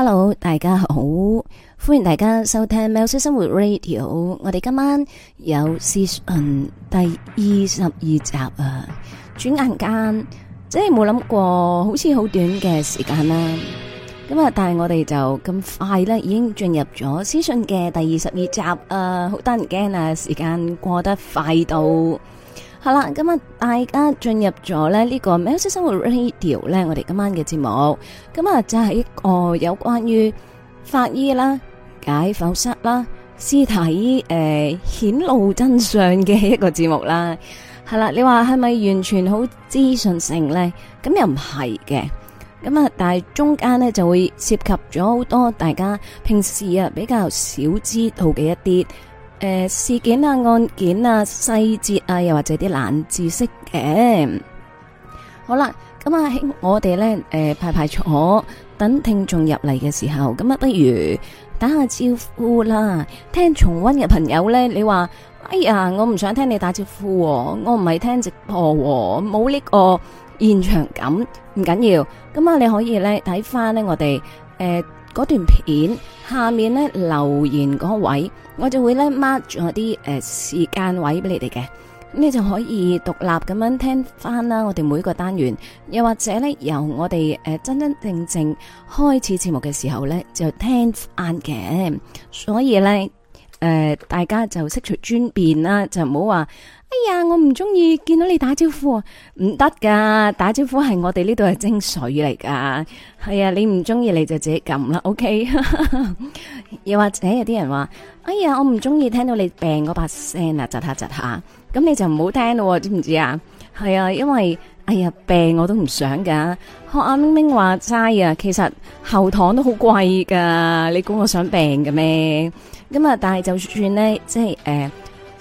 hello，大家好，歡迎大家收聽《喵式生活 Radio》，我哋今晚有屍訊第二十二集啊，轉眼間即係冇諗過，好似好短嘅時間啦。咁啊，嗯、但係我哋就咁快呢已經進入咗屍訊嘅第二十二集啊，好得人驚啊，時間過得快到。好啦，咁啊，大家進入咗呢呢個《喵式生活 Radio》呢，我哋今晚嘅節目，咁啊，就係一個有關於法醫啦、解剖室啦、屍體誒顯、呃、露真相嘅一個節目啦。係啦，你話係咪完全好資訊性呢？咁又唔係嘅，咁啊，但係中間呢就會涉及咗好多大家平時啊比較少知道嘅一啲。誒，事件啊，案件啊，細節啊，又或者啲冷知識嘅，好啦，咁啊喺我哋咧，誒排排坐等聽眾入嚟嘅時候，咁、嗯、啊不如打下招呼啦。聽重溫嘅朋友咧，你話哎呀，我唔想聽你打招呼、啊，我唔係聽直播、啊，冇呢個現場感，唔緊要，咁、嗯、啊你可以咧睇翻呢我哋誒嗰段片下面咧留言嗰位。我就會咧 mark 咗啲誒時間位俾你哋嘅，咁你就可以獨立咁樣聽翻啦。我哋每個單元，又或者咧由我哋誒真真正正開始節目嘅時候咧就聽翻嘅。所以咧誒、呃、大家就識出轉變啦，就唔好話。哎呀，我唔中意見到你打招呼啊，唔得噶！打招呼係我哋呢度嘅精髓嚟噶。係啊，你唔中意你就自己撳啦，OK。 又或者有啲人話，哎呀，我唔中意聽到你病嗰把聲啊，窒下窒下。咁你就唔好聽咯，知唔知啊？係啊，因為哎呀，病我都唔想噶。學阿明明話齋啊，其實後堂都好貴噶。你估我想病嘅咩？咁啊，但係就算咧，即係誒。呃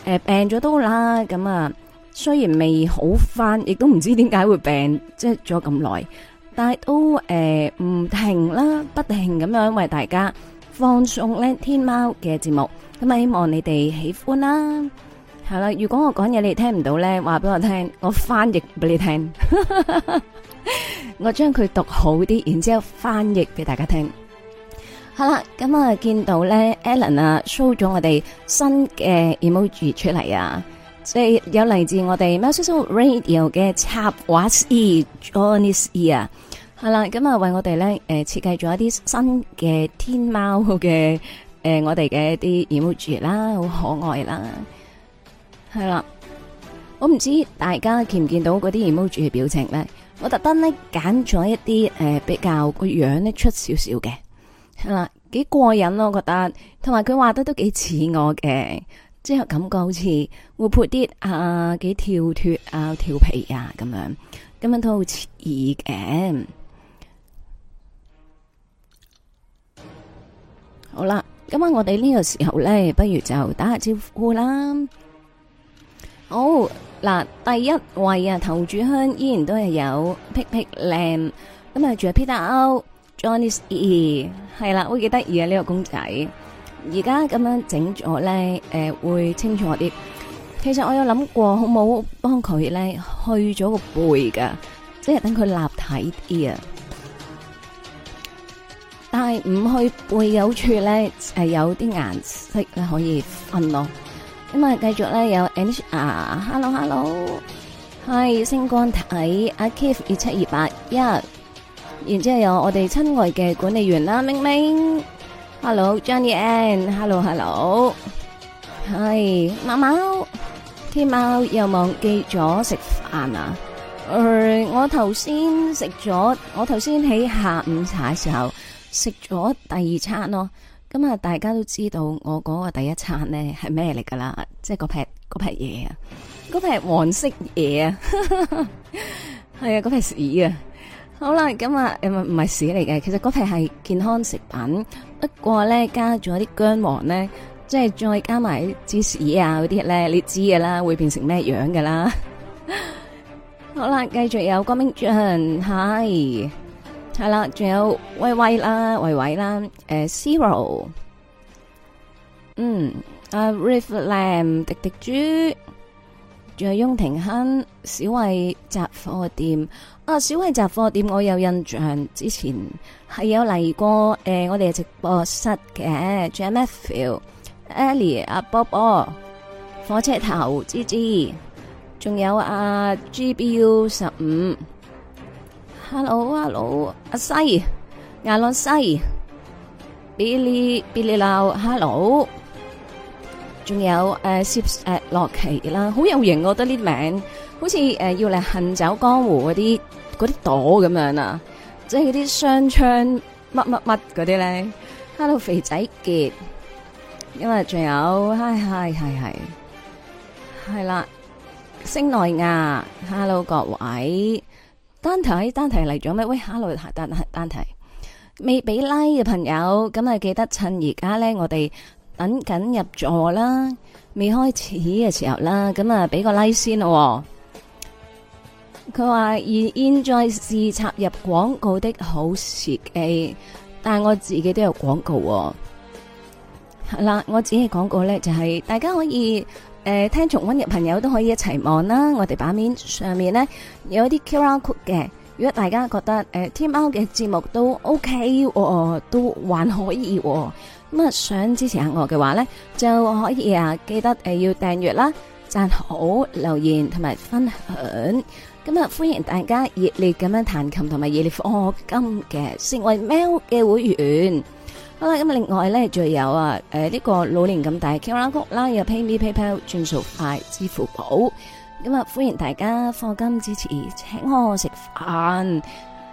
誒，病咗都啦，咁啊，雖然未好翻，亦都唔知點解會病，即係咗咁耐，但係都誒唔停啦，不停咁樣為大家放送咧天喵嘅節目，咁啊，希望你哋喜歡啦。係啦，如果我講嘢你哋聽唔到咧，話俾我聽，我翻譯俾你聽，我將佢讀好啲，然之後翻譯俾大家聽。好啦，咁啊、嗯，見到咧，Allen 啊，show 咗我哋新嘅 emoji 出嚟啊！即係有嚟自我哋喵式生活 Radio 嘅插畫師 Johnnie 啊，係、嗯、啦，咁、嗯、啊、嗯，為我哋咧，誒、呃，設計咗一啲新嘅天貓嘅，誒、呃，我哋嘅一啲 emoji 啦，好可愛啦，係啦，我唔知大家見唔見到嗰啲 emoji 嘅表情咧，我特登咧揀咗一啲，誒、呃，比較個樣咧出少少嘅。係啦，幾、嗯、過癮咯，我覺得，同埋佢畫得都幾似我嘅，之後感覺好似活潑啲啊，幾跳脱啊，調皮啊咁樣，咁樣都好似嘅。好啦，咁啊，我哋呢個時候咧，不如就打一下招呼啦。好，嗱，第一位啊，頭主香依然都係有碧碧靚，咁啊，仲有皮達歐。Johnny E 係啦，好幾得意啊呢個公仔，而家咁樣整咗咧，誒、呃、會清楚啲。其實我有諗過，好唔好幫佢咧去咗個背噶，即係等佢立體啲啊。但係唔去背有好處咧，係、呃、有啲顏色咧可以分咯。咁啊，繼續咧有 Anish 啊，Hello Hello，係星光體阿 Kif 二七二八一。然之後有我哋親愛嘅管理員啦，明明，Hello，Johnny Ann，Hello，Hello，係貓貓，天貓又忘記咗食飯啦。誒、呃，我頭先食咗，我頭先喺下午茶時候食咗第二餐咯。咁、嗯、啊，大家都知道我嗰個第一餐咧係咩嚟噶啦？即係嗰劈，嗰劈嘢啊，嗰劈黃色嘢啊，係 啊，嗰劈屎啊。好啦，咁啊，唔唔係屎嚟嘅，其實嗰批係健康食品，不過咧加咗啲薑黃咧，即係再加埋芝士啊嗰啲咧，你知嘅啦，會變成咩樣嘅啦？ 好啦，繼續有光明醬，係係啦，仲 有威威啦，維維啦，誒、呃、Zero，嗯，阿 Riff Lamb 迪迪豬，仲有雍廷亨，小慧雜貨店。啊！小慧雜貨店，我有印象，之前係有嚟過誒、呃，我哋直播室嘅 JMF a、Eli l、阿 Bob、火車頭、芝芝，仲有、啊 GB 15, Hello, Hello, 啊、阿 GBU 十五，Hello，Hello，阿西亞朗西，Billy、Billy、啊、比利佬，Hello，仲有誒，s 誒，洛奇啦，好有型，我覺得呢啲名。好似誒、呃、要嚟行走江湖嗰啲嗰啲朵咁樣啊，即係嗰啲雙槍乜乜乜嗰啲咧。Hello 肥仔傑，因為仲有嗨嗨係係係啦，星奈亞，Hello 各位，單提單提嚟咗咩？喂，Hello 單單單提，未俾拉嘅朋友，咁啊記得趁而家咧，我哋等緊入座啦，未開始嘅時候啦，咁啊俾個拉、like、先咯。佢話而現在是插入廣告的好時機，但係我自己都有廣告、哦。嗱，我自己嘅廣告咧，就係、是、大家可以誒、呃、聽重溫嘅朋友都可以一齊望啦。我哋版面上面呢，有啲 Q R code 嘅，如果大家覺得誒天喵嘅節目都 O、OK、K，、哦、都還可以咁、哦、啊、呃，想支持下我嘅話咧就可以啊，記得誒、呃、要訂閱啦、贊好、留言同埋分享。咁啊！歡迎大家熱烈咁樣彈琴，同埋熱烈課金嘅，成為喵嘅會員。好啦，咁啊，另外咧，仲有啊，誒呢個老年咁大 QR 曲啦，有 PayMe PayPal 轉數快支付寶。咁啊，歡迎大家課金支持，請我食飯，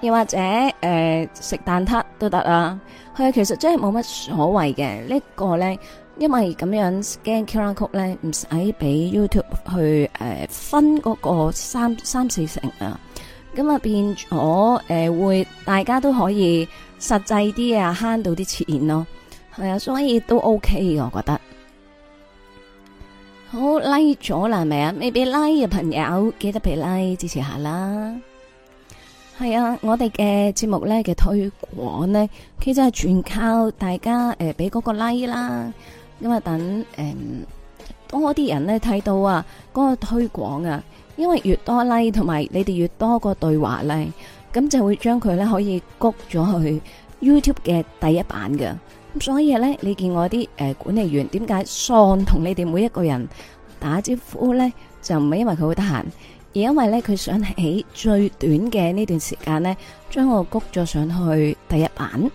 又或者誒、呃、食蛋撻都得啦。佢其實真係冇乜所謂嘅、這個、呢個咧。因為咁樣 scan QR Code 咧，唔使俾 YouTube 去誒、呃、分嗰個三三四成啊，咁啊變咗誒、呃、會大家都可以實際啲啊慳到啲錢咯，係啊，所以都 OK 嘅我覺得。好 like 咗啦，係咪啊？未俾 like 嘅朋友記得俾 like 支持下啦。係啊，我哋嘅節目咧嘅推廣咧，其實係全靠大家誒俾嗰個 like 啦。因啊，等誒、嗯、多啲人咧睇到啊，嗰、那個推廣啊，因為越多 like 同埋你哋越多個對話咧，咁就會將佢咧可以谷咗去 YouTube 嘅第一版嘅。咁所以咧，你見我啲誒、呃、管理員點解喪同你哋每一個人打招呼咧，就唔係因為佢好得閒，而因為咧佢想喺最短嘅呢段時間咧，將我谷咗上去第一版。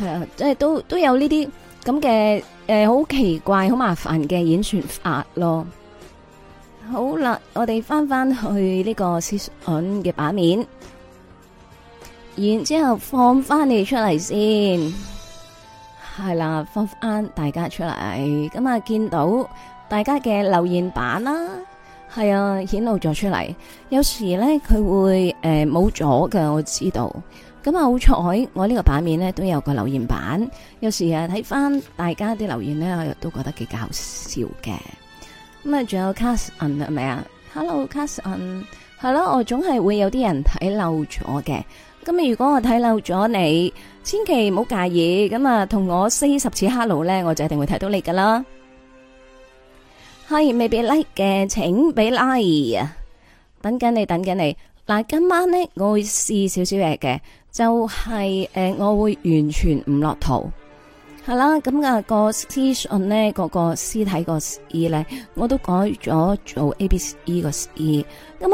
係啊，即係都都有呢啲咁嘅誒，好、呃、奇怪，好麻煩嘅演算法咯。好啦，我哋翻翻去呢個 section 嘅版面，然之後放翻你哋出嚟先，係啦、啊，放翻大家出嚟，咁啊見到大家嘅留言板啦，係啊，顯、啊、露咗出嚟。有時咧，佢會誒冇咗㗎，我知道。咁啊好彩，我呢個版面咧都有個留言版，有時啊睇翻大家啲留言咧，我都覺得幾搞笑嘅。咁啊，仲有 Casson 係咪啊？Hello Casson，係咯，我總係會有啲人睇漏咗嘅。咁啊，如果我睇漏咗你，千祈唔好介意。咁啊，同我四十次 hello 咧，我就一定會睇到你噶啦。係未俾 like 嘅，請俾 like 啊！等緊你，等緊你。嗱，今晚咧我會試少少嘢嘅。就係、是、誒、呃，我會完全唔落圖係啦。咁啊、嗯那個屍訊咧，個個屍體個 C 咧，我都改咗做 A B C 個 C。咁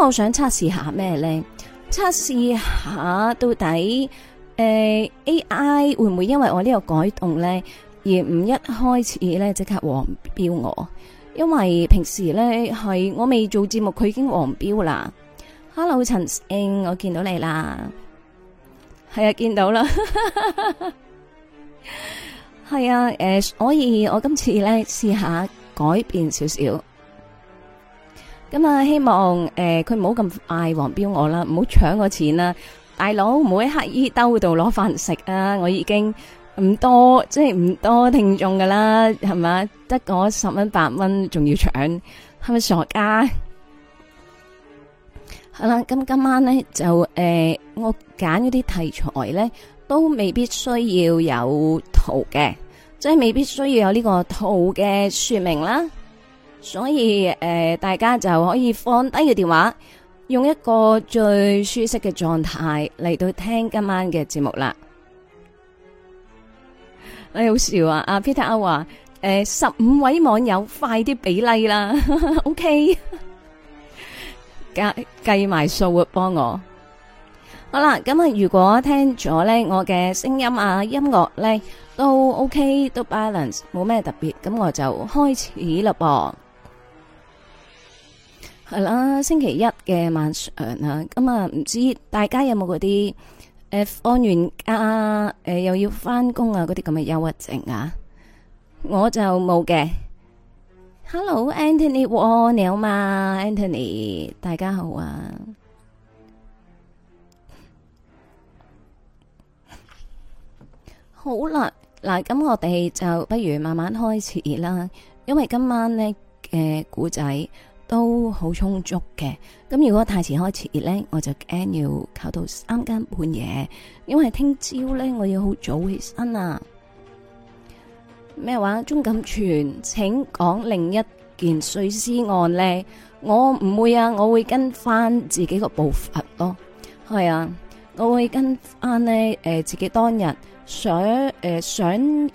我想測試下咩咧？測試下到底誒、呃、A I 會唔會因為我呢個改動咧而唔一開始咧即刻黃標我？因為平時咧係我未做節目，佢已經黃標啦。Hello，陳勝，我見到你啦。係啊，見到啦，係 啊，誒、呃，所以，我今次咧試下改變少少，咁、嗯、啊，希望誒，佢唔好咁嗌黃標我啦，唔好搶我錢啦，大佬唔好喺乞衣兜度攞飯食啊，我已經唔多，即係唔多聽眾噶啦，係嘛，得嗰十蚊八蚊仲要搶，係咪傻家？好啦，咁、嗯、今晚咧就誒、呃，我揀嗰啲題材咧都未必需要有圖嘅，即係未必需要有呢個圖嘅說明啦。所以誒、呃，大家就可以放低個電話，用一個最舒適嘅狀態嚟到聽今晚嘅節目啦。你、哎、好笑啊！阿 Peter 話：誒、呃，十五位網友快啲俾 like 啦 ！OK。計計埋數幫我，好啦，咁啊，如果聽咗咧，我嘅聲音啊，音樂咧都 OK，都 balance，冇咩特別，咁我就開始啦噃，係啦，星期一嘅晚上啊，咁啊，唔知大家有冇嗰啲誒放完假誒又要翻工啊嗰啲咁嘅憂鬱症啊，我就冇嘅。Hello Anthony 你好嗎？Anthony，大家好啊！好啦，嗱，咁我哋就不如慢慢開始啦，因為今晚呢，嘅古仔都好充足嘅，咁如果太遲開始呢，我就驚要搞到三更半夜，因為聽朝呢，我要好早起身啊。咩話鍾錦全，請講另一件碎屍案呢？我唔會啊，我會跟翻自己個步伐咯，啊。係啊，我會跟翻呢誒、呃，自己當日想誒、呃、想講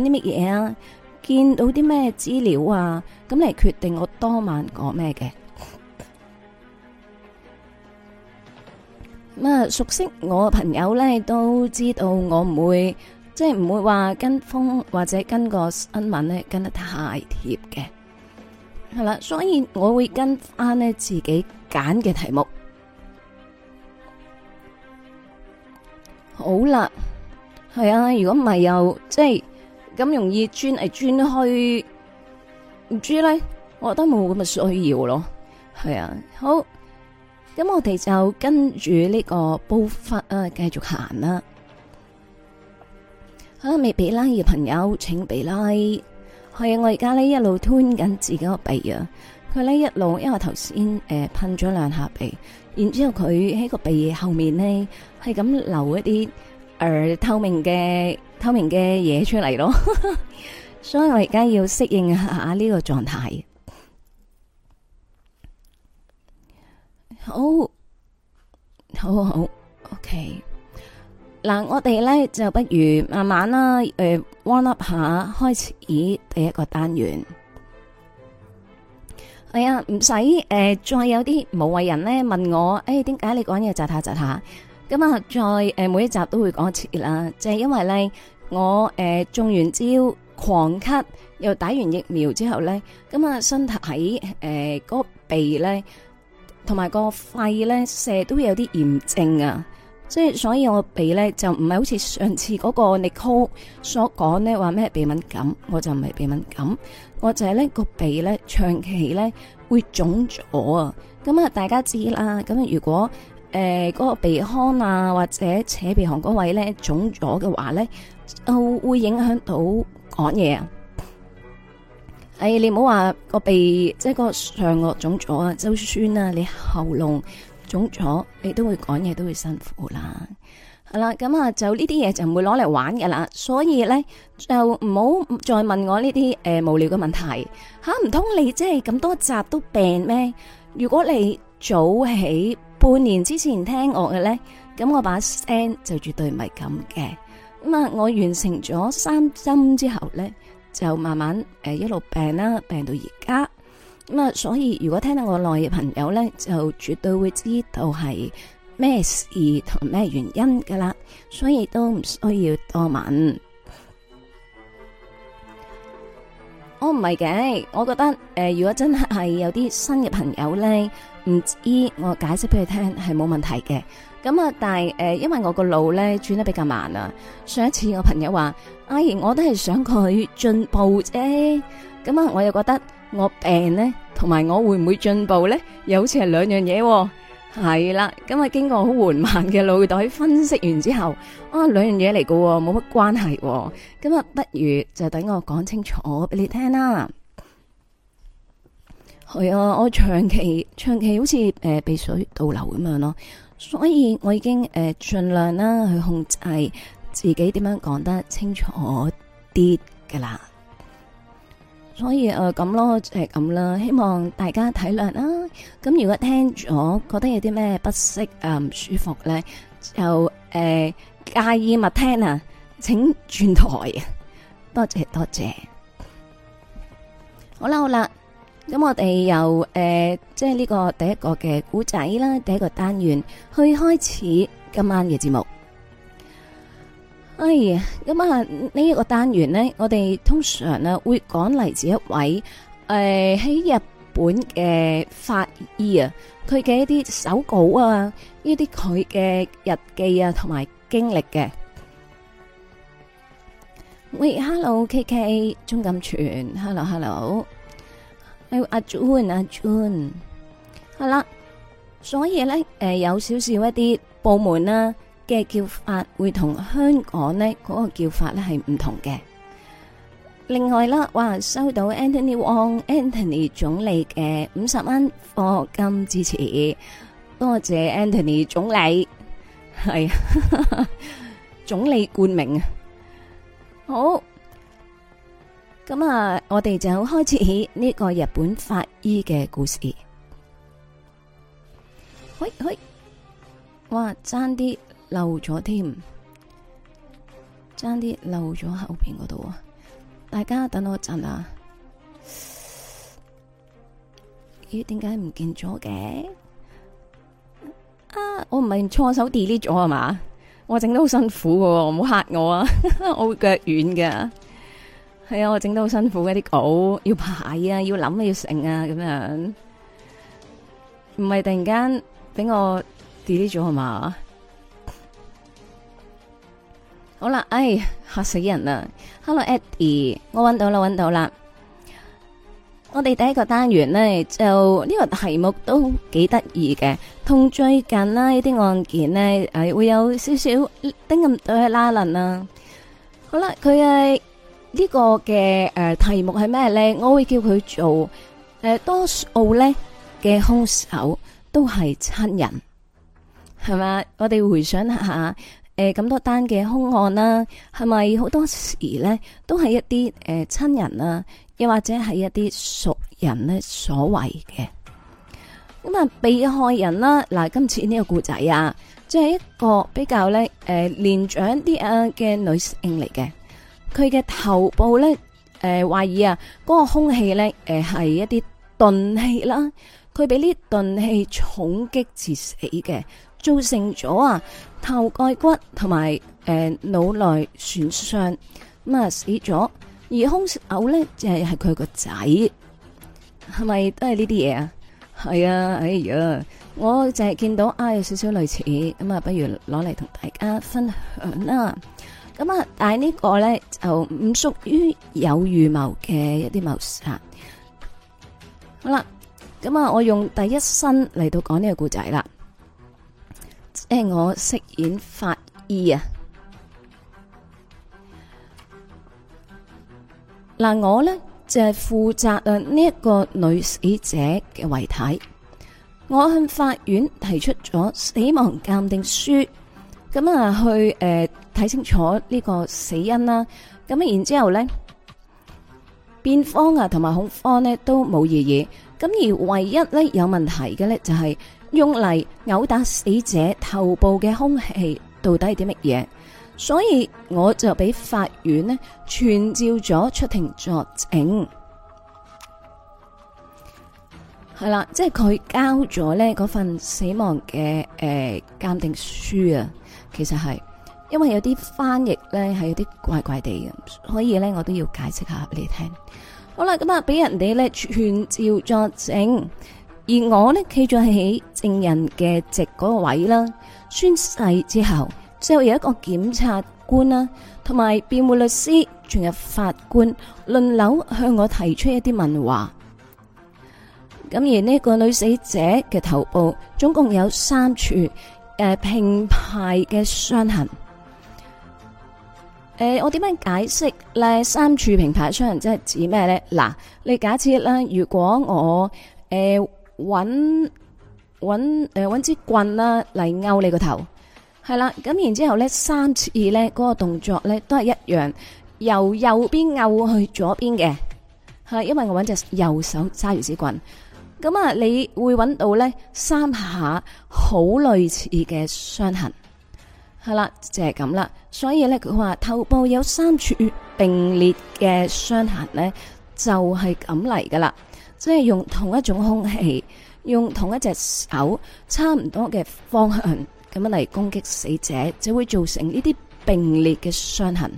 啲乜嘢啊，見到啲咩資料啊，咁嚟決定我當晚講咩嘅。咁啊，熟悉我嘅朋友呢，都知道我唔會。即係唔會話跟風或者跟個新聞咧跟得太貼嘅，係啦，所以我會跟翻呢自己揀嘅題目。好啦，係啊，如果唔係又即係咁容易轉嚟轉去，唔知咧，我都冇咁嘅需要咯。係啊，好，咁我哋就跟住呢個煲法啊繼續行啦。吓未俾拉嘅朋友，請俾拉。係我而家呢一路吞緊自己個鼻啊！佢呢一路，因為我頭先誒噴咗兩下鼻，然之後佢喺個鼻後面呢係咁流一啲誒透明嘅透明嘅嘢出嚟咯。所以我而家要適應下呢個狀態。好，好好，OK。嗱，我哋咧就不如慢慢啦，誒、呃，warm up 下開始第一個單元。係、哎、啊，唔使誒，再、呃、有啲無謂人咧問我，誒、哎，點解你講嘢窒下窒下？咁啊、嗯，再誒、呃，每一集都會講一次啦。就係、是、因為咧，我誒、呃、中完招狂咳，又打完疫苗之後咧，咁、嗯、啊，身體誒、呃那個鼻咧，同埋個肺咧，成日都有啲炎症啊。即係所以我鼻咧就唔係好似上次嗰個 Nicole 所講呢，話咩鼻敏感，我就唔係鼻敏感，我就係呢個鼻咧長期咧會腫咗啊！咁啊大家知啦，咁如果誒嗰、呃那個鼻腔啊或者扯鼻鼾嗰位咧腫咗嘅話咧，就會影響到講嘢啊！誒你唔好話個鼻即係、就是、個上顎腫咗啊，就算啊你喉嚨。腫咗你都會講嘢，都會辛苦啦。係啦，咁啊，就呢啲嘢就唔會攞嚟玩嘅啦。所以咧，就唔好再問我呢啲誒無聊嘅問題。吓，唔通你即係咁多集都病咩？如果你早起半年之前聽我嘅咧，咁我把聲就絕對唔係咁嘅。咁啊，我完成咗三針之後咧，就慢慢誒一路病啦，病到而家。咁啊、嗯，所以如果聽到我內嘅朋友呢，就絕對會知道係咩事同咩原因噶啦，所以都唔需要多問。我唔係嘅，我覺得誒、呃，如果真係有啲新嘅朋友呢，唔知我解釋俾佢聽係冇問題嘅。咁、嗯、啊，但係誒、呃，因為我個腦呢轉得比較慢啊。上一次我朋友話，阿姨我都係想佢進步啫。咁、嗯、啊，我又覺得。我病呢，同埋我會唔會進步呢？又好似係兩樣嘢，哦。係啦，咁、嗯、今日經過好緩慢嘅腦袋分析完之後，啊，兩樣嘢嚟嘅，冇乜關係，哦。咁、嗯、啊，不如就等我講清楚俾你聽啦。係啊，我長期長期好似誒、呃、鼻水倒流咁樣咯，所以我已經誒盡、呃、量啦去控制自己點樣講得清楚啲㗎啦。可以誒咁咯，係咁啦。希望大家體諒啦。咁如果聽咗覺得有啲咩不適啊，唔舒服咧，就誒介意勿聽啊，請轉台啊。多謝多謝。好啦好啦，咁我哋由誒即係呢個第一個嘅古仔啦，第一個單元去開始今晚嘅節目。哎呀咁啊！呢一個單元咧，我哋通常咧會講嚟自一位誒喺日本嘅法醫啊，佢嘅一啲手稿啊，呢啲佢嘅日記啊，同埋經歷嘅。喂，Hello K K 鐘錦泉，Hello Hello，阿 Jun 阿 Jun，係啦，所以咧誒有少少一啲部門啦。嘅叫法會同香港呢嗰個叫法呢係唔同嘅。另外啦，哇，收到 Anthony Wong Anthony 總理嘅五十蚊課金支持，多謝 Anthony 總理，係總理冠名啊！好，咁啊，我哋就開始呢個日本法醫嘅故事。喂喂，哇，爭啲～漏咗添，爭啲漏咗喺後邊嗰度啊！大家等我一陣啊！咦，點解唔見咗嘅？啊，我唔係錯手 delete 咗啊嘛？我整得好辛苦噶、 哎，我唔好嚇我啊！我會腳軟嘅，係啊，我整得好辛苦嘅啲稿要排啊，要諗、啊、要成啊，咁樣。唔係突然間畀我 delete 咗啊嘛？好啦，哎，嚇死人啦！Hello，Eddie，我搵到啦，搵到啦。我哋第一個單元呢，就呢個題目都幾得意嘅，同最近啦呢啲案件呢，誒會有少少啲咁多嘅拉倫啦。好啦，佢係呢個嘅誒題目係咩呢？我會叫佢做誒多數咧嘅凶手都係親人，係嘛？我哋回想下。誒，咁、呃、多單嘅凶案啦、啊，係咪好多時咧都係一啲誒、呃、親人啊，又或者係一啲熟人咧所為嘅？咁、呃、啊，被害人啦，嗱，今次呢個故仔啊，即、就、係、是、一個比較咧，誒、呃，年長啲啊嘅女性嚟嘅，佢嘅頭部咧，誒、呃，懷疑啊，嗰、那個凶器咧，誒、呃，係一啲鈍器啦，佢俾呢鈍器重擊致死嘅。造成咗啊頭蓋骨同埋誒腦內損傷咁啊死咗，而凶手咧就係佢個仔，係咪都係呢啲嘢啊？係啊，哎呀，我就係見到啊有少少類似咁啊、嗯，不如攞嚟同大家分享啦。咁、嗯、啊，但係呢個咧就唔屬於有預謀嘅一啲謀殺。好啦，咁、嗯、啊，我用第一身嚟到講呢個故仔啦。即係我飾演法醫啊！嗱，我呢就係負責啊呢一個女死者嘅遺體。我向法院提出咗死亡鑑定書，咁啊去誒睇清楚呢個死因啦。咁然之後咧，辯方啊同埋控方呢都冇異議。咁而唯一呢有問題嘅呢就係。用嚟毆打死者頭部嘅兇器到底係啲乜嘢？所以我就俾法院呢傳召咗出庭作證。係啦，即係佢交咗呢份死亡嘅誒鑒定書啊，其實係因為有啲翻譯呢係有啲怪怪地嘅，所以呢我都要解釋下俾你聽。好啦，咁啊俾人哋呢傳召作證。而我咧企在喺證人嘅席嗰個位啦，宣誓之後，之後有一個檢察官啦，同埋辯護律師進入法官輪流向我提出一啲問話。咁而呢個女死者嘅頭部總共有三處誒、呃、平排嘅傷痕。誒、呃，我點樣解釋咧？三處平排傷痕即係指咩咧？嗱，你假設啦，如果我誒。呃搵揾，誒，揾、呃、支棍啦嚟勾你個頭，係啦，咁然之後咧三次咧，嗰個動作咧都係一樣，由右邊勾去左邊嘅，係因為我搵隻右手揸住支棍，咁啊你會揾到咧三下好類似嘅傷痕，係啦就係咁啦，所以咧佢話頭部有三處並列嘅傷痕咧就係咁嚟噶啦。即係用同一種兇器，用同一隻手，差唔多嘅方向咁樣嚟攻擊死者，就會造成呢啲並列嘅傷痕。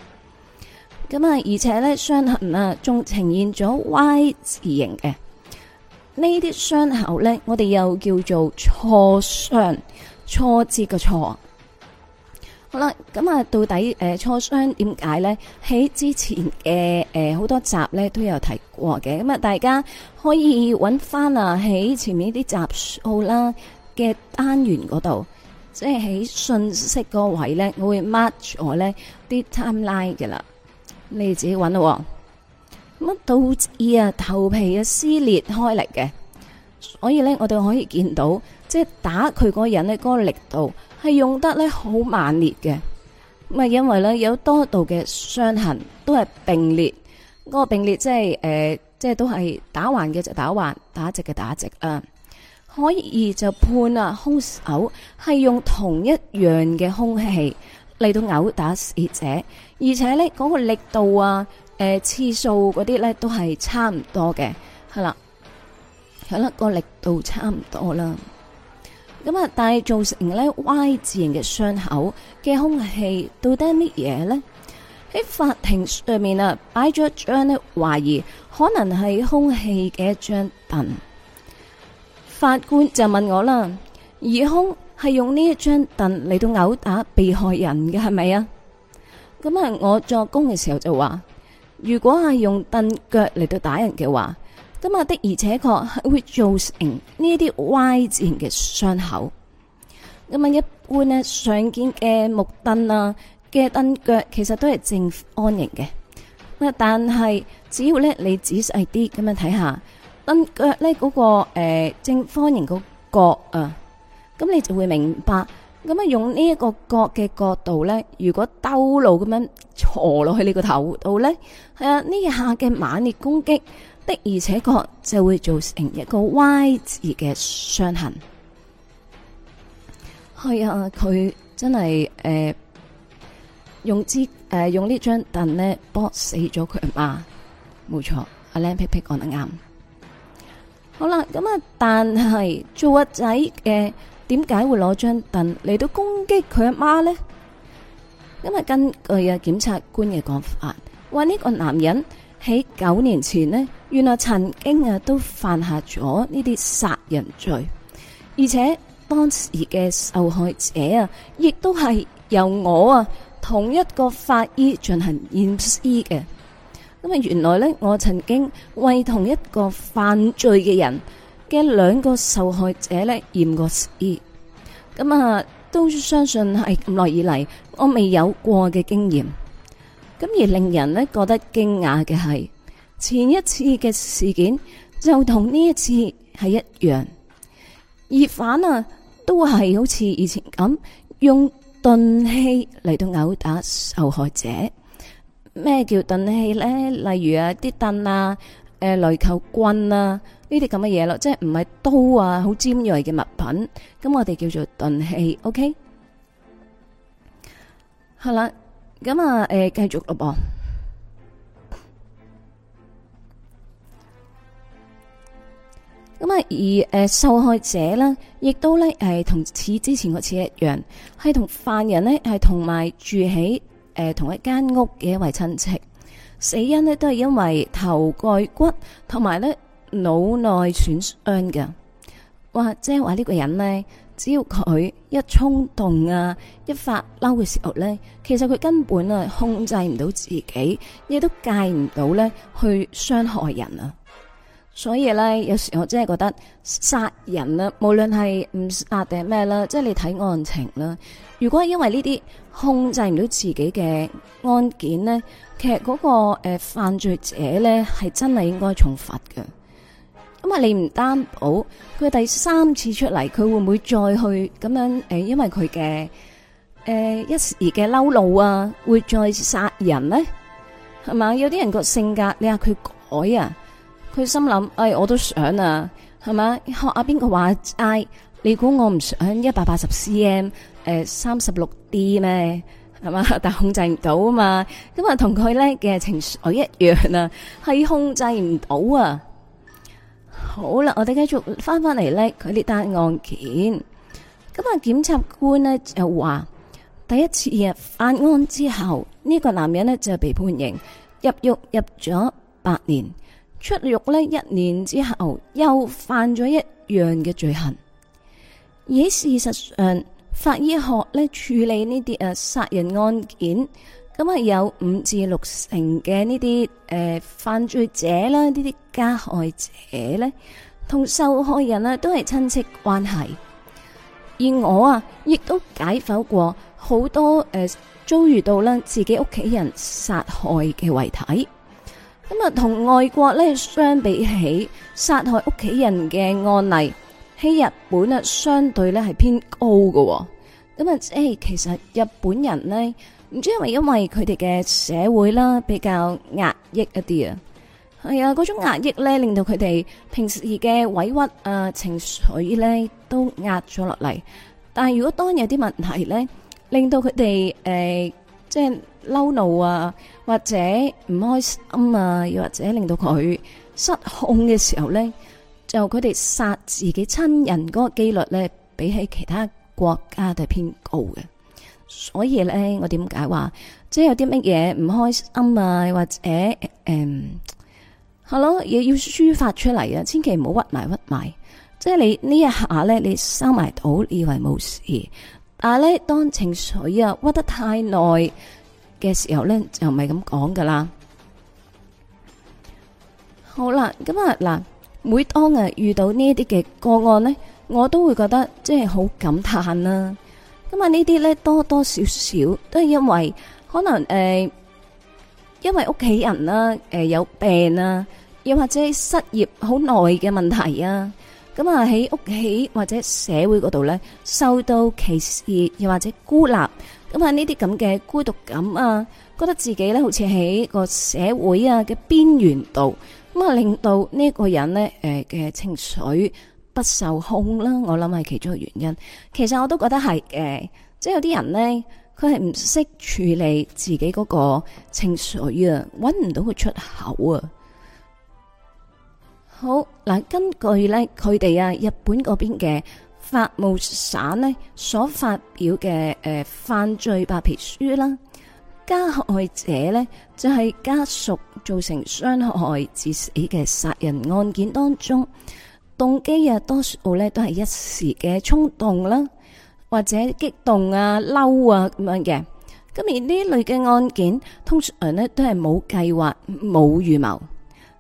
咁啊，而且呢傷痕啊仲呈現咗 Y 字形嘅呢啲傷口呢，我哋又叫做挫傷、挫折嘅挫。好啦，咁啊，到底誒挫傷點解呢？喺之前嘅誒好多集咧都有提過嘅，咁啊，大家可以揾翻啊喺前面啲集數啦嘅單元嗰度，即係喺信息個位咧，我會 match 我呢啲 timeline 嘅啦，你哋自己揾咯。咁啊導致啊頭皮嘅撕裂開嚟嘅，所以呢，我哋可以見到，即係打佢嗰人咧嗰個力度。係用得咧好猛烈嘅，咁啊因為咧有多度嘅傷痕，都係並列，嗰個並列即係誒、呃，即係都係打橫嘅就打橫，打直嘅打直啊，可以就判啊兇手係用同一樣嘅兇器嚟到毆打死者，而且呢，嗰個力度啊，誒次數嗰啲呢都係差唔多嘅，係、嗯、啦，睇得個力度差唔多啦。嗯咁啊！但係造成呢 Y 字型嘅傷口嘅兇器到底係乜嘢呢？喺法庭上面啊，擺咗一張呢懷疑可能係兇器嘅一張凳。法官就問我啦：疑兇係用呢一張凳嚟到毆打被害人嘅係咪啊？咁啊，我作供嘅時候就話：如果係用凳腳嚟到打人嘅話。咁啊，的而且確係會造成呢啲 Y 字形嘅傷口。咁啊，一般呢，常見嘅木凳啊嘅凳腳其實都係正方形嘅。但係只要咧你仔細啲咁樣睇下，凳腳咧嗰個誒、呃、正方形嗰個角啊，咁你就會明白。咁啊，用呢一個角嘅角度咧，如果兜路咁樣坐落去你個頭度咧，係啊呢下嘅猛烈攻擊。的而且確就會造成一個 Y 字嘅傷痕。係、哎、啊，佢真係誒、呃、用支誒用呢張凳呢搏死咗佢阿媽。冇錯，阿靚皮皮講得啱。好啦，咁啊，但係做阿仔嘅點解會攞張凳嚟到攻擊佢阿媽呢？咁啊，根據啊檢察官嘅講法，話呢個男人喺九年前呢。原來曾經啊都犯下咗呢啲殺人罪，而且當時嘅受害者啊，亦都係由我啊同一個法醫進行驗屍嘅。咁啊，原來呢我曾經為同一個犯罪嘅人嘅兩個受害者呢驗過屍，咁啊都相信係咁耐以嚟，我未有過嘅經驗。咁而令人呢覺得驚訝嘅係。前一次嘅事件就同呢一次係一樣，而反啊都係好似以前咁用鈍器嚟到毆打受害者。咩叫鈍器咧？例如啊啲凳啊、誒壘球棍啊呢啲咁嘅嘢咯，即係唔係刀啊好尖銳嘅物品。咁我哋叫做鈍器。OK，好啦，咁啊誒繼續咯噃。咁啊，而誒、呃、受害者呢，亦都呢，係同似之前嗰次一樣，係同犯人呢，係同埋住喺誒、呃、同一間屋嘅一位親戚。死因呢，都係因為頭蓋骨同埋呢腦內損傷嘅。哇，即係話呢個人呢，只要佢一衝動啊，一發嬲嘅時候呢，其實佢根本啊控制唔到自己，亦都戒唔到呢去傷害人啊！所以咧，有時我真係覺得殺人啦，無論係唔殺定咩啦，即係你睇案情啦。如果係因為呢啲控制唔到自己嘅案件咧，其實嗰、那個誒、呃、犯罪者咧係真係應該重罰㗎。咁你唔擔保佢第三次出嚟，佢會唔會再去咁樣誒、呃？因為佢嘅誒一時嘅嬲怒啊，會再殺人咧？係嘛？有啲人個性格，你話佢改啊？佢心諗，誒、哎，我都想啊，係咪學阿邊個話齋你估我唔想一百八十 cm 誒，三十六 D 咩？係嘛，但控制唔到啊嘛。咁啊，同佢咧嘅情緒一樣啊，係控制唔到啊。好啦，我哋繼續翻翻嚟咧佢呢單案件。咁啊，檢察官呢就話第一次犯案之後，呢、這個男人呢就被判刑入獄入咗八年。出獄呢一年之後，又犯咗一樣嘅罪行。而事實上，法醫學呢處理呢啲誒殺人案件，咁啊有五至六成嘅呢啲誒犯罪者啦，呢啲加害者呢同受害人呢都係親戚關係。而我啊，亦都解剖過好多誒遭遇到呢自己屋企人殺害嘅遺體。咁啊，同外國咧相比起，殺害屋企人嘅案例喺日本啊，相對咧係偏高嘅。咁啊，誒，其實日本人咧，唔知係咪因為佢哋嘅社會啦比較壓抑一啲啊，係啊，嗰種壓抑咧令到佢哋平時嘅委屈啊情緒咧都壓咗落嚟。但係如果當有啲問題咧，令到佢哋誒，即係。嬲怒啊，或者唔開心啊，又或者令到佢失控嘅時候咧，就佢哋殺自己親人嗰個幾率咧，比起其他國家就係偏高嘅。所以咧，我點解話即係有啲乜嘢唔開心啊，或者誒，hello，也要抒發出嚟啊，千祈唔好屈埋屈埋。即係你呢一下咧，你收埋到，以為冇事，但係咧，當情緒啊屈得太耐。嘅時候呢，就唔係咁講噶啦，好啦，咁啊嗱，每當啊遇到呢一啲嘅個案呢，我都會覺得即係好感嘆啦、啊。咁啊呢啲呢，多多少少都係因為可能誒、呃，因為屋企人啦、啊，誒、呃、有病啊，又或者失業好耐嘅問題啊，咁啊喺屋企或者社會嗰度呢，受到歧視又或者孤立。咁啊！呢啲咁嘅孤獨感啊，覺得自己咧好似喺個社會啊嘅邊緣度，咁啊令到呢一個人咧誒嘅情緒不受控啦。我諗係其中嘅原因。其實我都覺得係嘅，即係有啲人咧，佢係唔識處理自己嗰個情緒啊，搵唔到佢出口啊。好嗱，根據咧佢哋啊，日本嗰邊嘅。法務省咧所發表嘅誒、呃、犯罪白皮書啦，加害者呢就係、是、家屬造成傷害致死嘅殺人案件當中，動機啊多數咧都係一時嘅衝動啦，或者激動啊嬲啊咁樣嘅，咁而呢一類嘅案件通常呢都係冇計劃冇預謀。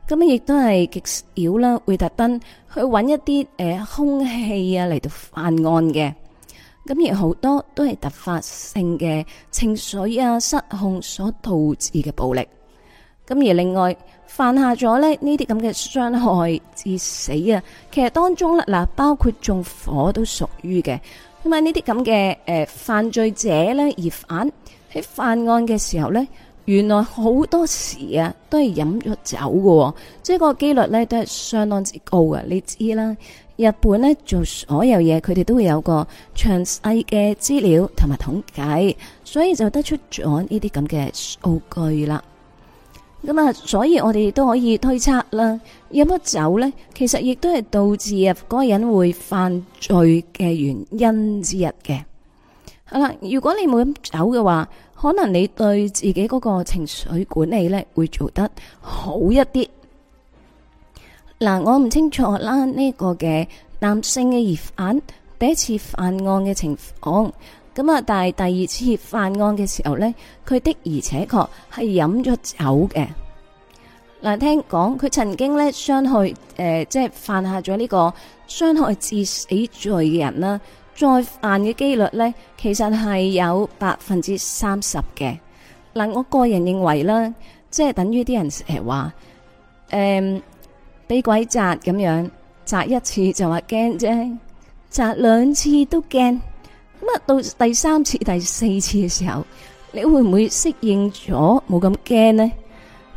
咁啊，亦都係極少啦，會特登去揾一啲誒空氣啊嚟到犯案嘅。咁而好多都係突發性嘅情緒啊失控所導致嘅暴力。咁而另外犯下咗咧呢啲咁嘅傷害致死啊，其實當中咧嗱，包括縱火都屬於嘅。咁啊，呢啲咁嘅誒犯罪者咧，嫌犯喺犯案嘅時候咧。原來好多時啊，都係飲咗酒噶，即係個幾率呢都係相當之高㗎。你知啦，日本呢做所有嘢，佢哋都會有個詳細嘅資料同埋統計，所以就得出咗呢啲咁嘅數據啦。咁啊，所以我哋亦都可以推測啦，飲咗酒呢，其實亦都係導致啊嗰個人會犯罪嘅原因之一嘅。好啦，如果你冇飲酒嘅話，可能你對自己嗰個情緒管理力會做得好一啲。嗱，我唔清楚啦，呢個嘅男性嘅疑犯第一次犯案嘅情況，咁啊，但係第二次犯案嘅時候呢，佢的而且確係飲咗酒嘅。嗱，聽講佢曾經呢，傷害，誒、呃，即係犯下咗呢個傷害致死罪嘅人啦。再犯嘅幾率呢，其實係有百分之三十嘅。嗱，我個人認為呢，即係等於啲人誒，話誒，俾鬼砸咁樣，砸一次就話驚啫，砸兩次都驚咁啊。到第三次、第四次嘅時候，你會唔會適應咗冇咁驚呢？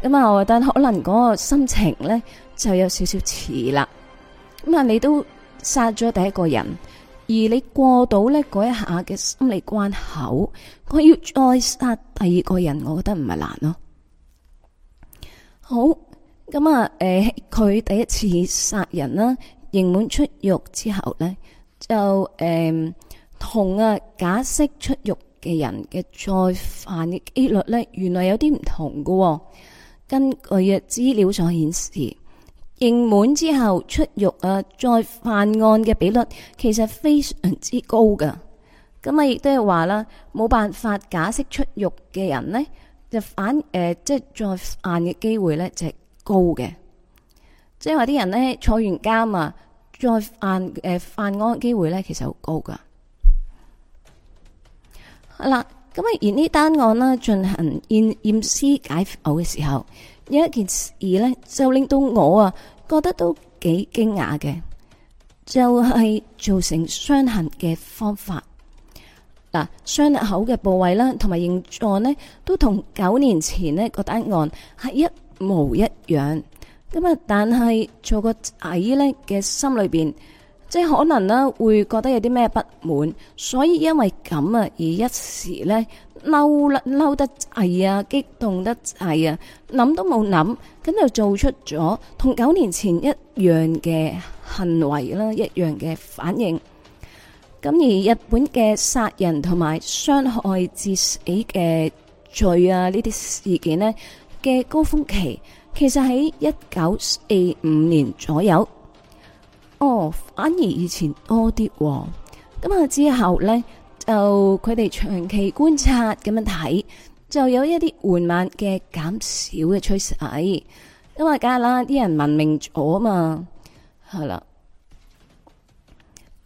咁啊，我覺得可能嗰個心情呢，就有少少遲啦。咁啊，你都殺咗第一個人，而你過到呢嗰一下嘅心理關口，佢要再殺第二個人，我覺得唔係難咯。好，咁啊，誒、呃，佢第一次殺人啦，刑滿出獄之後呢，就誒同、呃、啊假釋出獄嘅人嘅再犯嘅幾率呢，原來有啲唔同噶，根據資料所顯示。刑滿之後出獄啊，再犯案嘅比率其實非常之高噶。咁啊，亦都係話啦，冇辦法假釋出獄嘅人呢，就反誒、呃，即係再犯嘅機會呢，就係、是、高嘅。即係話啲人呢，坐完監啊，再犯誒、呃、犯案嘅機會呢，其實好高噶。係啦，咁啊，而呢單案呢、啊，進行驗驗屍解剖嘅時候。有一件事呢，就令到我啊覺得都幾驚訝嘅，就係、是、造成傷痕嘅方法。嗱，傷口嘅部位啦，同埋形狀呢，都同九年前呢個單案係一模一樣。咁啊，但係做個阿姨呢嘅心裏邊，即係可能呢會覺得有啲咩不滿，所以因為咁啊而一時呢。嬲啦，嬲得滯啊！激動得滯啊！諗都冇諗，咁就做出咗同九年前一樣嘅行為啦，一樣嘅反應。咁而日本嘅殺人同埋傷害致死嘅罪啊，呢啲事件咧嘅高峰期，其實喺一九四五年左右。哦，反而以前多啲，咁啊之後咧。就佢哋長期觀察咁樣睇，就有一啲緩慢嘅減少嘅趨勢，因為梗啦啲人文明咗啊嘛，係啦，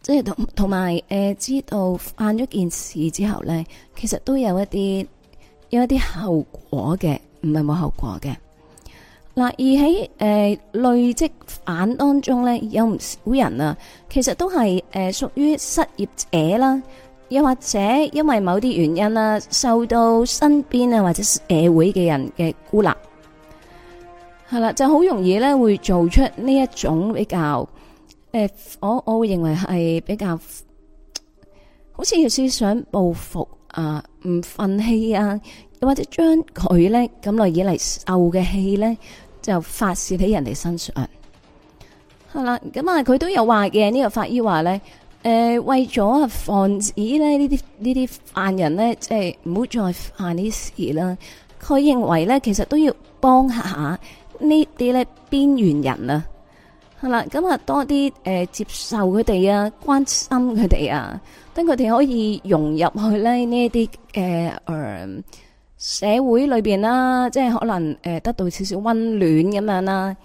即係同同埋誒知道犯咗件事之後咧，其實都有一啲有一啲後果嘅，唔係冇後果嘅。嗱而喺誒、呃、累積犯當中咧，有唔少人啊，其實都係誒、呃、屬於失業者啦。又或者因為某啲原因啦，受到身邊啊或者社會嘅人嘅孤立，係啦就好容易咧會做出呢一種比較誒，我我會認為係比較好似有思想報復啊，唔憤氣啊，又或者將佢咧咁耐以嚟受嘅氣咧就發洩喺人哋身上。係啦，咁啊佢都有話嘅呢個法醫話咧。誒、呃，為咗啊防止咧呢啲呢啲犯人咧，即係唔好再犯呢啲事啦。佢認為咧,其實都要幫下呢啲咧邊緣人啊。係、嗯、啦,咁啊多啲誒、呃、接受佢哋啊，關心佢哋啊，等佢哋可以融入去咧呢啲誒誒社會裏邊啦、啊。即係可能誒、呃、得到少少温暖咁樣啦、啊。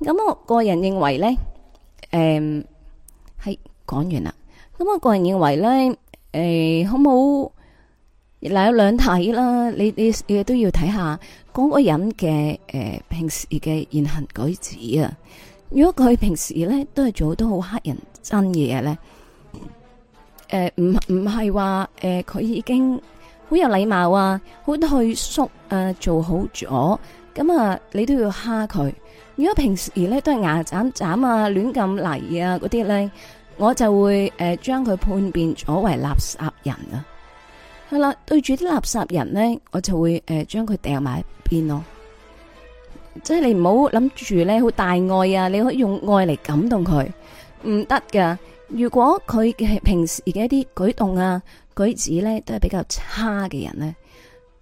咁、嗯、我個人認為咧，誒係講完啦。咁、嗯、我個人認為咧，誒、欸，好唔好？有兩睇啦，你你你都要睇下嗰個人嘅誒、呃、平時嘅言行舉止啊。如果佢平時咧都係做好多好乞人憎嘢咧，誒、欸，唔唔係話誒佢已經好有禮貌啊，好退縮啊，做好咗，咁、嗯、啊，你都要蝦佢。如果平時咧都係牙斬斬啊，亂咁嚟啊嗰啲咧。我就會誒、呃、將佢判別作為垃圾人啊，係啦，對住啲垃圾人咧，我就會誒、呃、將佢掟埋一邊咯。即係你唔好諗住咧好大愛啊，你可以用愛嚟感動佢，唔得噶。如果佢嘅平時嘅一啲舉動啊、舉止咧，都係比較差嘅人咧，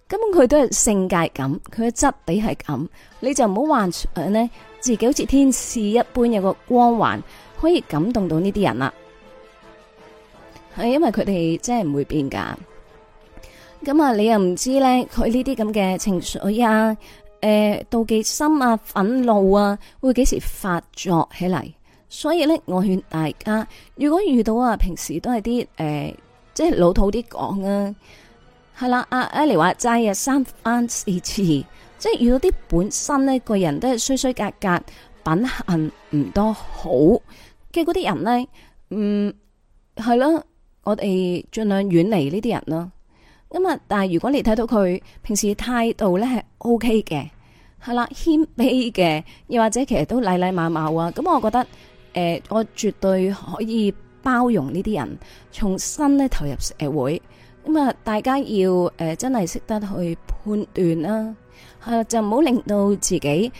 根本佢都係性格咁，佢嘅質地係咁，你就唔好幻想咧。自己好似天使一般有一個光環，可以感動到呢啲人啦、啊。係因為佢哋真係唔會變噶。咁啊，你又唔知咧佢呢啲咁嘅情緒啊、誒妒忌心啊、憤怒啊，會幾時發作起嚟？所以咧，我勸大家，如果遇到啊，平時都係啲誒，即係老土啲講啊，係啦啊，阿你話齋啊，三番四次。即係遇到啲本身呢個人都係衰衰格格，品行唔多好嘅嗰啲人呢，嗯係咯，我哋儘量遠離呢啲人咯。咁、嗯、啊，但係如果你睇到佢平時態度呢係 OK 嘅，係啦、OK，謙卑嘅，又或者其實都禮禮貌貌啊，咁、嗯、我覺得誒、呃，我絕對可以包容呢啲人，重新呢投入社會。咁、嗯、啊，大家要誒、呃、真係識得去判斷啦、啊。係、嗯、就唔好令到自己誒、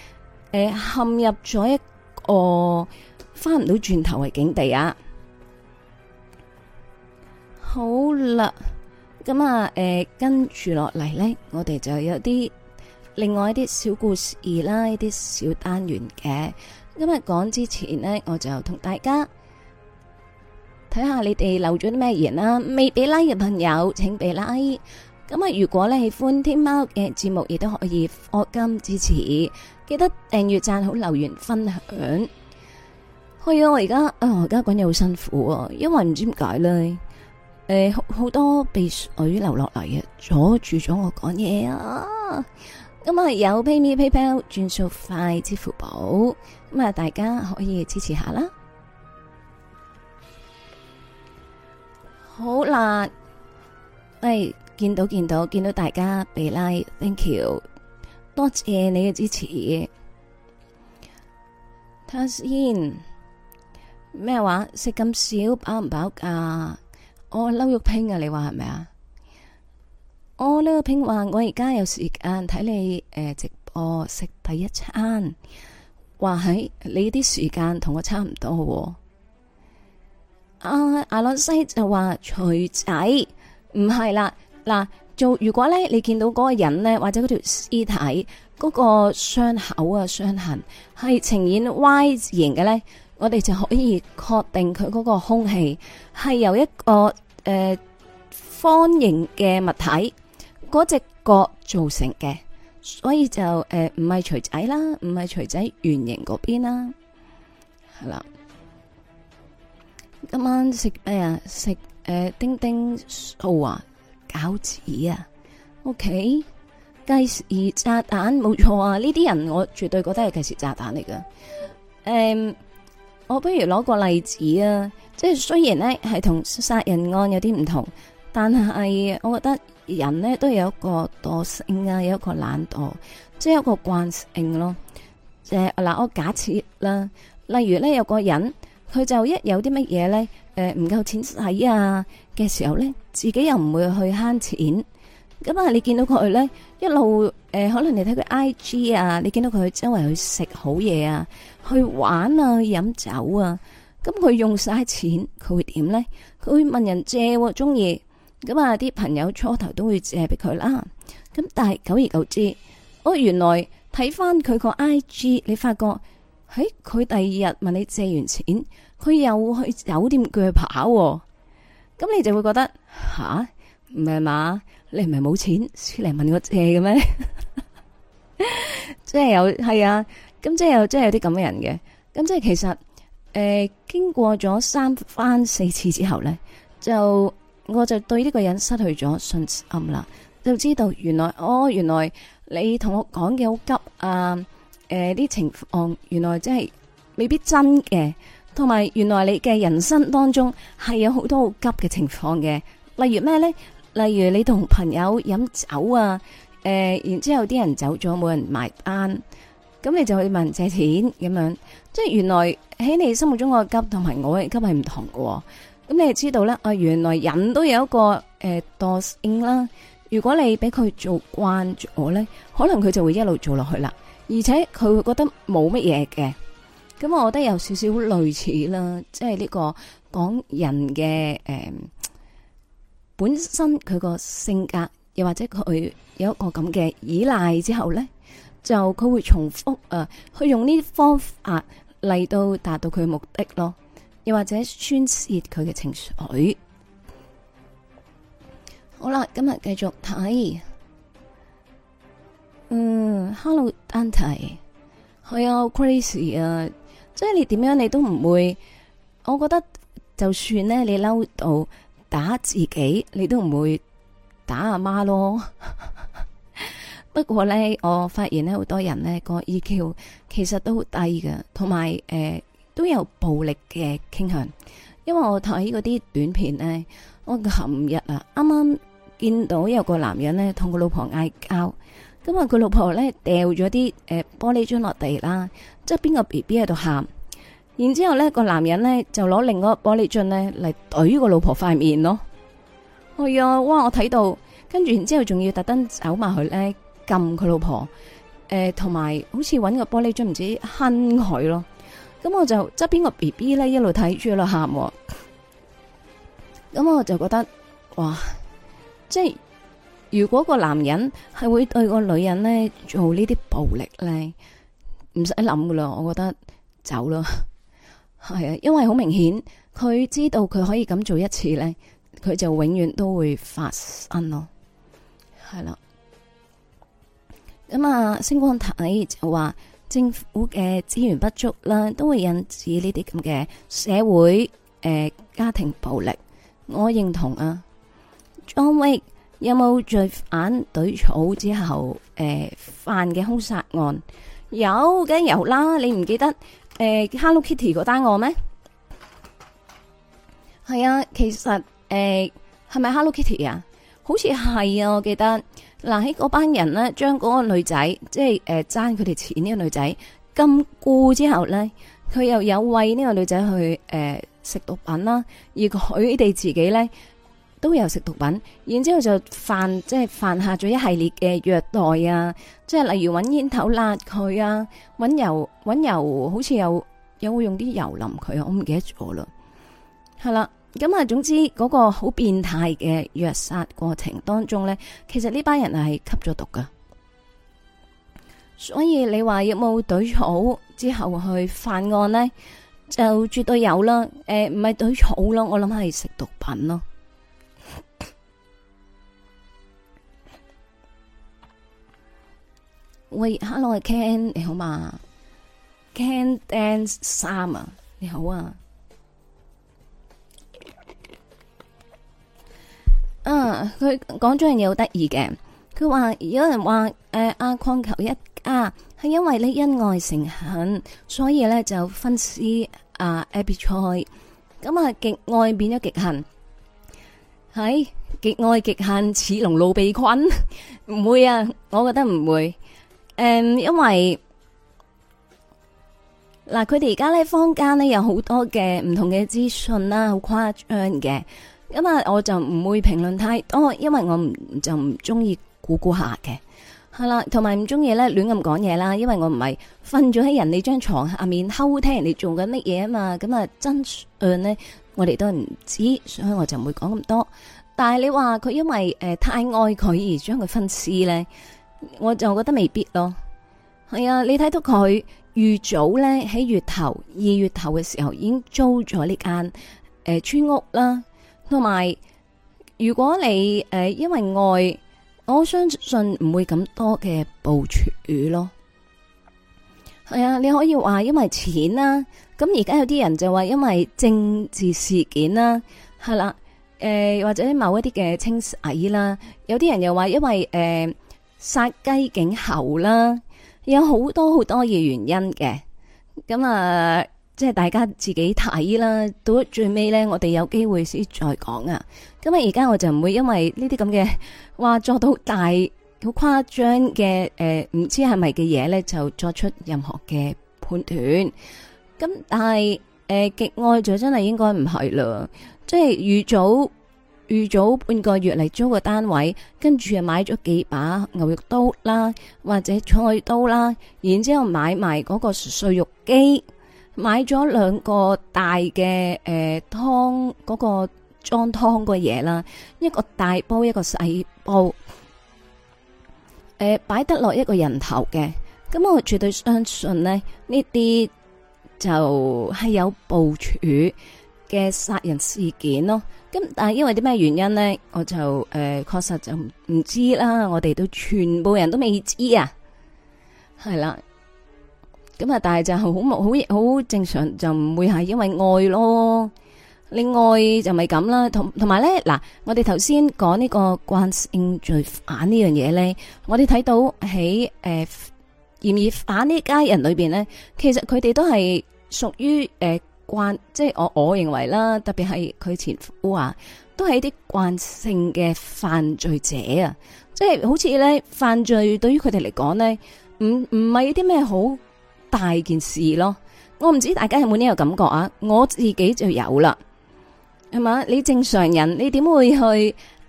呃、陷入咗一個翻唔到轉頭嘅境地啊！好啦，咁啊誒跟住落嚟呢，我哋就有啲另外一啲小故事啦，一啲小單元嘅。今、嗯、日講之前呢，我就同大家睇下你哋留咗啲咩嘢啦，未俾拉嘅朋友，請俾拉、like。咁啊！如果你喜歡天貓嘅節目，亦都可以惡金支持。記得訂閱、讚好、留言、分享。係、哎、啊！我而家啊，我而家講嘢好辛苦啊，因為唔知點解咧，誒、哎，好多鼻水流落嚟啊，阻住咗我講嘢啊。咁、哎、啊，我有 PayMe PayPal 轉數快支付寶，咁啊，大家可以支持下啦。好啦，喂、哎！見到見到見到大家被拉、like，thank you，多謝你嘅支持。Tasin，咩話食咁少飽唔飽架我嬲肉拼啊！你話係咪啊？我嬲肉拼話，我而家有時間睇你誒、呃、直播食第一餐，話係、哎、你啲時間同我差唔多、啊啊。阿阿洛西就話徐仔唔係啦。嗱，做如果咧你見到嗰個人咧，或者嗰條屍體嗰、那個傷口啊、傷痕係呈現 Y 形嘅咧，我哋就可以確定佢嗰個空氣係由一個誒、呃、方形嘅物體嗰隻、那個、角造成嘅，所以就誒唔係錘仔啦，唔係錘仔圓形嗰邊啦，係啦。今晚食咩啊？食誒叮叮素啊！餃子啊，OK，計時炸彈冇錯啊！呢啲人我絕對覺得係計時炸彈嚟㗎。誒、um，我不如攞個例子啊，即係雖然咧係同殺人案有啲唔同，但係我覺得人咧都有一個惰性啊，有一個懶惰，即係一個慣性咯。誒，嗱、啊，我假設啦，例如咧有個人，佢就一有啲乜嘢咧。誒，唔夠、呃、錢使啊嘅時候呢，自己又唔會去慳錢。咁、呃、啊，你見到佢呢，一路誒，可能你睇佢 I G 啊，你見到佢周圍去食好嘢啊，去玩啊，去飲酒啊，咁佢用晒錢，佢會點呢？佢會問人借，中意咁啊？啲朋友初頭都會借俾佢啦。咁但係久而久之，哦，原來睇翻佢個 I G，你發覺喺佢第二日問你借完錢。佢又去酒店、哦，佢去跑，咁你就會覺得吓，唔係嘛？你唔係冇錢嚟問我借嘅咩？即 係有係啊，咁即係，即係有啲咁嘅人嘅。咁即係其實誒、呃，經過咗三番四次之後咧，就我就對呢個人失去咗信心啦。就知道原來哦，原來你同我講嘅好急啊，誒、呃，啲情況原來即係未必真嘅。同埋，原來你嘅人生當中係有好多好急嘅情況嘅，例如咩呢？例如你同朋友飲酒啊，誒、呃，然之後啲人走咗，冇人埋單，咁你就去問借錢咁樣，即係原來喺你心目中個急，我急同埋我嘅急係唔同喎。咁你就知道呢，啊，原來人都有一個誒、呃、dosing 啦，如果你俾佢做慣咗呢，可能佢就會一路做落去啦，而且佢會覺得冇乜嘢嘅。咁我覺得有少少類似啦，即係呢、這個講人嘅誒、嗯、本身佢個性格，又或者佢有一個咁嘅依賴之後咧，就佢會重複誒、啊，去用呢啲方法嚟到達到佢嘅目的咯，又或者宣泄佢嘅情緒。好啦，今日繼續睇，嗯 Hello，Dante 係啊，Crazy 啊。所以你點樣你都唔會，我覺得就算咧你嬲到打自己，你都唔會打阿媽咯。 不過咧，我發現咧好多人咧個 EQ 其實都好低嘅，同埋誒都有暴力嘅傾向。因為我睇嗰啲短片咧，我琴日啊啱啱見到有個男人咧同個老婆嗌交。咁啊！佢老婆咧掉咗啲誒玻璃樽落地啦，側邊個 B B 喺度喊，然之後咧個男人咧就攞另一個玻璃樽咧嚟懟個老婆塊面咯。係、哎、啊，哇！我睇到，跟住然之後仲要特登走埋去咧，撳佢老婆誒，同、呃、埋好似搵個玻璃樽唔知坑佢咯。咁我就側邊個 B B 咧一路睇住一路喊，咁我就覺得哇，即係。如果個男人係會對個女人呢做呢啲暴力呢，唔使諗噶啦，我覺得走咯，係 啊，因為好明顯佢知道佢可以咁做一次呢，佢就永遠都會發生咯，係啦。咁啊，星光體就話政府嘅資源不足啦，都會引致呢啲咁嘅社會誒、呃、家庭暴力，我認同啊，Johny。John Wick, 有冇罪犯對草之後，誒、呃、犯嘅兇殺案？有梗有啦，你唔記得誒、呃、Hello Kitty 嗰單案咩？係啊，其實誒係咪 Hello Kitty 啊？好似係啊，我記得嗱，喺嗰班人呢將嗰個女仔即係誒爭佢哋錢，呢個女仔禁錮之後呢，佢又有餵呢個女仔去誒、呃、食毒品啦，而佢哋自己呢。都有食毒品，然之後就犯即係犯下咗一系列嘅虐待啊，即係例如搵煙頭焫佢啊，搵油搵油，好似有有會用啲油淋佢啊。我唔記得咗啦，係啦，咁啊，總之嗰個好變態嘅虐殺過程當中呢，其實呢班人係吸咗毒噶，所以你話有冇懟草之後去犯案呢？就絕對有啦。誒、呃，唔係懟草咯，我諗係食毒品咯。喂，Hello，係 Ken，你好嘛？Ken Dance 三啊，你好啊。嗯，佢講咗樣嘢好得意嘅。佢話有人話誒，阿礦球一家係因為咧恩愛成恨，所以咧就分屍阿 Abby Choi。咁啊，極愛變咗極恨，係極愛極恨似龍路被困，唔會啊，我覺得唔會。誒、嗯，因為嗱，佢哋而家咧坊間咧有好多嘅唔同嘅資訊啦，好誇張嘅。咁啊，我就唔會評論太多，因為我唔就唔中意估估下嘅，係啦，同埋唔中意咧亂咁講嘢啦。因為我唔係瞓咗喺人哋張床下面偷聽人哋做緊乜嘢啊嘛，咁啊，真相呢，我哋都唔知，所以我就唔會講咁多。但係你話佢因為誒、呃、太愛佢而將佢分屍咧？我就覺得未必咯，係啊。你睇到佢預早咧喺月頭二月頭嘅時候已經租咗呢間誒、呃、村屋啦，同埋如果你誒、呃、因為愛，我相信唔會咁多嘅部署。雨咯。係啊，你可以話因為錢啦。咁而家有啲人就話因為政治事件啦，係啦，誒、呃、或者某一啲嘅清洗啦，有啲人又話因為誒。呃殺雞儆猴啦，有好多好多嘢原因嘅，咁啊，即係大家自己睇啦。到最尾咧，我哋有機會先再講啊。咁啊，而家我就唔會因為呢啲咁嘅話作到大好誇張嘅誒，唔知係咪嘅嘢咧，就作出任何嘅判斷。咁但係誒，極愛就真係應該唔係喇，即係預早。預早半個月嚟租個單位，跟住又買咗幾把牛肉刀啦，或者菜刀啦，然之後買埋嗰個碎肉機，買咗兩個大嘅誒、呃、湯嗰、嗰個裝湯嘅嘢啦，一個大煲一個細煲，誒、呃、擺得落一個人頭嘅，咁我絕對相信咧，呢啲就係有部署。嘅殺人事件咯，咁但係因為啲咩原因咧，我就誒確實就唔知啦，我哋都全部人都未知啊，係啦，咁啊，但係就係好冇好好正常，就唔會係因為愛咯，你愛就咪咁啦，同同埋咧嗱，我哋頭先講呢個慣性罪犯呢樣嘢咧，我哋睇到喺誒嫌疑犯呢家人裏邊咧，其實佢哋都係屬於誒。慣即係我我認為啦，特別係佢前夫啊，都係一啲慣性嘅犯罪者啊，即係好似咧，犯罪對於佢哋嚟講咧，唔唔係啲咩好大件事咯。我唔知大家有冇呢個感覺啊，我自己就有啦。係嘛，你正常人你點會去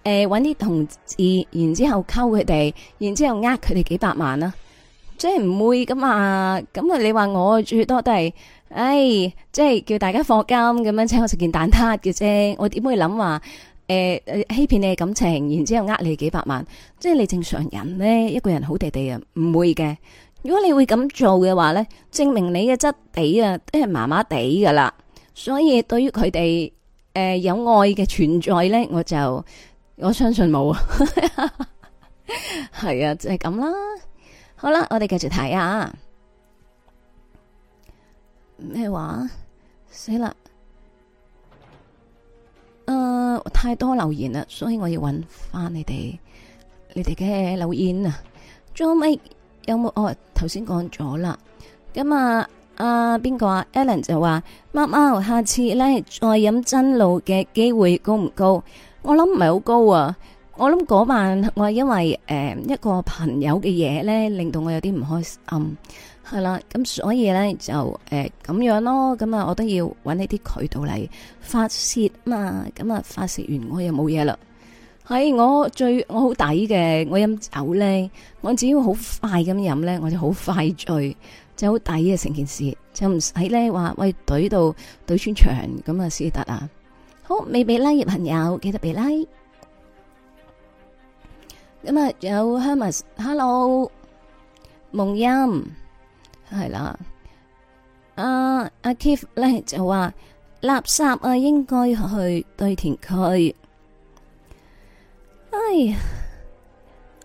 誒揾啲同志，然之後溝佢哋，然之後呃佢哋幾百萬啊？即係唔會噶嘛？咁啊，你話我最多都係。哎，即係叫大家課金咁樣，請我食件蛋撻嘅啫，我點會諗話誒誒欺騙你嘅感情，然之後呃你幾百萬，即係你正常人咧，一個人好地地啊，唔會嘅。如果你會咁做嘅話咧，證明你嘅質地啊，都係麻麻地噶啦。所以對於佢哋誒有愛嘅存在咧，我就我相信冇啊。係 啊，就係、是、咁啦。好啦，我哋繼續睇呀。咩話？死啦！誒、呃，太多留言啦，所以我要揾翻你哋，你哋嘅留言啊。最尾有冇？哦，頭先講咗啦。咁、嗯、啊，阿邊個啊？Ellen 就話貓貓，貓貓下次咧再飲真露嘅機會高唔高？我諗唔係好高啊。我諗嗰晚我係因為誒、呃、一個朋友嘅嘢咧，令到我有啲唔開心。嗯係啦，咁所以咧就誒咁、欸、樣咯，咁啊我都要揾呢啲渠道嚟發洩啊嘛，咁啊發洩完我又冇嘢啦。喺我醉我好抵嘅，我飲酒咧，我只要好快咁飲咧，我就好快醉，就好抵啊，成件事就唔使咧話喂，隊到隊穿牆咁啊先得啊。好未俾拉入朋友，記得俾拉、like。咁啊仲有 Hermes，Hello，夢音。係啦，阿阿 Keith 咧就話垃圾啊，應該去堆填區。哎呀，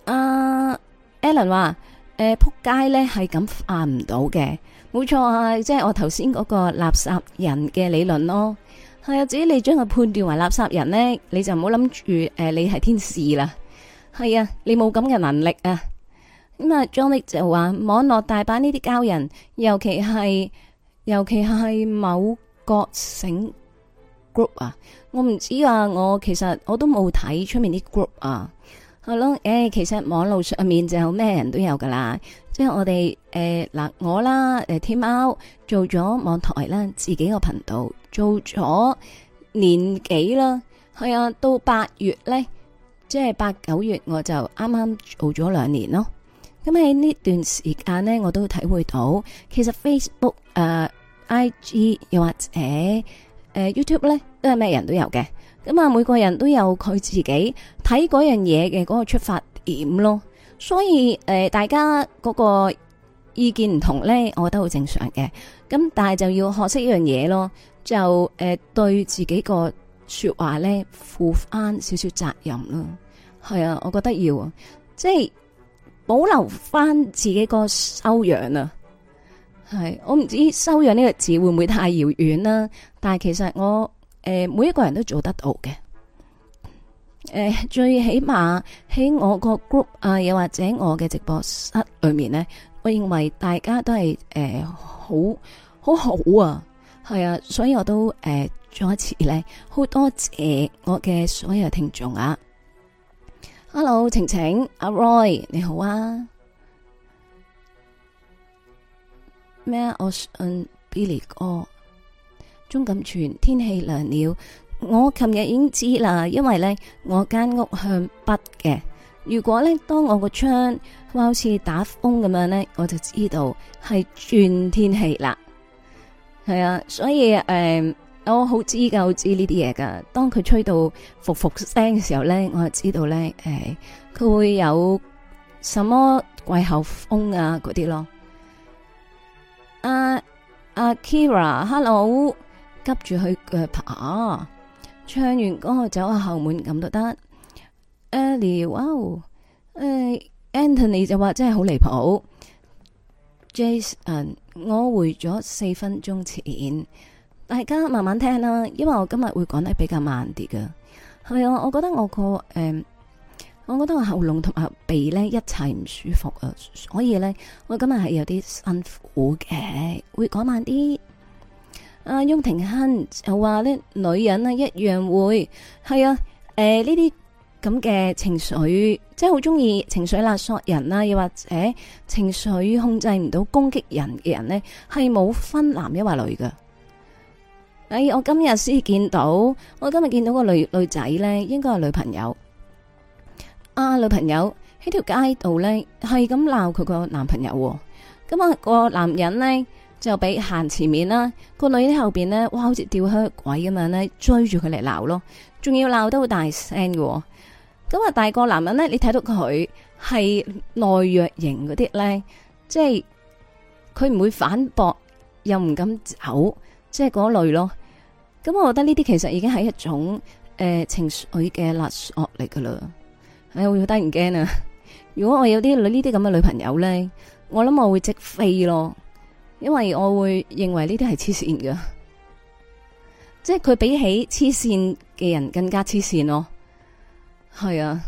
阿、uh, Alan 話誒扑街咧係咁犯唔到嘅，冇錯啊，即係我頭先嗰個垃圾人嘅理論咯。係啊，至於你將佢判斷為垃圾人咧，你就唔好諗住誒你係天使啦。係啊，你冇咁嘅能力啊。咁啊，張力就話網絡大把呢啲膠人，尤其係尤其係某國省 group 啊。我唔知啊，我其實我都冇睇出面啲 group 啊。係咯，誒、欸，其實網絡上面就咩人都有噶啦。即係我哋誒，嗱我啦，誒天喵做咗網台啦，自己個頻道做咗年幾啦，係啊，到八月咧，即係八九月我就啱啱做咗兩年咯。咁喺呢段時間咧，我都體會到，其實 Facebook、呃、誒 IG 又或者誒、呃、YouTube 咧，都係咩人都有嘅。咁啊，每個人都有佢自己睇嗰樣嘢嘅嗰個出發點咯。所以誒、呃，大家嗰個意見唔同咧，我覺得好正常嘅。咁但係就要學識一樣嘢咯，就誒、呃、對自己個說話咧，負翻少少責任咯。係啊，我覺得要啊，即係。保留翻自己個修養啊，係我唔知修養呢個字會唔會太遙遠啦，但係其實我誒、呃、每一個人都做得到嘅，誒、呃、最起碼喺我個 group 啊，又或者我嘅直播室裏面呢，我認為大家都係誒、呃、好好好啊，係啊，所以我都誒再、呃、一次咧，好多謝我嘅所有聽眾啊。Hello，晴晴，阿 Roy 你好啊。咩？Austin Billy 哥，鍾錦全，天氣涼了。我琴日已經知啦，因為咧我間屋向北嘅。如果咧當我個窗話好似打風咁樣咧，我就知道係轉天氣啦。係啊，所以誒。我好知噶，我好知呢啲嘢噶。當佢吹到伏伏聲嘅時候咧，我就知道咧，誒、哎，佢會有什麼季候風啊嗰啲咯。Uh, a 阿 Kira，Hello，急住去誒爬，唱完歌走下後門咁都得。Ellie，Wow 誒，Anthony 就話真係好離譜。Jason，我回咗四分鐘前。大家慢慢聽啦，因為我今日會講得比較慢啲噶。係啊，我覺得我個誒、呃，我覺得我的喉嚨同埋鼻咧一齊唔舒服啊，所以咧我今日係有啲辛苦嘅，會講慢啲。阿、啊、翁庭亨就話呢，女人咧一樣會係啊，誒呢啲咁嘅情緒，即係好中意情緒勒索人啦、啊，又或者情緒控制唔到攻擊人嘅人咧，係冇分男一或女噶。誒、哎，我今日先見到，我今日見到個女女仔咧，應該係女朋友啊。女朋友喺條街度咧，係咁鬧佢個男朋友。咁啊，個男人咧就俾行前面啦，個、啊、女喺後邊咧，哇好似吊靴鬼咁樣咧，追住佢嚟鬧咯，仲要鬧得好大聲嘅。咁啊，大個男人咧，你睇到佢係內弱型嗰啲咧，即係佢唔會反駁，又唔敢走。即係嗰類咯，咁我覺得呢啲其實已經係一種誒、呃、情緒嘅勒索嚟噶啦，我好得人驚啊！ 如果我有啲呢啲咁嘅女朋友咧，我諗我會即飛咯，因為我會認為呢啲係黐線噶，即係佢比起黐線嘅人更加黐線咯，係啊，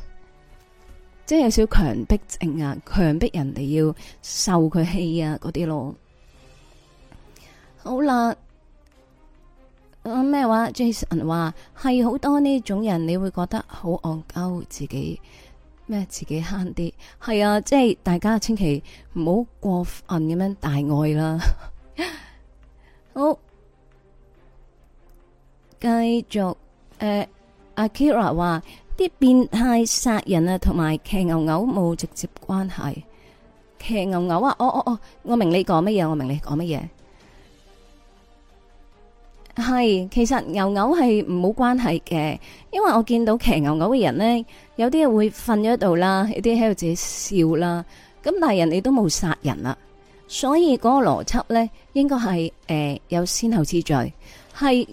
即係有少強迫症啊，強迫人哋要受佢氣啊嗰啲咯，好啦。咩、啊、話？Jason 話係好多呢種人，你會覺得好戇鳩自己咩？自己慳啲係啊，即係大家千祈唔好過分咁樣大愛啦。 好，繼續誒，阿、呃、Kira 話啲變態殺人啊，同埋騎牛牛冇直接關係。騎牛牛啊！哦哦哦！我明你講乜嘢？我明你講乜嘢？係，其實牛牛係唔冇關係嘅，因為我見到騎牛牛嘅人呢，有啲會瞓咗度啦，有啲喺度自己笑啦，咁但係人哋都冇殺人啦，所以嗰個邏輯呢應該係誒有先後之序，係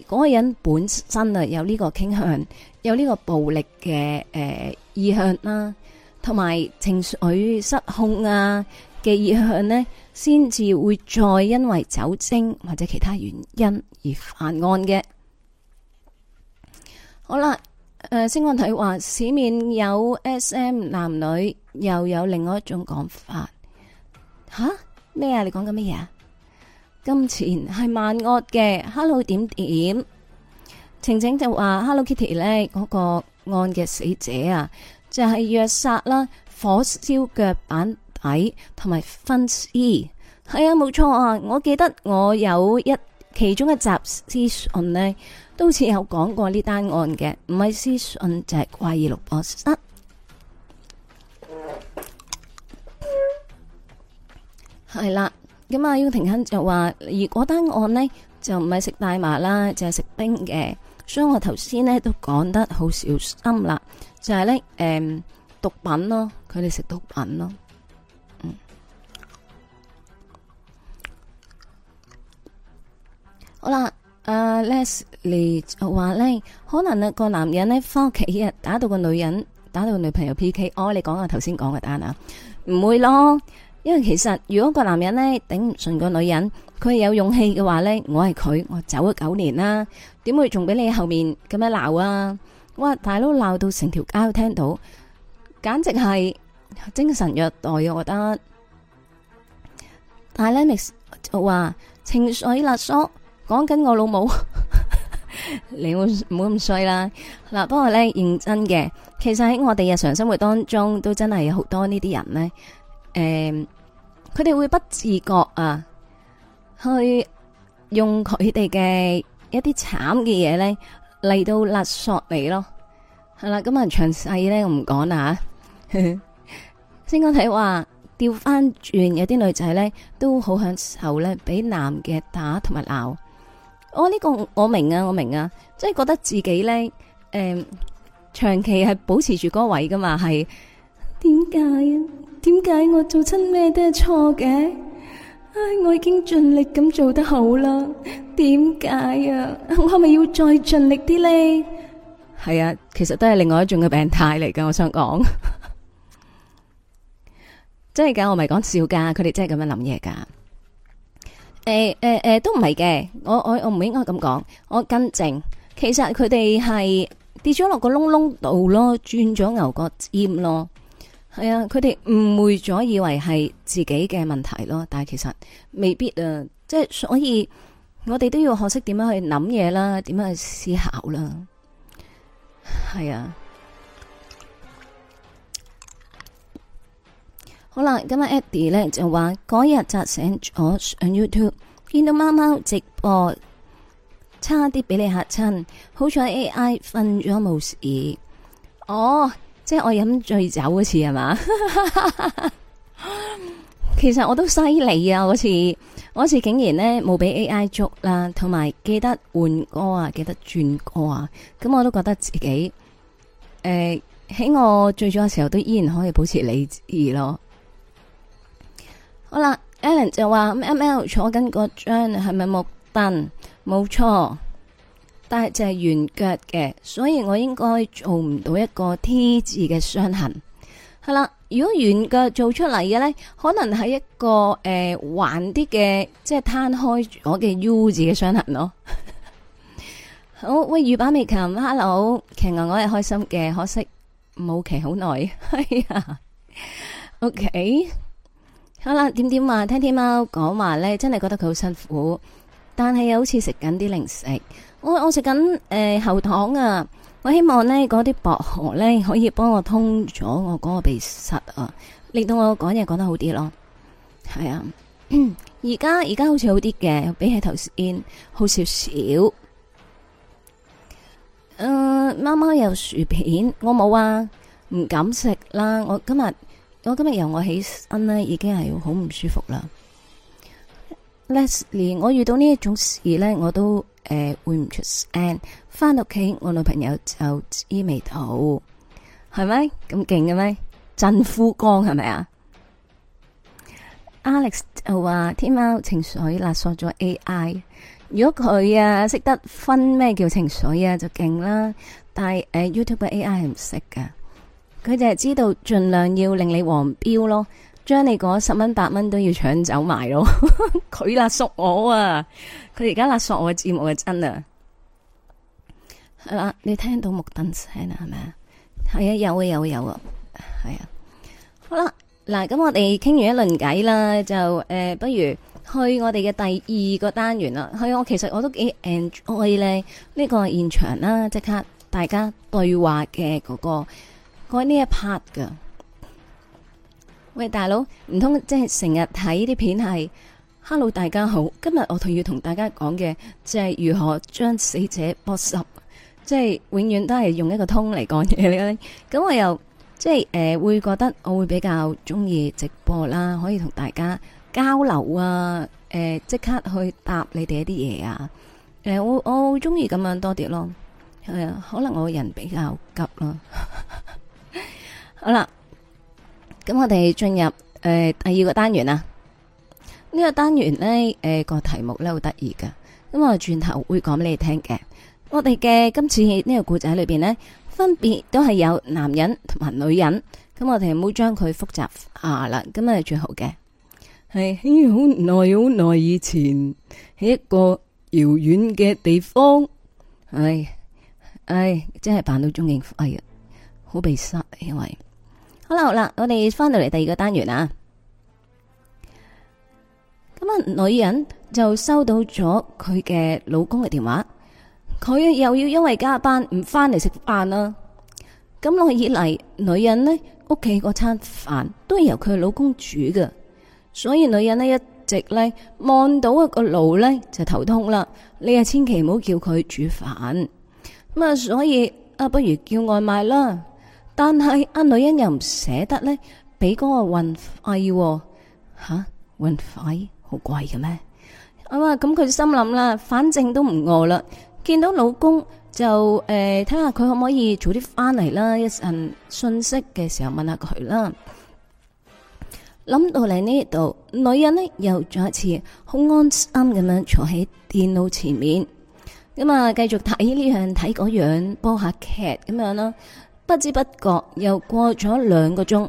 嗰個人本身啊有呢個傾向，有呢個暴力嘅誒、呃、意向啦，同埋情緒失控啊。嘅意向呢，先至會再因為酒精或者其他原因而犯案嘅。好啦，誒，星光睇話市面有 S M 男女，又有另外一種講法。吓咩啊？你講緊乜嘢啊？金錢係萬惡嘅。Hello 點點晴晴就話 Hello Kitty 呢，嗰個案嘅死者啊，就係虐殺啦，火燒腳板。睇同埋分析，係啊，冇錯啊！我記得我有一其中一集屍訊呢，都好似有講過呢單案嘅，唔係屍訊就係、是、怪異錄播室。係啦，咁啊，要婷欣就話，如果單案呢，就唔係食大麻啦，就係食冰嘅，所以我頭先呢都講得好小心啦，就係、是、呢，誒、嗯，毒品咯，佢哋食毒品咯。好啦，誒，Leslie 就話咧，可能啊個男人呢翻屋企日打到一個女人，打到個女朋友 P K，哦，你講下頭先講嘅單，唔會咯，因為其實如果個男人呢頂唔順個女人，佢係有勇氣嘅話呢，我係佢，我走咗九年啦，啊，點會仲俾你後面咁樣鬧啊？哇，大佬鬧到成條街都聽到，簡直係精神虐待，我覺得。但係呢 Leslie 就話情緒勒索。講緊我老母，你唔好唔好咁衰啦。嗱，不過咧認真嘅，其實喺我哋日常生活當中，都真係有好多呢啲人咧。誒，佢哋會不自覺啊，去用佢哋嘅一啲慘嘅嘢，咧嚟到勒索你咯。係啦，咁啊詳細咧，我唔講啦吓。先講睇話，調翻轉有啲女仔咧都好享受咧，俾男嘅打同埋鬧。我呢、哦呢個我明啊，我明啊，即係覺得自己咧，誒、呃，長期係保持住嗰位噶嘛，係點解？點解我做親咩都係錯嘅？唉，我已經盡力咁做得好啦，點解啊？我係咪要再盡力啲咧？係啊，其實都係另外一種嘅病態嚟噶，我想講，真係噶，我唔係講笑噶，佢哋真係咁樣諗嘢噶。誒誒誒，都唔係嘅，我我我唔應該咁講，我更正，其實佢哋係跌咗落個窿窿度咯，轉咗牛角尖咯，係啊，佢哋誤會咗，以為係自己嘅問題咯，但係其實未必啊，即係所以我哋都要學識點樣去諗嘢啦，點樣去思考啦，係啊。好啦，咁阿 Eddie 咧就話嗰日扎醒咗上 YouTube，見到貓貓直播差，差啲俾你吓親，好彩 AI 瞓咗冇事。哦，即係我飲醉酒嗰次係嘛？ 其實我都犀利啊！嗰次，嗰次竟然呢冇俾 AI 捉啦，同埋記得換歌啊，記得轉歌啊，咁我都覺得自己，誒、呃，喺我醉酒嘅時候都依然可以保持理智咯。好啦，Alan 就話、嗯、M L 坐緊嗰張係咪木凳？冇錯，但係就係圓腳嘅，所以我應該做唔到一個 T 字嘅傷痕。係、嗯、啦，如果圓腳做出嚟嘅咧，可能係一個誒，橫啲嘅，即係攤開我嘅 U 字嘅傷痕咯、喔。好，喂，雨板未琴，Hello，騎牛我係開心嘅，可惜冇騎好耐。係啊 ，OK。好啦，點點話聽天喵講話呢，真係覺得佢好辛苦，但係又好似食緊啲零食。我我食緊誒喉糖啊，我希望呢嗰啲薄荷呢可以幫我通咗我嗰個鼻塞啊，令到我講嘢講得好啲咯。係啊，而家而家好似好啲嘅，比起頭先好少少。誒、呃，貓貓有薯片，我冇啊，唔敢食啦。我今日。我今日由我起身咧，已經係好唔舒服啦。Leslie，我遇到呢一種事咧，我都誒、呃、會唔出聲。翻屋企，我女朋友就知眉頭，係咪咁勁嘅咩？震夫光係咪啊？Alex 就話天喵情緒勒索咗 AI，如果佢啊識得分咩叫情緒啊，就勁啦。但係誒、呃、YouTube AI 係唔識噶。佢淨係知道，盡量要令你黃標咯，將你嗰十蚊八蚊都要搶走埋咯。佢勒索我啊，佢而家勒索我嘅節目啊，目真啊。啊，你聽到木凳聲啦係咪啊？係啊，有啊有有啊，係啊。好啦，嗱咁我哋傾完一輪偈啦，就誒、呃，不如去我哋嘅第二個單元啦。去我其實我都幾 enjoy 咧，呢個現場啦，即刻大家對話嘅嗰、那個。我喺呢一 part 噶，喂大佬，唔通即係成日睇啲片係 ，hello 大家好，今日我同要同大家講嘅即係如何將死者剝拾，即係永遠都係用一個通嚟講嘢呢？咁我又即係誒、呃，會覺得我會比較中意直播啦，可以同大家交流啊，誒、呃、即刻去答你哋一啲嘢啊，誒、呃、我我好中意咁樣多啲咯，係啊，可能我人比較急咯。 好啦，咁我哋進入誒、呃、第二個單元啦。呢、這個單元呢誒個、呃、題目呢好得意㗎。咁我轉頭會講俾你哋聽嘅。我哋嘅今次呢個故仔裏邊呢，分別都係有男人同埋女人。咁我哋唔好將佢複雜化啦。咁日係最好嘅，係喺好耐好耐以前喺一個遙遠嘅地方。係、哎，唉、哎，真係扮到中應哎呀，好鼻塞。因為。好啦，我哋翻到嚟第二個單元啊。咁啊，女人就收到咗佢嘅老公嘅電話，佢又要因為加班唔翻嚟食飯啦。咁耐以嚟，女人呢屋企嗰餐飯都係由佢老公煮嘅，所以女人呢一直呢望到一個爐呢就頭痛啦。你啊，千祈唔好叫佢煮飯，咁啊，所以啊，不如叫外賣啦。但係阿女人又唔捨得咧、啊，俾嗰個運費吓，運費好貴嘅咩？咁啊，咁佢心諗啦，反正都唔餓啦，見到老公就誒，睇下佢可唔可以早啲翻嚟啦，一陣信息嘅時候問下佢啦。諗到嚟呢度，女人呢又再一次好安心咁樣坐喺電腦前面，咁啊繼續睇呢樣睇嗰樣，播下劇咁樣啦。不知不覺又過咗兩個鐘，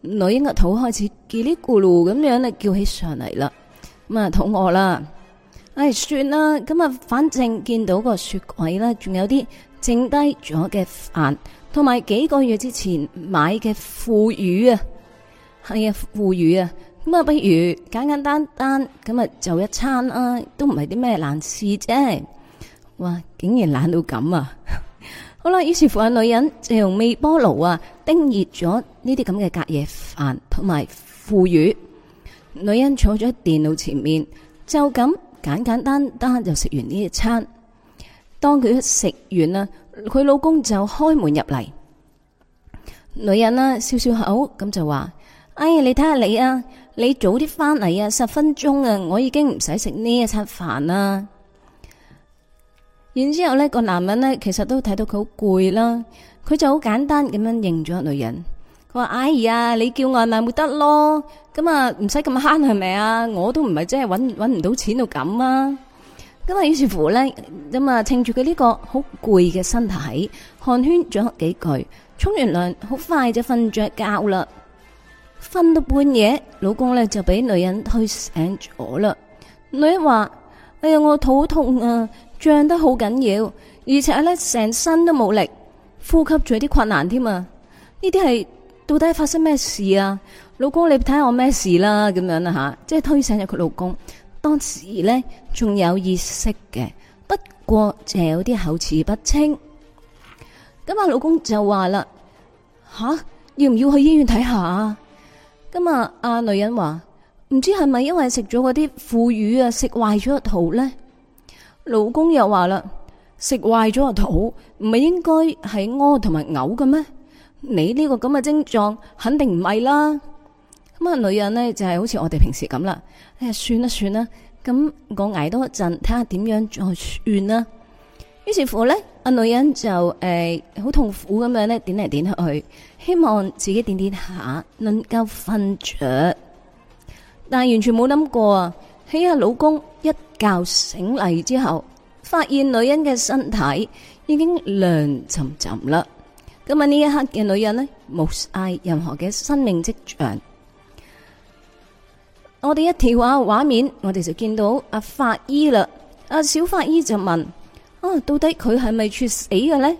女嬰嘅肚開始嘰哩咕嚕咁樣咧叫起上嚟啦，咁啊肚餓啦，唉、哎、算啦，咁啊反正見到個雪櫃啦，仲有啲剩低咗嘅飯，同埋幾個月之前買嘅腐乳啊，係啊腐乳啊，咁啊不如簡簡單單咁啊就一餐啊，都唔係啲咩難事啫、啊，哇竟然懶到咁啊！ 好啦，於是乎啊，女人就用微波爐啊，叮熱咗呢啲咁嘅隔夜飯同埋腐乳。女人坐咗喺電腦前面，就咁簡簡單單就食完呢一餐。當佢食完啦，佢老公就開門入嚟。女人啦，笑笑口咁就話：哎，你睇下你啊，你早啲翻嚟，啊，十分鐘啊，我已經唔使食呢一餐飯啦。然之後呢、那個男人呢，其實都睇到佢好攰啦，佢就好簡單咁樣認咗女人。佢話：姨、哎、呀，你叫外賣咪得咯，咁啊唔使咁慳係咪啊？我都唔係真係搵搵唔到錢到咁啊。咁啊，於是乎呢，咁啊，趁住佢呢個好攰嘅身體，寒暄咗幾句，沖完涼好快就瞓着覺啦。瞓到半夜，老公呢就俾女人推醒咗啦。女人話：哎呀，我肚痛啊！脹得好緊要，而且咧成身都冇力，呼吸仲有啲困難添啊！呢啲係到底係發生咩事啊？老公，你睇下我咩事啦？咁樣啦吓，即係推醒咗佢老公，當時咧仲有意識嘅，不過就有啲口齒不清。咁啊，老公就話啦：吓，要唔要去醫院睇下啊？咁啊，阿女人話唔知係咪因為食咗嗰啲腐乳啊，食壞咗個肚咧？老公又話啦：食壞咗個肚，唔係應該係屙同埋嘔嘅咩？你呢個咁嘅症狀，肯定唔係啦。咁啊，女人呢，就係好似我哋平時咁啦。哎呀，算啦算啦，咁我捱多一陣，睇下點樣再算啦。於是乎呢，阿女人就誒，好、欸、痛苦咁樣呢點嚟點去，希望自己點點下能夠瞓着，但係完全冇諗過啊！畀阿老公一覺醒嚟之後，發現女人嘅身體已經涼沉沉啦。咁啊，呢一刻嘅女人呢，冇晒任何嘅生命跡象。我哋一條啊畫面，我哋就見到阿、啊、法醫啦。阿、啊、小法醫就問：哦、啊，到底佢係咪猝死嘅呢？」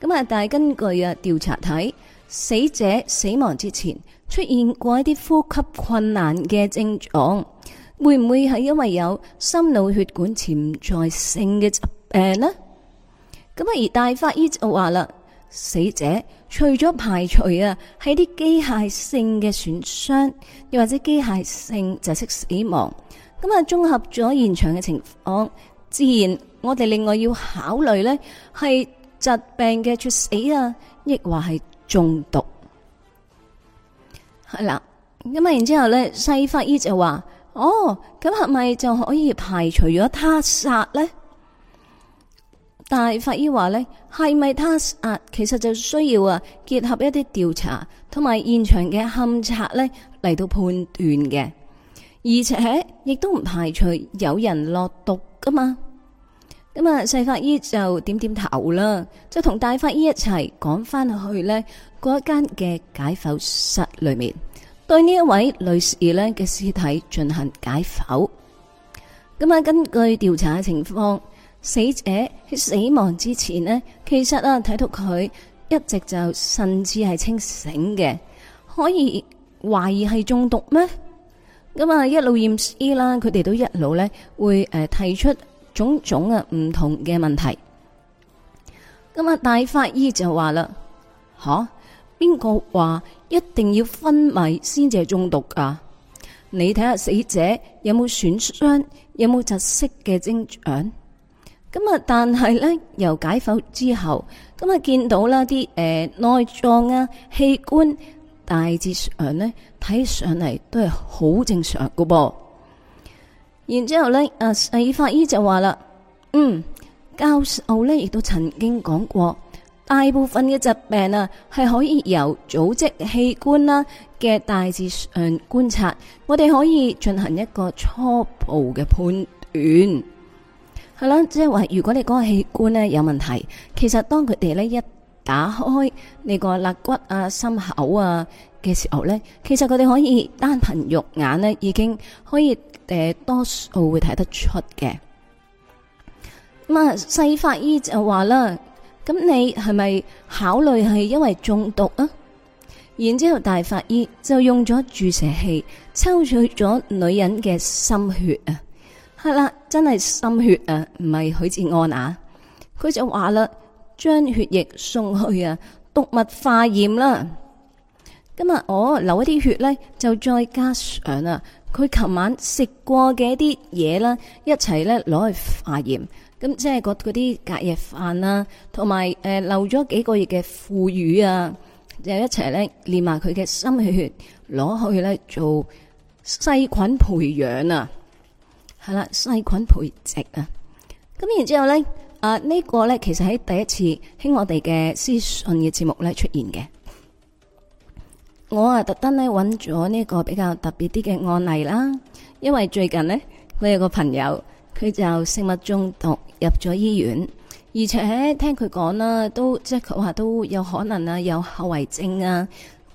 咁啊，但係根據啊調查睇，死者死亡之前出現過一啲呼吸困難嘅症狀。會唔會係因為有心腦血管潛在性嘅疾病呢？咁啊，而大法醫就話啦，死者除咗排除啊係啲機械性嘅損傷，又或者機械性窒息死亡。咁啊，綜合咗現場嘅情況，自然我哋另外要考慮呢係疾病嘅猝死啊，亦話係中毒。係啦，咁啊，然之後呢細法醫就話。哦，咁係咪就可以排除咗他殺呢？大法醫話呢，係咪他殺？其實就需要啊結合一啲調查同埋現場嘅勘察呢嚟到判斷嘅，而且亦都唔排除有人落毒噶嘛。咁啊，細法醫就點點頭啦，就同大法醫一齊趕翻去呢嗰間嘅解剖室裏面。對呢一位女士呢嘅屍體進行解剖，咁啊，根據調查嘅情況，死者喺死亡之前呢，其實啊睇到佢一直就甚至係清醒嘅，可以懷疑係中毒咩？咁啊，一路驗屍啦，佢哋都一路呢會誒提出種種唔同嘅問題。咁啊，大法醫就話啦，吓、啊。邊個話一定要昏迷先至係中毒啊？你睇下死者有冇損傷，有冇窒息嘅症狀？咁啊，但係咧，由解剖之後，咁啊見到啦啲誒內臟啊器官大致上咧睇上嚟都係好正常噶噃。然之後咧，啊啊法醫就話啦，嗯，教授咧亦都曾經講過。大部分嘅疾病啊，係可以由組織器官啦嘅大致上觀察，我哋可以進行一個初步嘅判斷，係啦，即係話如果你嗰個器官呢有問題，其實當佢哋呢一打開你個肋骨啊、心口啊嘅時候呢，其實佢哋可以單憑肉眼呢已經可以誒、呃、多數會睇得出嘅。咁啊，細法醫就話啦。咁你係咪考慮係因為中毒啊？然之後大法醫就用咗注射器抽取咗女人嘅心，心血啊，係啦，真係心血啊，唔係許志安啊。佢就話啦，將血液送去啊，毒物化驗啦。今日我流一啲血咧，就再加上啦，佢琴晚食過嘅啲嘢啦，一齊咧攞去化驗。咁即係嗰嗰啲隔夜飯啦，同埋誒漏咗幾個月嘅腐乳啊，就一齊咧連埋佢嘅心血攞去咧做細菌培養啊，係啦，細菌培植啊。咁然之後咧，啊呢個咧其實係第一次喺我哋嘅屍訊嘅節目咧出現嘅。我啊特登咧揾咗呢個比較特別啲嘅案例啦，因為最近咧我有個朋友。佢就食物中毒入咗醫院，而且聽佢講啦，都即係佢話都有可能啊，有後遺症啊，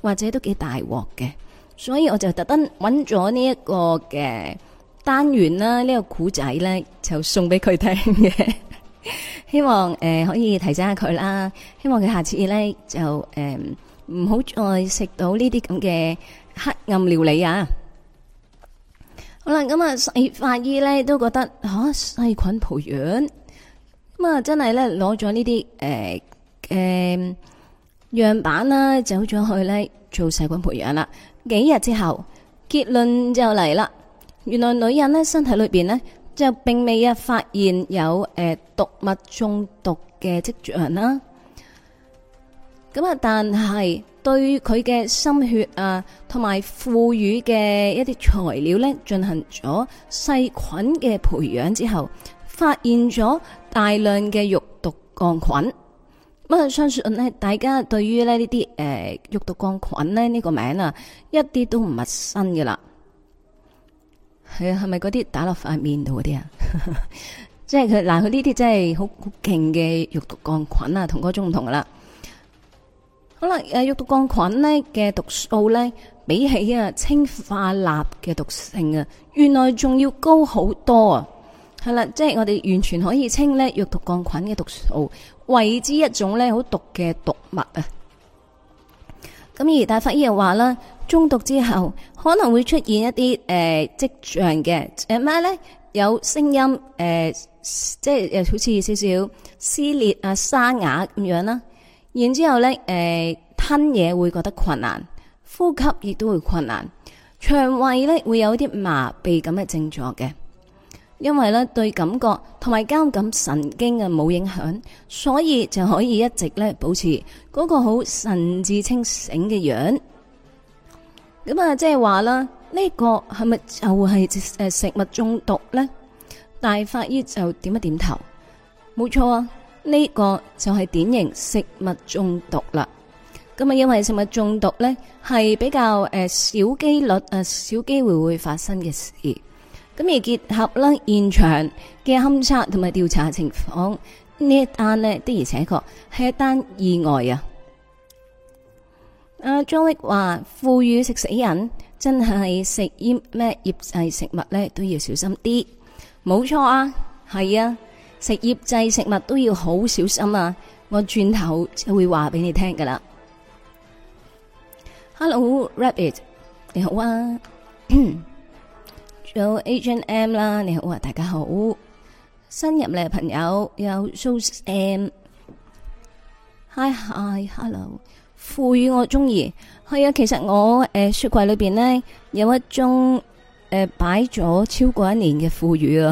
或者都幾大鑊嘅。所以我就特登揾咗呢一個嘅單元啦，呢、呢個古仔咧就送俾佢聽嘅， 希望誒、呃、可以提醒下佢啦，希望佢下次咧就誒唔好再食到呢啲咁嘅黑暗料理啊！好啦，咁啊，法醫咧都覺得吓啊、細菌培養，咁啊真係咧攞咗呢啲誒誒樣板啦，走咗去咧做細菌培養啦。幾日之後結論就嚟啦，原來女人咧身體裏邊咧就並未啊發現有誒、呃、毒物中毒嘅跡象啦。咁啊，但係。對佢嘅心血啊，同埋賦予嘅一啲材料咧，進行咗細菌嘅培養之後，發現咗大量嘅肉毒桿菌。咁、嗯、啊，相信咧，大家對於咧呢啲誒肉毒桿菌咧呢、呢個名啊，一啲都唔陌生嘅，啊、 啦。係啊，係咪嗰啲打落塊面度嗰啲啊？即係佢嗱，佢呢啲真係好好勁嘅肉毒桿菌啊，同嗰種唔同噶啦。好啦，誒，肉毒桿菌呢嘅毒素咧，比起啊氰化鈉嘅毒性啊，原來仲要高好多啊！係啦，即係我哋完全可以稱咧肉毒桿菌嘅毒素為之一種咧好毒嘅毒物啊！咁而大法醫又話啦，中毒之後可能會出現一啲誒、呃、跡象嘅，誒咩咧？有聲音誒、呃，即係誒，好似少少撕裂啊、沙啞咁樣啦。然之後咧，誒吞嘢會覺得困難，呼吸亦都會困難，腸胃咧會有啲麻痹咁嘅症狀嘅，因為咧對感覺同埋交感神經嘅冇影響，所以就可以一直咧保持嗰個好神志清醒嘅樣。咁、就、啊、是，即係話啦，呢個係咪就係誒食物中毒呢？大法醫就點一點頭，冇錯啊。呢個就係典型食物中毒啦。咁啊，因為食物中毒呢係比較誒小機率誒小機會會發生嘅事。咁而結合啦現場嘅勘測同埋調查情況，呢單呢的而且確係一單意外啊！阿張力話：腐乳食死人，真係食醃咩醃製食物呢都要小心啲。冇錯啊，係啊。食醃製食物都要好小心啊！我轉頭就會話俾你聽噶啦。Hello Rabbit，你好啊！仲有 Agent M 啦，你好啊，大家好。新入嚟嘅朋友有 Souls M，Hi Hi Hello，腐乳我中意。係啊，其實我誒雪櫃裏邊呢有一種誒擺咗超過一年嘅腐乳啊。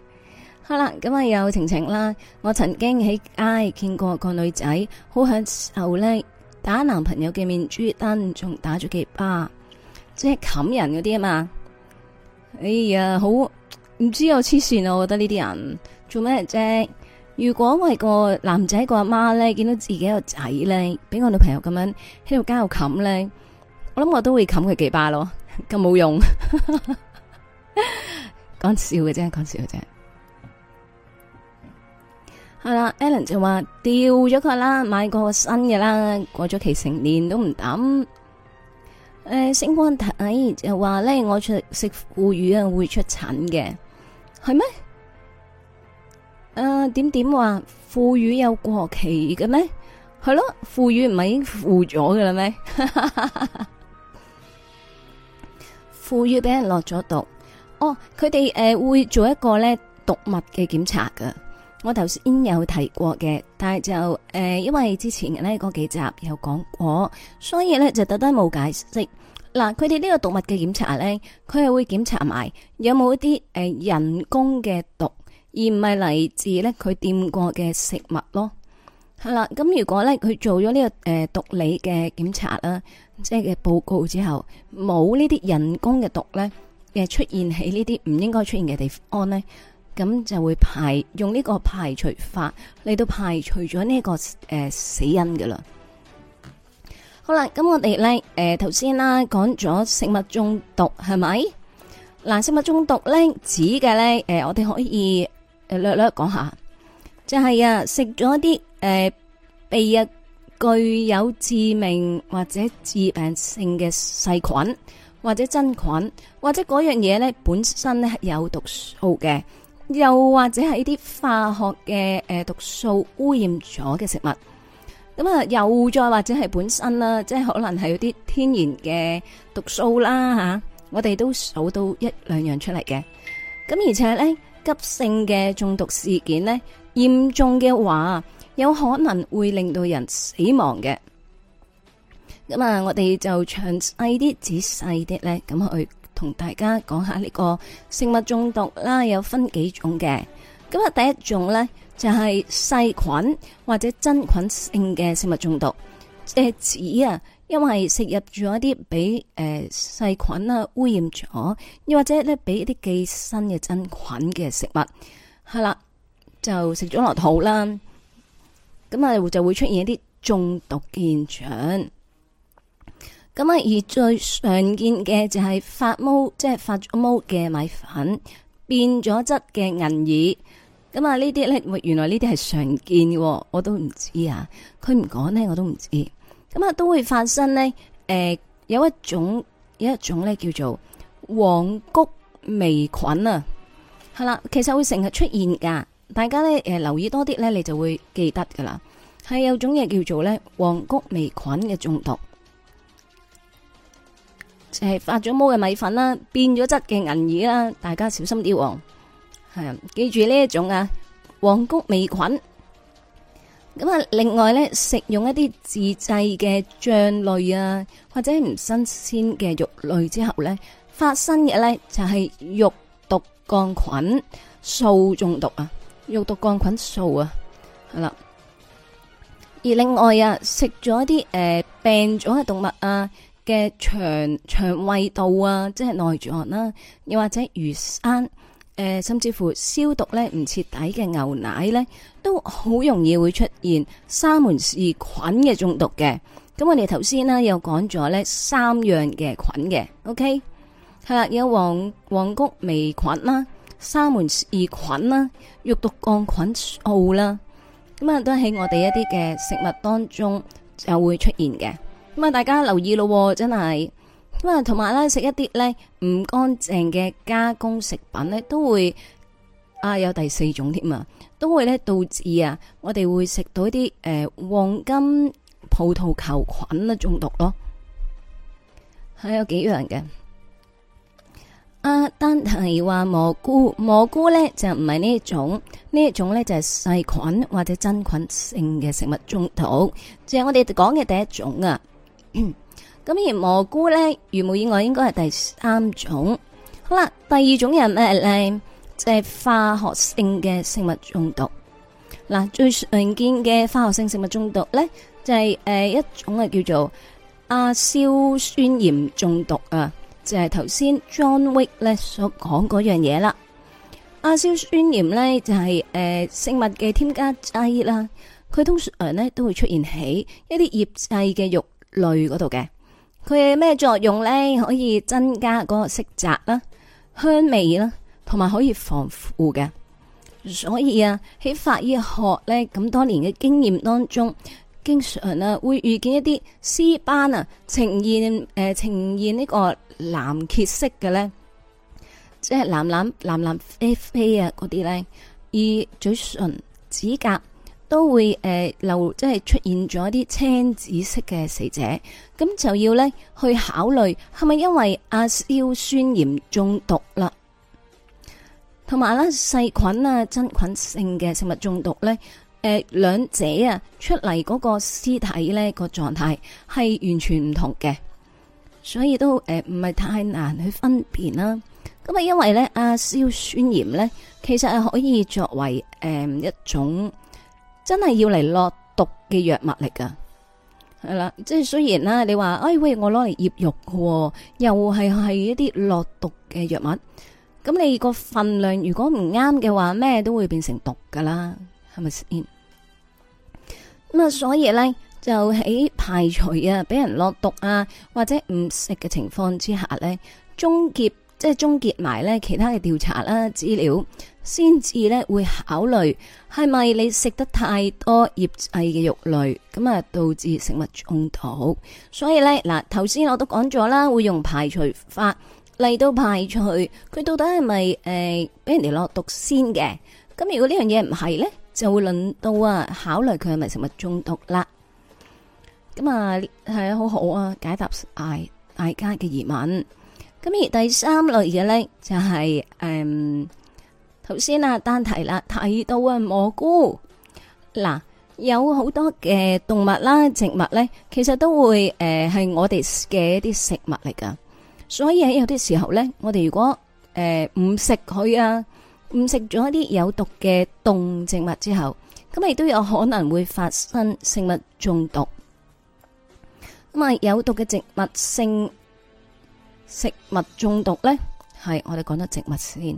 好啦，咁啊有晴晴啦。我曾經喺街見過個女仔，好享受咧打男朋友嘅面珠墩，仲打咗幾巴，即係冚人嗰啲啊嘛。哎呀，好唔知道我黐線啊！我覺得這些人做什麼呢啲人做咩啫？如果我係個男仔個阿媽咧，見到自己個仔咧，俾我女朋友咁樣喺度交冚咧，我諗我都會冚佢幾巴咯，咁冇用。講笑嘅啫，講笑嘅啫。係啦，Alan 就話掉咗佢啦，買過個新嘅啦，過咗期成年都唔抌。誒、呃，星光睇就話呢，我出食腐乳啊會出疹嘅，係咩？誒、呃，點點話腐乳有過期嘅咩？係咯，腐乳唔係已經腐咗嘅啦咩？腐乳俾人落咗毒，哦，佢哋誒會做一個呢毒物嘅檢查噶。我頭先有提過嘅，但係就誒、呃，因為之前咧嗰幾集有講過，所以咧就特登冇解釋。嗱，佢哋呢個毒物嘅檢查咧，佢係會檢查埋有冇一啲、呃、人工嘅毒，而唔係嚟自咧佢掂過嘅食物咯。係啦，咁如果咧佢做咗呢、呢個、呃、毒理嘅檢查啦，即係嘅報告之後冇呢啲人工嘅毒咧嘅出現喺呢啲唔應該出現嘅地方咧。咁就會排用呢個排除法嚟到排除咗呢個誒、呃、死因噶啦。好啦，咁我哋咧誒頭先啦講咗食物中毒係咪嗱？食物中毒咧指嘅咧誒，我哋可以略略講下就、啊，就係啊食咗啲誒被一具有致命或者致病性嘅細菌或者真菌或者嗰樣嘢咧，本身咧有毒素嘅。又或者係呢啲化學嘅誒毒素污染咗嘅食物，咁啊又再或者係本身啦，即係可能係有啲天然嘅毒素啦吓，我哋都數到一兩樣出嚟嘅。咁而且呢，急性嘅中毒事件呢，嚴重嘅話有可能會令到人死亡嘅。咁啊，我哋就詳細啲、仔細啲呢，咁去。同大家講下呢個食物中毒啦，有分幾種嘅。咁啊，第一種咧就係細菌或者真菌性嘅食物中毒，即係指啊，因為食入咗一啲俾誒細菌啊污染咗，又或者咧俾一啲寄生嘅真菌嘅食物，係啦，就食咗落肚啦，咁啊就會出現一啲中毒現象。咁啊，而最常見嘅就係發毛，即係發咗毛嘅米粉變咗質嘅銀耳。咁啊，呢啲咧，原來呢啲係常見嘅，我都唔知啊。佢唔講咧，我都唔知。咁啊，都會發生呢誒、呃，有一種有一種咧叫做黃曲霉菌啊，係啦，其實會成日出現噶。大家咧誒留意多啲咧，你就會記得噶啦。係有種嘢叫做咧黃曲霉菌嘅中毒。就係發咗毛嘅米粉啦，變咗質嘅銀耳啦，大家小心啲喎。係啊，記住呢一種啊，黃曲霉菌。咁啊，另外呢，食用一啲自製嘅醬類啊，或者唔新鮮嘅肉類之後呢，發生嘅呢就係肉毒桿菌素中毒啊，肉毒桿菌素啊，係啦。而另外啊，食咗啲誒病咗嘅動物啊。嘅腸腸胃道啊，即係內臟啦，又或者魚生，誒、呃，甚至乎消毒咧唔徹底嘅牛奶咧，都好容易會出現沙門氏菌嘅中毒嘅。咁我哋頭先呢，又講咗咧三樣嘅菌嘅，OK，係啦、啊，有黃黃曲味菌啦，沙門氏菌啦，肉毒桿菌素啦，咁啊都喺我哋一啲嘅食物當中就會出現嘅。咁啊！大家留意咯，真係咁啊！同埋咧，食一啲咧唔乾淨嘅加工食品咧，都會啊有第四種添啊，都會咧導致啊，我哋會食到一啲誒、呃，黃金葡萄球菌啊中毒咯，係有幾樣嘅。啊，單提話蘑菇，蘑菇咧就唔係呢一種，呢種呢一種咧就係、是、細菌或者真菌性嘅食物中毒，就係、是、我哋講嘅第一種啊。咁、嗯、而蘑菇咧，如無意外，應該係第三種。好啦，第二種人咩咧？即係化學性嘅食物中毒。嗱，最常見嘅化學性食物中毒咧，就係誒一種叫做亞硝酸鹽中毒啊，就係頭先 John Wick 咧所講嗰樣嘢啦。亞硝酸鹽咧就係誒食物嘅添加劑啦，佢通常咧都會出現喺一啲醃製嘅肉類嗰度嘅，佢有咩作用咧？可以增加嗰個色澤啦、香味啦，同埋可以防腐嘅。所以啊，喺法醫學咧咁多年嘅經驗當中，經常啊會遇見一啲屍斑啊呈現誒、呃、呈現呢個藍褐色嘅咧，即係藍藍藍藍飛飛啊嗰啲咧，以嘴唇、指甲。都會誒流，即、呃、係出現咗啲青紫色嘅死者，咁就要呢去考慮係咪因為阿硝酸鹽中毒啦，同埋呢細菌啊真菌性嘅食物中毒呢，誒、呃，兩者啊出嚟嗰個屍體呢、這個狀態係完全唔同嘅，所以都誒唔係太難去分辨啦。咁啊，因為呢阿硝酸鹽呢，其實係可以作為誒、呃、一種。真係要嚟落毒嘅藥物嚟噶，係啦，即係雖然啦，你話哎喂，我攞嚟醃肉，又係係一啲落毒嘅藥物。咁你個份量如果唔啱嘅話，咩都會變成毒噶啦，係咪先咁啊？所以呢就喺排除啊，俾人落毒啊，或者唔食嘅情況之下呢，終結。即係總結埋咧其他嘅調查啦資料，先至咧會考慮係咪你食得太多醃製嘅肉類，咁啊導致食物中毒。所以咧嗱，頭先我都講咗啦，會用排除法嚟到排除佢到底係咪誒俾人哋落毒先嘅。咁如果呢樣嘢唔係咧，就會輪到啊考慮佢係咪食物中毒啦。咁啊係啊，好好啊，解答大家嘅疑問。咁而第三類嘢咧就係誒，頭先啊，單提啦，提到啊蘑菇，嗱，有好多嘅動物啦、植物咧，其實都會誒係我哋嘅一啲食物嚟噶，所以喺有啲時候咧，我哋如果誒唔食佢啊，唔食咗一啲有毒嘅動植物之後，咁亦都有可能會發生食物中毒。咁啊，有毒嘅植物性，食物中毒咧，係我哋講得植物先，係、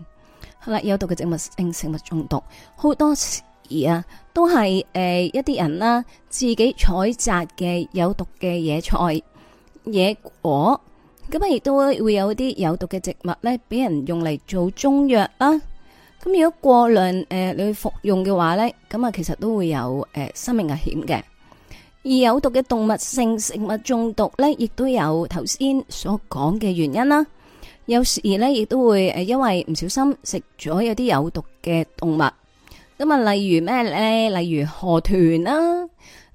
嗯、啦，有毒嘅植物性食物中毒，好多時啊，都係誒、呃、一啲人啦，自己採摘嘅有毒嘅野菜、野果，咁啊亦都會有啲有毒嘅植物咧，俾人用嚟做中藥啦，咁如果過量誒、呃、你去服用嘅話咧，咁啊其實都會有誒、呃、生命危險嘅。而有毒嘅動物性食物中毒咧，亦都有頭先所講嘅原因啦。有時咧，亦都會誒，因為唔小心食咗有啲有毒嘅動物。咁啊，例如咩咧？例如河豚啦，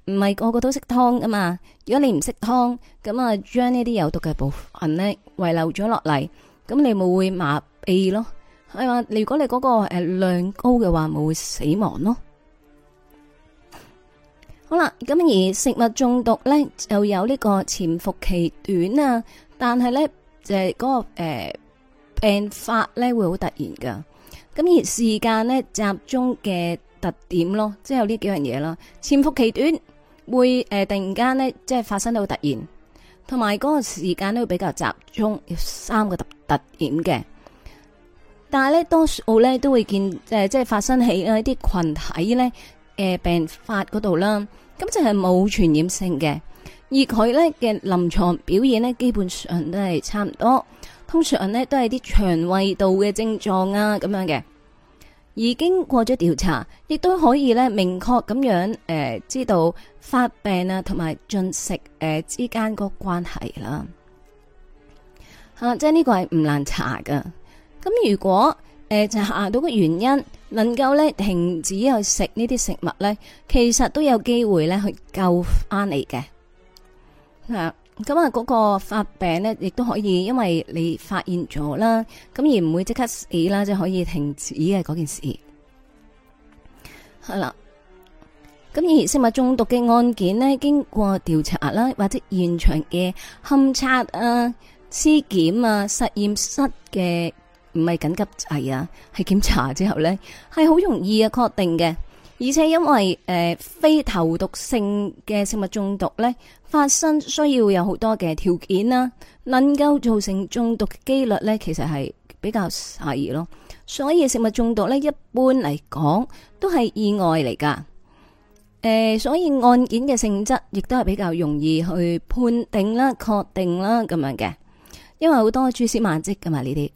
唔係個個都識劏噶嘛。如果你唔識劏，咁啊，將呢啲有毒嘅部分咧遺留咗落嚟，咁你咪會麻痹咯。係嘛，你如果你嗰個誒量高嘅話，咪會死亡咯。好啦，咁而食物中毒咧就有呢個潛伏期短啊，但係咧就係嗰個誒病發咧會好突然噶，咁而時間咧集中嘅特點咯，即係有呢幾樣嘢啦，潛伏期短會誒突然間咧即係發生得好突然，同埋嗰個時間都會比較集中，有三個特特點嘅，但係咧多數咧都會見誒即係發生喺一啲群體咧。誒，病發嗰度啦，咁就係冇傳染性嘅，而佢咧嘅臨床表現咧基本上都係差唔多，通常咧都係啲腸胃道嘅症狀啊咁樣嘅，已經過咗調查，亦都可以咧明確咁樣誒知道發病啊同埋進食誒之間個關係啦，啊，即係呢個係唔難查噶，咁如果誒、呃、就查到個原因。能夠咧停止去食呢啲食物咧，其實都有機會咧去救翻你嘅。嗱、嗯，咁啊，嗰個發病咧，亦都可以因為你發現咗啦，咁而唔會即刻死啦，即可以停止嘅嗰件事。係、嗯、啦，咁、嗯、而食物中毒嘅案件呢，經過調查啦，或者現場嘅勘測啊、屍檢啊、實驗室嘅。唔係緊急係啊，係檢查之後呢，係好容易嘅確定嘅。而且因為誒、呃、非投毒性嘅食物中毒呢，發生需要有好多嘅條件啦，能夠造成中毒嘅機率呢，其實係比較細咯。所以食物中毒呢，一般嚟講都係意外嚟噶。誒、呃，所以案件嘅性質亦都係比較容易去判定啦、確定啦咁樣嘅，因為好多蛛絲馬跡噶嘛呢啲。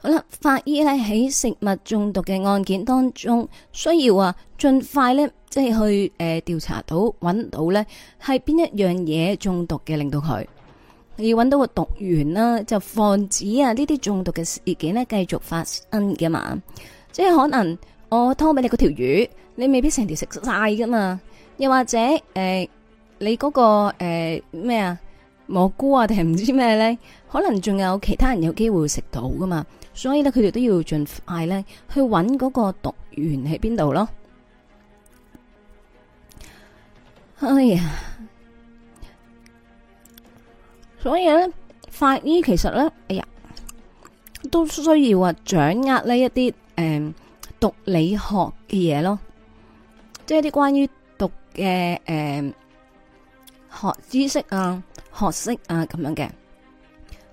好啦，法醫咧，喺食物中毒嘅案件當中，需要啊盡快咧，即係去誒調查到揾到咧，係邊一樣嘢中毒嘅，令到佢要揾到個毒源啦，就防止啊呢啲中毒嘅事件咧繼續發生㗎嘛。即係可能我拖俾你嗰條魚，你未必成條食晒噶嘛。又或者誒、呃，你嗰、嗰個誒咩啊蘑菇啊，定係唔知咩咧，可能仲有其他人有機會食到噶嘛。所以咧，佢哋都要盡快咧去揾嗰個毒源喺邊度咯。哎呀，所以咧，法醫其實咧，哎呀，都需要話掌握呢一啲誒、嗯、毒理學嘅嘢咯，即係啲關於毒嘅誒學知識啊、學識啊咁樣嘅。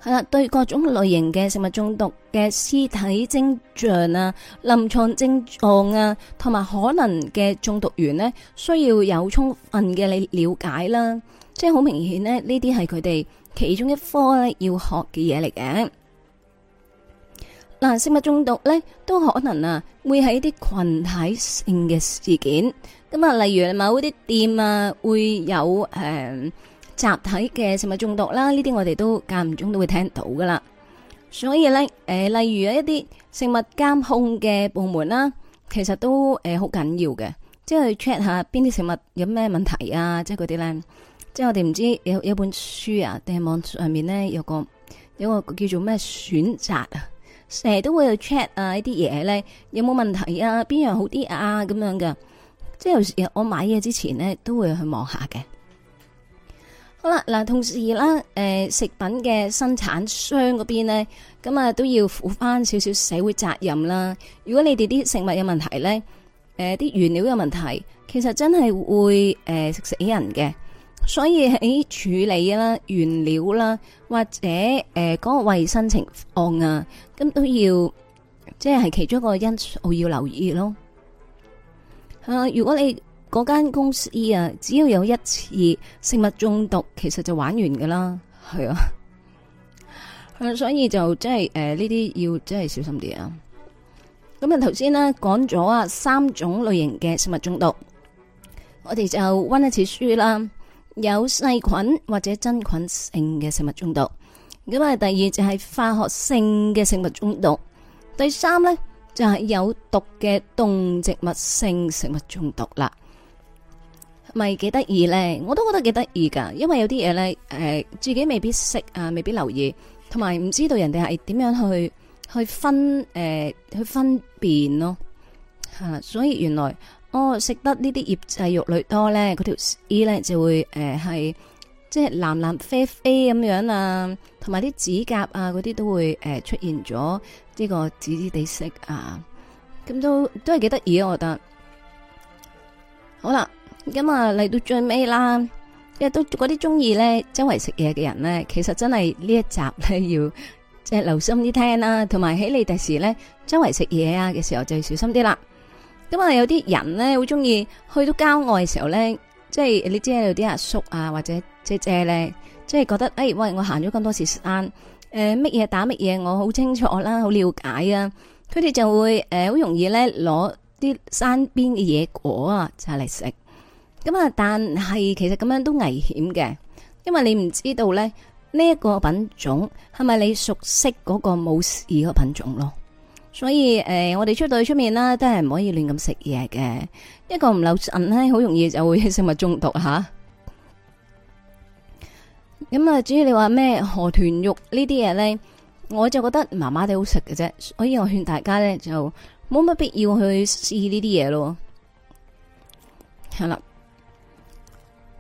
係啦，對各種類型嘅食物中毒嘅屍體徵象啊、臨床症狀啊，同埋可能嘅中毒源呢，需要有充分嘅你了解啦。即係好明顯呢，呢啲係佢哋其中一科咧要學嘅嘢嚟嘅。嗱，食物中毒呢，都可能啊，會喺啲群體性嘅事件。咁啊，例如某啲店啊會有誒。呃集體嘅食物中毒啦，呢啲我哋都間唔中都會聽到噶啦。所以咧，誒、呃，例如有一啲食物監控嘅部門啦，其實都誒好緊要嘅，即係去 check 下邊啲食物有咩問題啊，即係嗰啲咧，即係我哋唔知道有有本書啊，定係網上面咧有個有個叫做咩選擇啊，成日都會去 check 啊，呢啲嘢咧有冇問題啊，邊樣好啲啊，咁樣嘅，即係有時我買嘢之前咧都會去望下嘅。好啦，嗱，同時啦，誒，食品嘅生產商嗰邊咧，咁啊都要負翻少少社會責任啦。如果你哋啲食物有問題咧，誒，啲原料有問題，其實真係會誒食死人嘅。所以喺處理啦、原料啦，或者誒嗰個衛生情況啊，咁都要，即係其中一個因素要留意咯。啊，如果你。嗰間公司啊，只要有一次食物中毒，其實就玩完噶啦。係啊，所以就真係誒，呢、呃、啲要真係小心啲啊。咁啊，頭先呢講咗啊三種類型嘅食物中毒，我哋就溫一次書啦。有細菌或者真菌性嘅食物中毒，咁啊，第二就係化學性嘅食物中毒，第三呢，就係有毒嘅動植物性食物中毒啦。咪幾得意咧，我都覺得幾得意噶，因為有啲嘢咧，誒自己未必識啊，未必留意，同埋唔知道人哋係點樣去去分誒去分辨咯吓。所以原來我食得呢啲醃製肉類多咧，嗰條絲咧就會誒係即係藍藍啡啡咁樣啊，同埋啲指甲啊嗰啲都會誒出現咗呢個紫紫哋色啊，咁都都係幾得意啊，我覺得好啦。咁啊，嚟到最尾啦，即都嗰啲中意咧，周圍食嘢嘅人咧，其實真係呢一集咧，要即係留心啲聽啦。同埋喺你第時咧，周圍食嘢啊嘅時候，就要小心啲啦。咁啊，有啲人咧，好中意去到郊外嘅時候咧，即係你知有啲阿叔啊或者姐姐咧，即係覺得誒、哎，喂，我行咗咁多次山，誒、呃，乜嘢打乜嘢，我好清楚啦，好了解啊。佢哋就會誒，好、呃、容易咧攞啲山邊嘅野果啊，就嚟食。咁啊，但係其實咁樣都危險嘅，因為你唔知道咧呢一個品種係咪你熟悉嗰個冇試個品種咯。所以誒、欸，我哋出到去出面啦，都係唔可以亂咁食嘢嘅，一個唔留神呢，好容易就會食物中毒吓。咁啊，至於你話咩河豚肉呢啲嘢呢，我就覺得麻麻哋好食嘅啫，所以我勸大家呢，就冇乜必要去試呢啲嘢咯。係啦。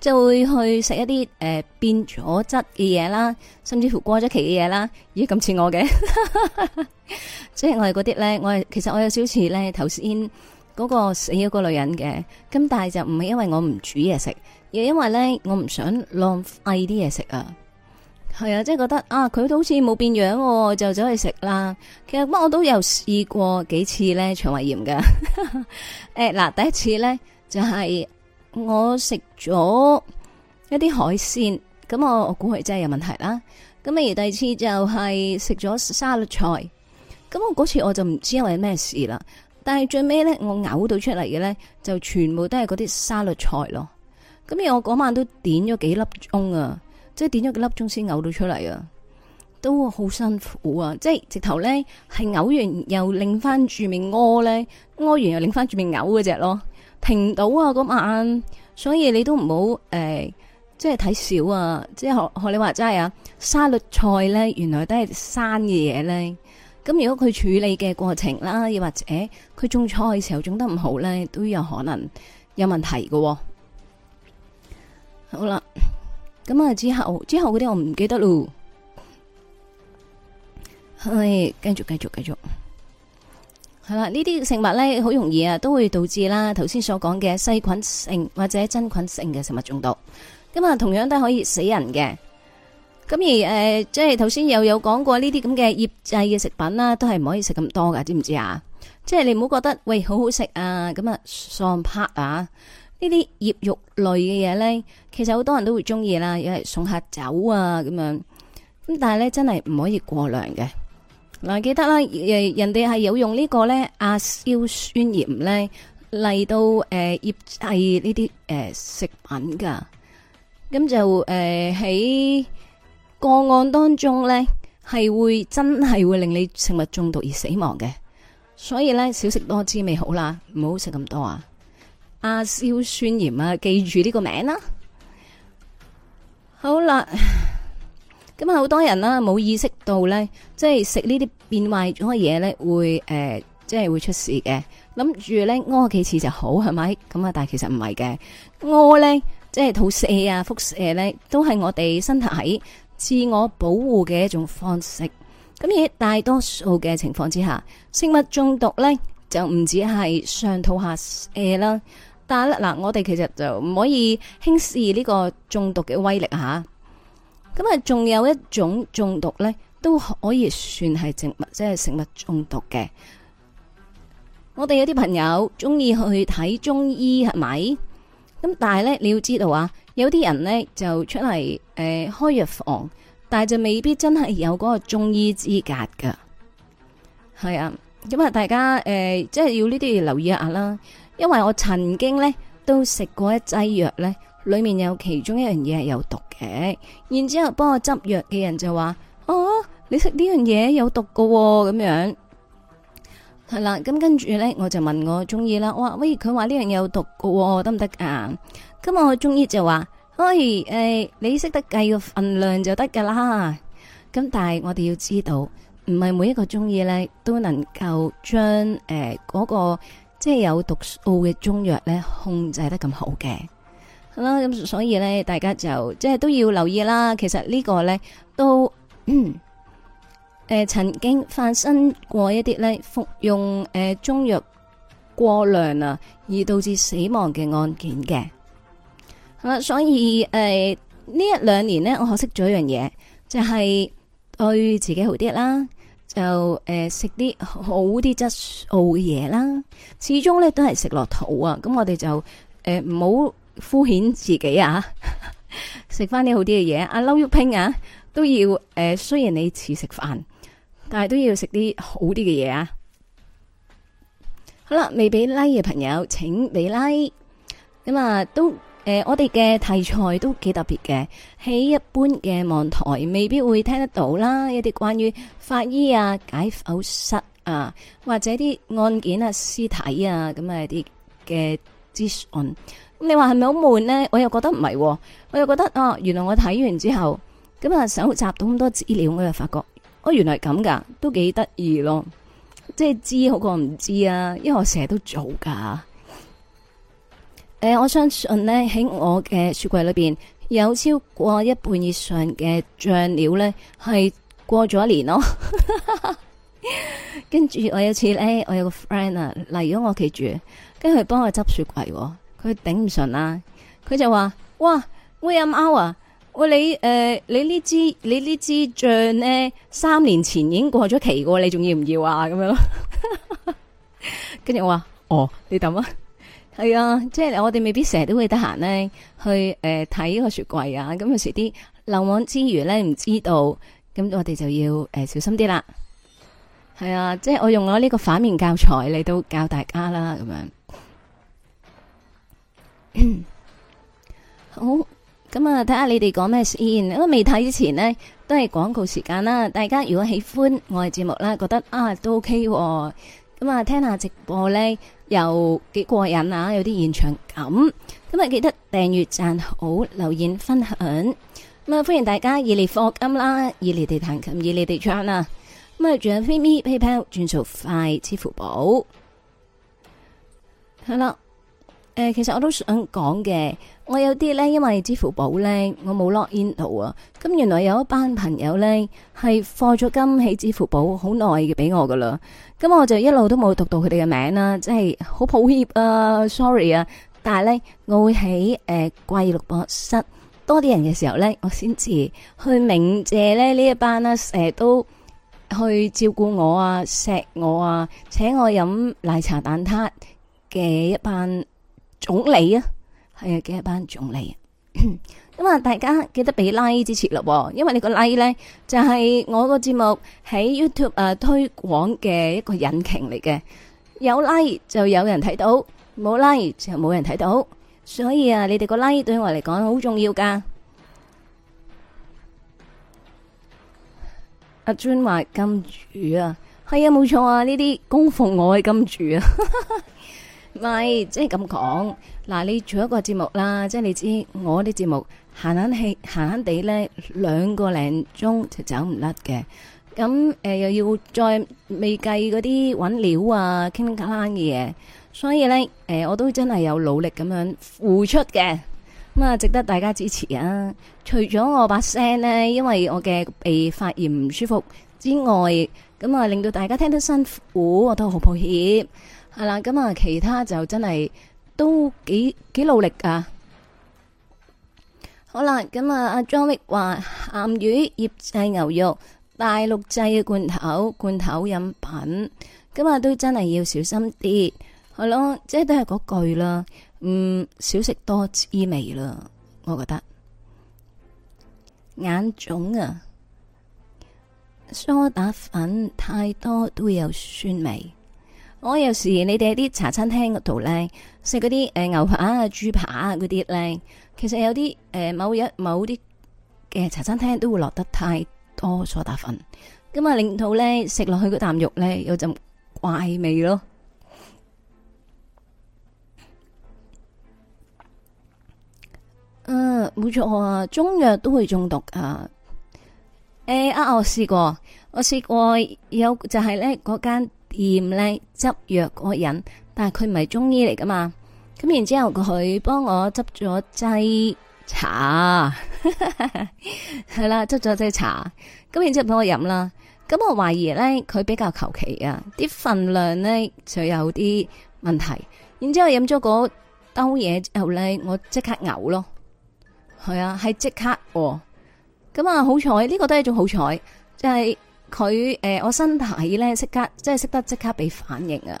就會去食一啲誒、呃、變咗質嘅嘢啦，甚至乎過咗期嘅嘢啦，咦咁似我嘅。 即係我係嗰啲咧，我係其實我有少似咧頭先嗰個死咗個女人嘅，咁但係就唔係因為我唔煮嘢食，而係因為咧我唔想浪費啲嘢食啊，係啊，即係覺得啊佢都好似冇變樣，啊，就走去食啦。其實乜我都有試過幾次咧腸胃炎㗎， 欸，誒嗱第一次咧就係，是。我食咗一啲海鮮，咁我估係真係有問題啦。咁而第二次就係食咗沙律菜，咁我嗰次我就唔知因為咩事啦。但係最尾咧，我嘔到出嚟嘅咧，就全部都係嗰啲沙律菜咯。咁而我嗰晚都點咗幾粒鐘啊，即係點咗幾粒鐘先嘔到出嚟啊，都好辛苦啊！即係直頭咧，係嘔完又擰翻住面屙咧，屙完又擰翻住面嘔嗰隻咯。停唔到啊！咁啊，所以你都唔好誒，即係睇少啊！即係學學你話齋啊，沙律菜咧，原來都係生嘅嘢咧。咁如果佢處理嘅過程啦，又或者佢種菜嘅時候種得唔好咧，都有可能有問題嘅啊。好啦，咁啊之後之後嗰啲我唔記得咯。誒，繼續繼續繼續。繼續繼續係啦，呢啲食物咧，好容易啊，都會導致啦，頭先所講嘅細菌性或者真菌性嘅食物中毒，咁啊，同樣都可以死人嘅。咁而誒，即係頭先又有講過呢啲咁嘅醃製嘅食品啦，都係唔可以食咁多噶，知唔知啊？即係你唔好覺得喂好好食啊，咁啊爽啪啊，呢啲醃肉類嘅嘢咧，其實好多人都會中意啦，又係送下酒啊咁樣，咁但係咧真係唔可以過量嘅。嗱，記得啦，誒，人哋係有用呢、這個咧亞硝酸鹽咧嚟到誒醃製呢啲誒食品噶，咁就誒喺、呃、個案當中咧係會真係會令你食物中毒而死亡嘅，所以咧少食多滋味好啦，唔好食咁多啊！亞硝酸鹽啊，記住呢個名啦，好啦。咁啊，好多人啦，冇意識到呢，即係食呢啲變壞咗嘅嘢呢，會、呃、誒，即係會出事嘅。諗住呢，屙幾次就好，係咪？咁啊，但係其實唔係嘅，屙呢，即係肚瀉啊，腹瀉呢，都係我哋身體自我保護嘅一種方式。咁而大多數嘅情況之下，食物中毒呢，就唔止係上吐下瀉啦，但係嗱，我哋其實就唔可以輕視呢個中毒嘅威力下。咁啊，仲有一種中毒呢，都可以算係植物，即係食物中毒嘅。我哋有啲朋友中意去睇中醫，係咪？咁但係呢，你要知道啊，有啲人呢就出嚟誒、呃、開藥房，但係就未必真係有嗰個中醫資格噶。係啊，咁啊，大家誒、呃，即係要呢啲要留意一下啦。因為我曾經呢都食過一劑藥呢。裏面有其中一樣嘢係有毒嘅，然之後幫我執藥嘅人就話：哦，你食呢樣嘢有毒噶喎，咁樣係啦。咁跟住呢，我就問我中醫啦，哇，喂，佢話呢樣有毒噶喎，得唔得啊？咁我中醫就話：喂，誒，你識得計個份量就得噶啦。咁但係我哋要知道，唔係每一個中醫呢都能夠將誒嗰個即係有毒素嘅中藥呢控制得咁好嘅。啦，咁、嗯、所以咧，大家就即係都要留意啦。其實這個呢個咧都誒、嗯呃、曾經發生過一啲咧服用誒、呃、中藥過量啊，而導致死亡嘅案件嘅。係、嗯、啦，所以誒、呃、呢一兩年咧，我學識咗一樣嘢，就係、是、對自己好啲啦，就誒食啲好啲質素嘢啦。始終咧都係食落肚啊，咁我哋就誒唔好。呃敷衍自己啊，食翻啲好啲嘅嘢。阿嬲玉拼啊，都要誒、呃，雖然你似食飯，但係都要食啲好啲嘅嘢啊。好啦，未俾 like 嘅朋友，請你拉、like。咁、嗯、啊，都誒、呃，我哋嘅題材都幾特別嘅，喺一般嘅網台未必會聽得到啦。一啲關於法醫啊、解剖室啊，或者啲案件啊、屍體啊咁啊啲嘅資訊。你話係咪好悶呢？我又覺得唔係、哦，我又覺得、啊、覺哦，原來我睇完之後，咁啊，搜集到咁多資料，我又發覺哦，原來咁噶，都幾得意咯，即係知好過唔知啊！因為我成日都做噶。誒、呃，我相信呢，喺我嘅雪櫃裏邊，有超過一半以上嘅醬料呢，係過咗一年咯、哦。跟 住我有一次呢，我有個 friend 啊嚟咗我屋企住，跟住佢幫我執雪櫃、哦。佢頂唔順啦，佢就話：哇，喂啊貓啊，喂你誒，你、呃、你，你醬，呢支你呢支醬咧，三年前已經過咗期過，你仲要唔要啊？咁樣咯。跟 住我話：哦你扔，你等啊，係啊，即係我哋未必成日都會得閒咧，去誒睇、呃、呢個雪櫃啊，咁有時啲漏網之餘咧，唔知道，咁我哋就要誒、呃、小心啲啦。係啊，即係我用我呢個反面教材嚟到教大家啦，咁樣。 好，咁啊，睇下你哋講咩先。咁未睇之前呢，都係廣告時間啦。大家如果喜歡我嘅節目啦，覺得啊都 OK 喎。咁啊，聽下直播呢，又幾過癮啊，有啲現場感。咁啊，記得訂閱、讚好、留言、分享。咁啊，歡迎大家熱烈課金啦，以你哋彈琴，以你哋唱啊。咁啊，仲有 PayMe、PayPal 轉數快，支付寶。係啦。誒、呃，其實我都想講嘅。我有啲咧，因為支付寶咧，我冇 login 啊。咁原來有一班朋友咧係放咗金喺支付寶好耐嘅，俾我噶啦。咁我就一路都冇讀到佢哋嘅名啦，即係好抱歉啊，sorry 啊。但係咧，我會喺誒貴六博室多啲人嘅時候咧，我先至去鳴謝咧呢一班啦。成日都去照顧我啊，錫我啊，請我飲奶茶蛋撻嘅一班。總理啊，係啊，幾日班總理啊，咁啊，大家記得俾 like 支持咯，因為你個 like 咧就係我個節目喺 YouTube 誒推廣嘅一個引擎嚟嘅，有 like 就有人睇到，冇 like 就冇人睇到，所以啊，你哋個 like 對我嚟講好重要噶。阿尊話金主啊，係啊，冇錯啊，呢啲供奉我嘅金主啊。唔係，即係咁講嗱，你做一個節目啦，即係你知我啲節目閒閒哋、閒閒地呢，兩個零鐘就走唔甩嘅。咁誒、呃，又要再未計嗰啲搵料啊、傾卡嘅嘢，所以呢，誒、呃，我都真係有努力咁樣付出嘅。咁啊，值得大家支持啊！除咗我把聲呢，因為我嘅鼻發炎唔舒服之外，咁啊，令到大家聽得辛苦，我都好抱歉。係啦，咁啊、嗯，其他就真係都幾幾努力㗎！好啦，咁啊，阿 Johnny 話鹹魚醃製牛肉、大陸製嘅罐頭、罐頭飲品，咁、嗯、啊，都真係要小心啲，係咯，即係都係嗰句啦，嗯，少食、嗯、多滋味啦，我覺得眼腫啊，梳打粉太多都有酸味。我有時你哋啲茶餐廳嗰度咧食嗰啲誒牛扒啊、豬扒啊嗰啲咧，其實有啲誒、呃、某一某啲嘅茶餐廳都會落得太多蘇打粉，咁啊令到咧食落去嗰啖肉咧有陣怪味咯。嗯、啊，冇錯啊，中藥都會中毒啊。誒、欸、啊，我試過，我試過有就係咧嗰間。店咧執藥個人但係佢唔係中醫嚟噶嘛，咁 然之後佢幫我執咗劑茶，係啦，執咗劑茶，咁然之後幫我飲啦，咁我懷疑咧佢比較求其啊，啲份量咧就有啲問題，然之後飲咗嗰兜嘢之後咧，我即刻嘔咯，係啊，係即刻，咁啊好彩呢個都係一種好彩，就係。佢誒，我身體咧，即刻即係識得即刻俾反應啊，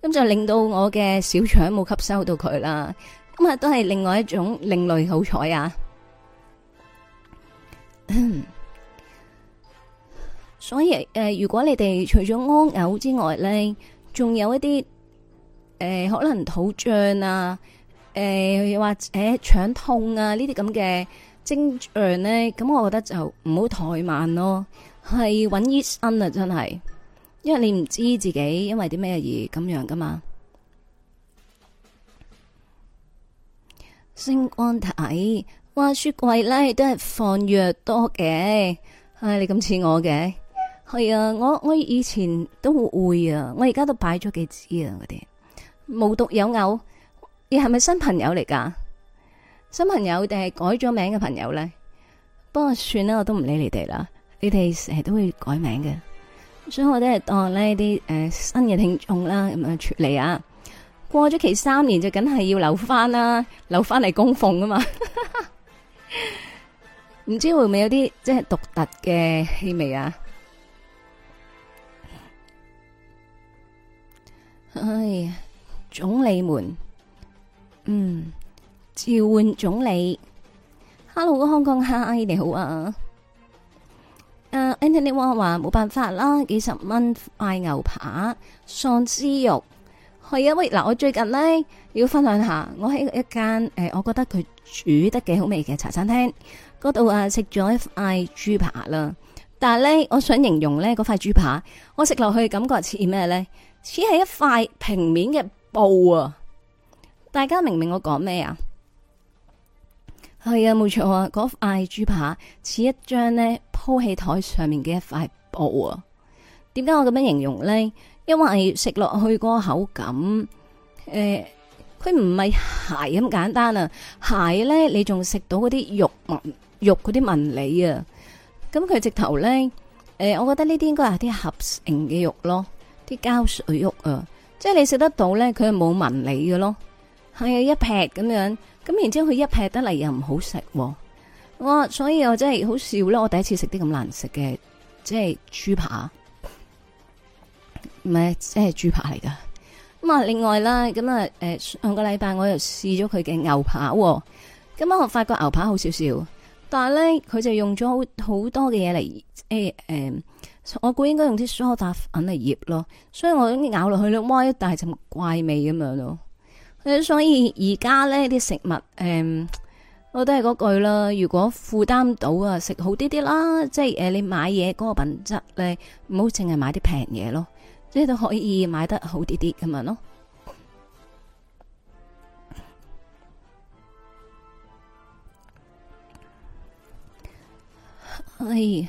咁就令到我嘅小腸冇吸收到佢啦。咁咪都係另外一種另類好彩啊。所以誒，如果你哋除咗屙嘔之外咧，仲有一啲誒，可能肚脹啊，誒，或者腸痛啊呢啲咁嘅症狀咧，咁我覺得就唔好怠慢咯。係揾醫生啊！真係，因為你唔知自己因為啲咩而咁樣噶嘛。星光體，哇！雪櫃咧都係放藥多嘅，唉，你咁似我嘅係啊！我我以前都會啊，我而家都擺咗幾支啊，嗰啲無獨有偶，你係咪新朋友嚟噶？新朋友定係改咗名嘅朋友咧？不過算啦，我都唔理你哋啦。你哋成日都會改名嘅，所以我都係當呢啲誒新嘅聽眾啦，咁樣處理啊。過咗期三年就梗係要留返啦，留返嚟供奉啊嘛。唔知會唔會有啲即係獨特嘅氣味啊？唉，總理們，嗯，召喚總理，Hello，香港，Hi，你好啊。誒、uh,，Anthony 話話冇辦法啦，幾十蚊塊牛扒，喪屍肉，係啊，喂嗱，我最近咧要分享一下我在一，我喺一間誒，我覺得佢煮得幾好味嘅茶餐廳，嗰度啊食咗一塊豬扒啦，但係咧我想形容咧嗰塊豬扒，我食落去感覺似咩咧？似係一塊平面嘅布啊！大家明唔明我講咩啊？係啊，冇錯啊！嗰塊豬扒似一張咧鋪喺台上面嘅一塊布啊！點解我咁樣形容咧？因為食落去個口感，誒、欸，佢唔係鞋咁簡單啊！鞋咧，你仲食到嗰啲肉肉嗰啲紋理啊！咁佢直頭咧，誒、欸，我覺得呢啲應該係啲合成嘅肉咯，啲膠水肉啊！即係你食得到咧，佢係冇紋理嘅咯。係啊，是一劈咁樣，咁然之後佢一劈得嚟又唔好食喎，我所以我真係好笑啦。我第一次食啲咁難食嘅，即係豬扒，唔係即係豬扒嚟噶。咁啊，另外啦，咁啊，誒，上個禮拜我又試咗佢嘅牛扒，咁我發覺牛扒好少少，但係咧佢就用咗好好多嘅嘢嚟，誒、欸、誒、欸，我估應該用啲蘇打粉嚟醃咯，所以我咬落去咧，哇，一大陣怪味咁樣咯。所以而家咧啲食物，誒、嗯，我都係嗰句啦。如果負擔到啊，食好啲啲啦，即係誒你買嘢嗰個品質咧，唔好淨係買啲平嘢咯，即係都可以買得好啲啲咁樣咯。係，誒、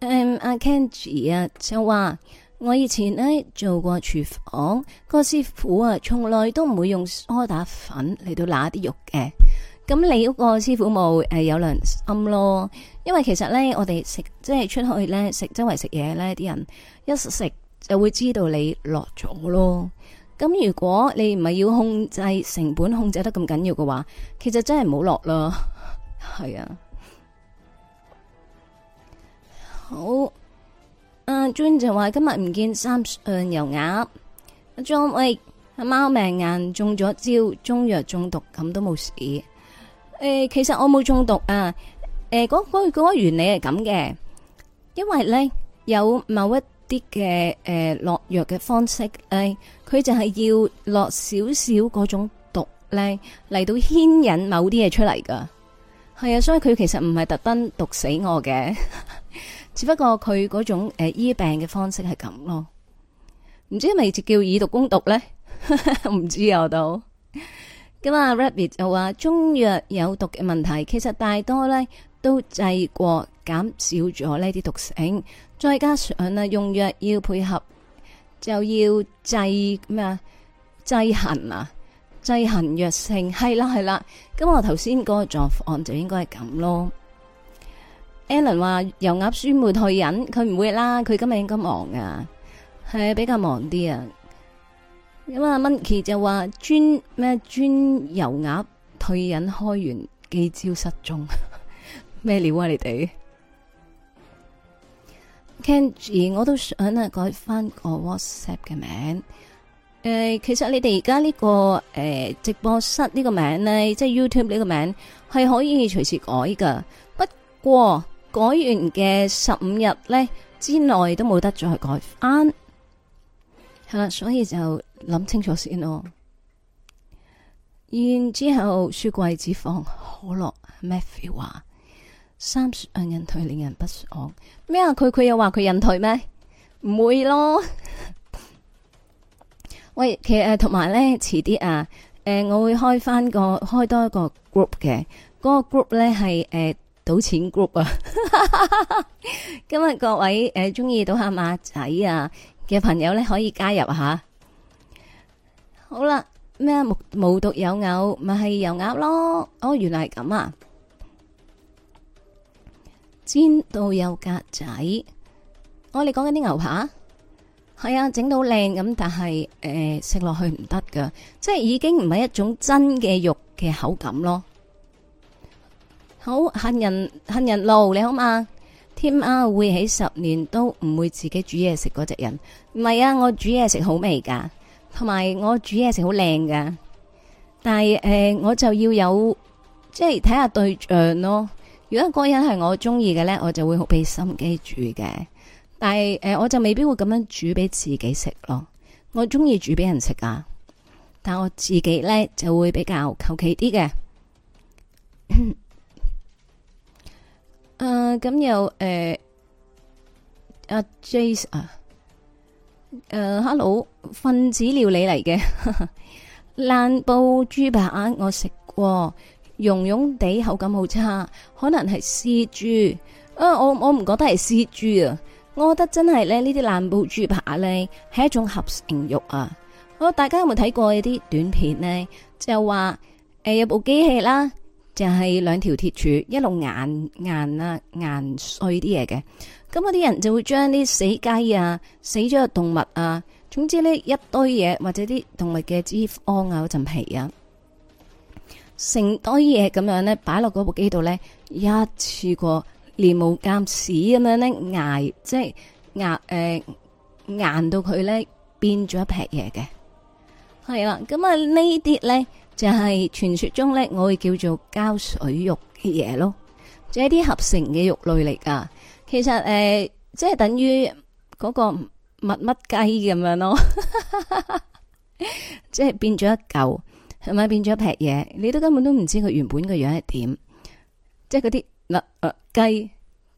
嗯、阿、啊、Kenji 就話。我以前呢，做過廚房，個師傅啊從來都唔會用梳打粉嚟到拿啲肉嘅。咁你嗰個師傅冇誒有良心咯？因為其實呢，我哋食即係出去呢，食周圍食嘢，呢啲人一食就會知道你落咗咯。咁如果你唔係要控制成本，控制得咁緊要嘅話，其實真係冇落囉。係啊，好。啊，John 就話今日唔見三上油鴨。阿 John 喂，阿貓命硬中咗招，中藥中毒咁都冇事。誒，其實我冇中毒啊。誒，嗰嗰嗰個原理係咁嘅，因為咧有某一啲嘅誒落藥嘅方式，誒，佢就係要落少少嗰種毒咧嚟，到牽引某啲嘢出嚟噶。係啊，所以佢其實唔係特登毒死我嘅。只不過佢嗰種誒、呃、醫病嘅方式係咁咯，唔知係咪就叫以毒攻毒咧？唔 知又到咁啊！Rabbit 就話中藥有毒嘅問題，其實大多咧都製過減少咗呢啲毒性，再加上啊用藥要配合，就要制咩啊制痕啊制痕藥性係啦係啦，咁我頭先個狀況就應該係咁咯。Alan 話油鴨酸梅退隱，佢唔會啦，佢今日應該忙噶、啊，係比較忙啲啊。咁啊 monkey 就話專咩專油鴨退隱開完記招失蹤，咩 料啊？你哋 Kenji，我都想啊改翻個 WhatsApp 嘅名。誒、呃，其實你哋而家呢個誒、呃、直播室呢個名呢，即、就、係、是、YouTube 呢個名係可以隨時改噶，不過。改完嘅十五日咧之內都冇得再改翻，係啦、嗯，所以就諗清楚先咯。然之後，書櫃只放可樂。Matthew 話，三雙人，人退令人不爽。咩啊？佢佢又話佢人退咩？唔會咯。 喂，其實同埋咧，遲、呃、啲啊，誒、呃，我會開翻個開多一個 group 嘅，嗰、那個 group 咧係誒。賭錢 group 啊， 今日各位誒中意賭下馬仔啊嘅朋友咧，可以加入一下。好啦，咩無無獨有偶咪係油鴨咯？哦，原來係咁啊！煎到有格仔，我哋講緊啲牛扒，係啊，整到靚咁，但係誒食落去唔得噶，即係已經唔係一種真嘅肉嘅口感咯。好杏仁，杏仁露，你好嘛？天喵，會喺十年都唔會自己煮嘢食嗰隻人唔係？啊，我煮嘢食好味㗎，同埋我煮嘢食好靚㗎。但係誒、呃，我就要有即係睇下對象咯。如果個人係我中意嘅，呢，我就會好俾心機煮嘅。但係誒、呃，我就未必會咁樣煮俾自己食咯。我中意煮俾人食啊，但我自己呢就會比較求其啲嘅。 誒，咁又誒，阿、uh, uh, Jace 啊、uh,，誒，Hello，分子料理嚟嘅爛布豬扒，我食過，溶溶地，口感好差，可能係 C 豬啊、uh,，我我唔覺得係 C 豬啊，我覺得真係咧，呢啲爛布豬扒咧係一種合成肉啊，好，大家有冇睇過啲短片咧？就話誒、uh, 有部機器啦。就係兩條鐵柱，一路硬硬啊硬碎啲嘢嘅，咁嗰啲人就會將啲死雞啊、死咗嘅動物啊，總之呢一堆嘢或者啲動物嘅脂肪啊、嗰層皮啊，成堆嘢咁樣咧，擺落嗰部機度咧，一次過連冇間屎咁樣咧，硬即係壓誒硬到佢咧變咗一劈嘢嘅，係啦，咁啊呢啲咧。就係傳說中咧，我會叫做膠水肉嘅嘢咯，即係啲合成嘅肉類嚟噶。其實誒，即、呃、係、就是、等於嗰個乜乜雞咁樣咯， 即係變咗一嚿，係咪變咗一劈嘢？你都根本都唔知佢原本個樣係點，即係嗰啲嗱雞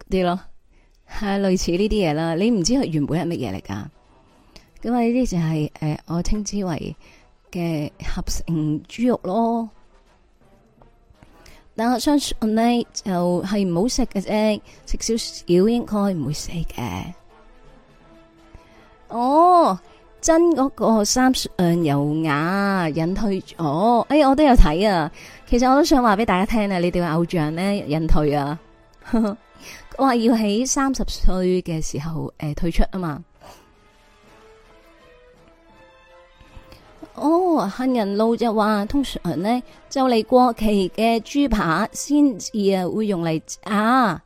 啲咯，係類似呢啲嘢啦。你唔知佢原本係乜嘢嚟噶？咁啊，呢啲就係誒，我稱之為。嘅合成豬肉咯，但我相信就係唔好食嘅啫，食少少應該唔會死嘅。哦，真嗰個三上油雅引退咗？哦？哎，我都有睇啊。其實我都想話俾大家聽啊，你哋嘅偶像呢，引退啊，話呵呵要喺三十歲嘅時候誒、呃、退出啊嘛。哦，杏仁露就話通常呢，就嚟過期嘅豬扒先至啊，會用嚟炸。啊！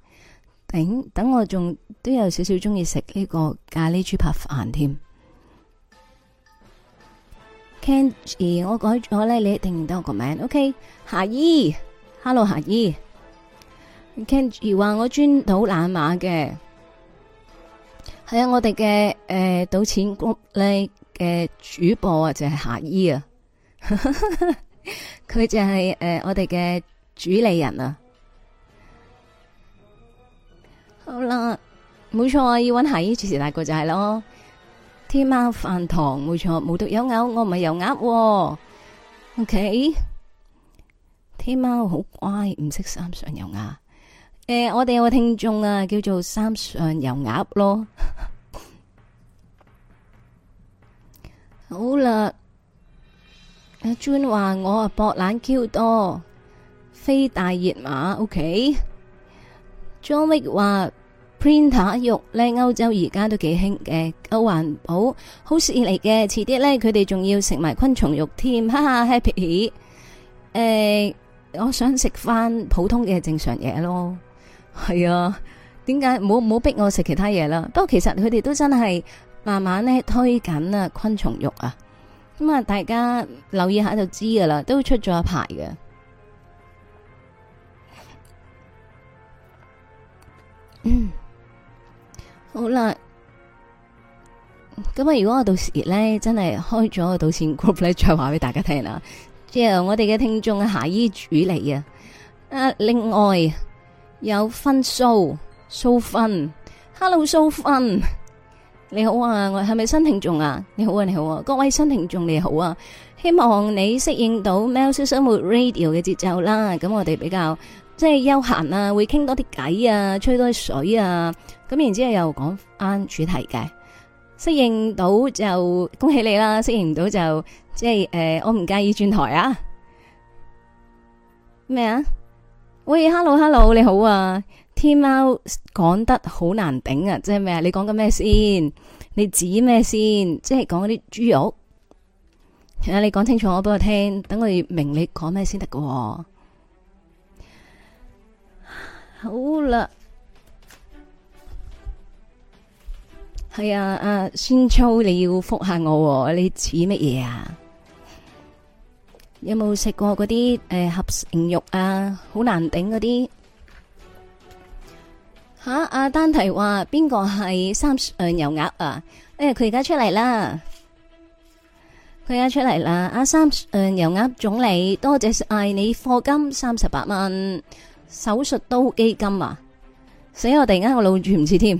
頂，等我仲都有少少中意食呢個咖喱豬扒飯添。Kenji 我改咗呢，你一定認得我個名，OK？夏姨，Hello，夏姨。Kenji 話我專賭懶馬嘅，係啊，我哋嘅誒賭錢谷咧。嘅主播啊， 佢就係霞姨啊，佢就係誒我哋嘅主理人啊。好啦，冇錯啊，要揾霞姨主持大哥就係咯。天貓飯堂，冇錯，冇毒有鴨，我唔係油鴨。O、okay? K，天貓好乖，唔識三上油鴨。誒、呃，我哋有個聽眾啊，叫做三上油鴨咯。好啦，阿 June 話我啊博懶 Q 多，非大熱馬，OK。Joey 話 printer 肉呢，歐洲而家都幾興嘅，夠環保，好事嚟嘅。遲啲呢，佢哋仲要食埋昆蟲肉添，哈哈 Happy。誒，我想食返普通嘅正常嘢咯，係啊。點解？冇冇逼我食其他嘢啦？不過其實佢哋都真係。慢慢咧推緊啊，昆蟲肉啊，咁啊大家留意一下就知噶啦，都出咗一排嘅。嗯，好啦，咁啊如果我到時呢，真係開咗個道線 group 咧，再話俾大家聽啦。之後我哋嘅聽眾夏衣主嚟啊，啊另外有分蘇蘇分，hello 蘇分。你好啊，我係咪新聽眾啊？你好啊，你好啊，各位新聽眾你好啊，希望你適應到喵式生活 Radio 嘅節奏啦。咁我哋比較即係休閒啊，會傾多啲偈啊，吹多啲水啊，咁然之後又講翻主題嘅。適應到就恭喜你啦，適應唔到就即係誒、呃，我唔介意轉台啊。咩啊？喂，hello hello，你好啊。天喵講得好難頂啊，即係咩啊？你講緊咩先？你指咩先？即係講嗰啲豬肉，你講清楚我俾我聽，等我哋明你講咩先得噶。好啦，係啊啊，孫粗你要覆下我，你指乜嘢啊？有冇食過嗰啲誒合成肉啊？好難頂嗰啲。吓！阿丹提話邊個係三誒油鴨啊？哎呀佢而家出嚟啦！佢而家出嚟啦！阿三誒油鴨總理，多謝哎你課金三十八蚊，手術刀基金啊！死我哋而家個腦轉唔切添。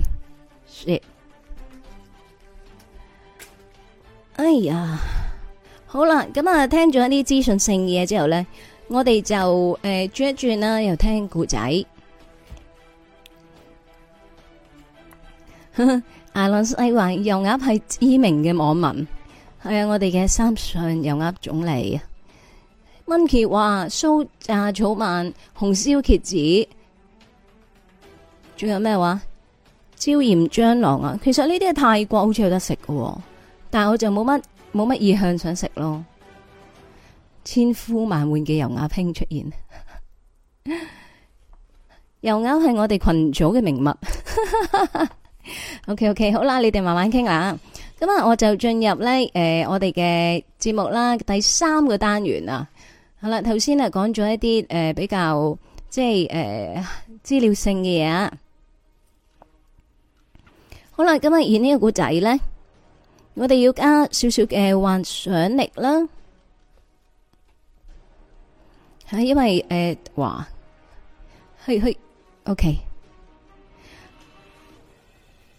哎呀，好啦，咁啊聽咗一啲資訊性嘅嘢之後咧，我哋就誒轉、啊、一轉啦，又聽故仔。 阿浪細話油鴨係知名嘅網民，係啊，我哋嘅三上油鴨總理蚊說啊，溫琪話酥炸草蜢，紅燒蠍子，仲有咩話椒鹽蟑螂啊？其實呢啲係泰國好似有得食㗎，但係我就冇乜冇乜意向想食咯。千呼萬喚嘅油鴨拼出現，油鴨係我哋群組嘅名物。 O K O K，好啦，你哋慢慢傾啦。咁啊，我就進入呢，誒、呃，我哋嘅節目啦，第三個單元啊。好啦，頭先啊講咗一啲誒、呃，比較即係誒資料性嘅嘢啊。好啦，咁、呃、啊，而呢個故仔呢，我哋要加少少嘅幻想力啦。啊、因為誒去去，O K。呃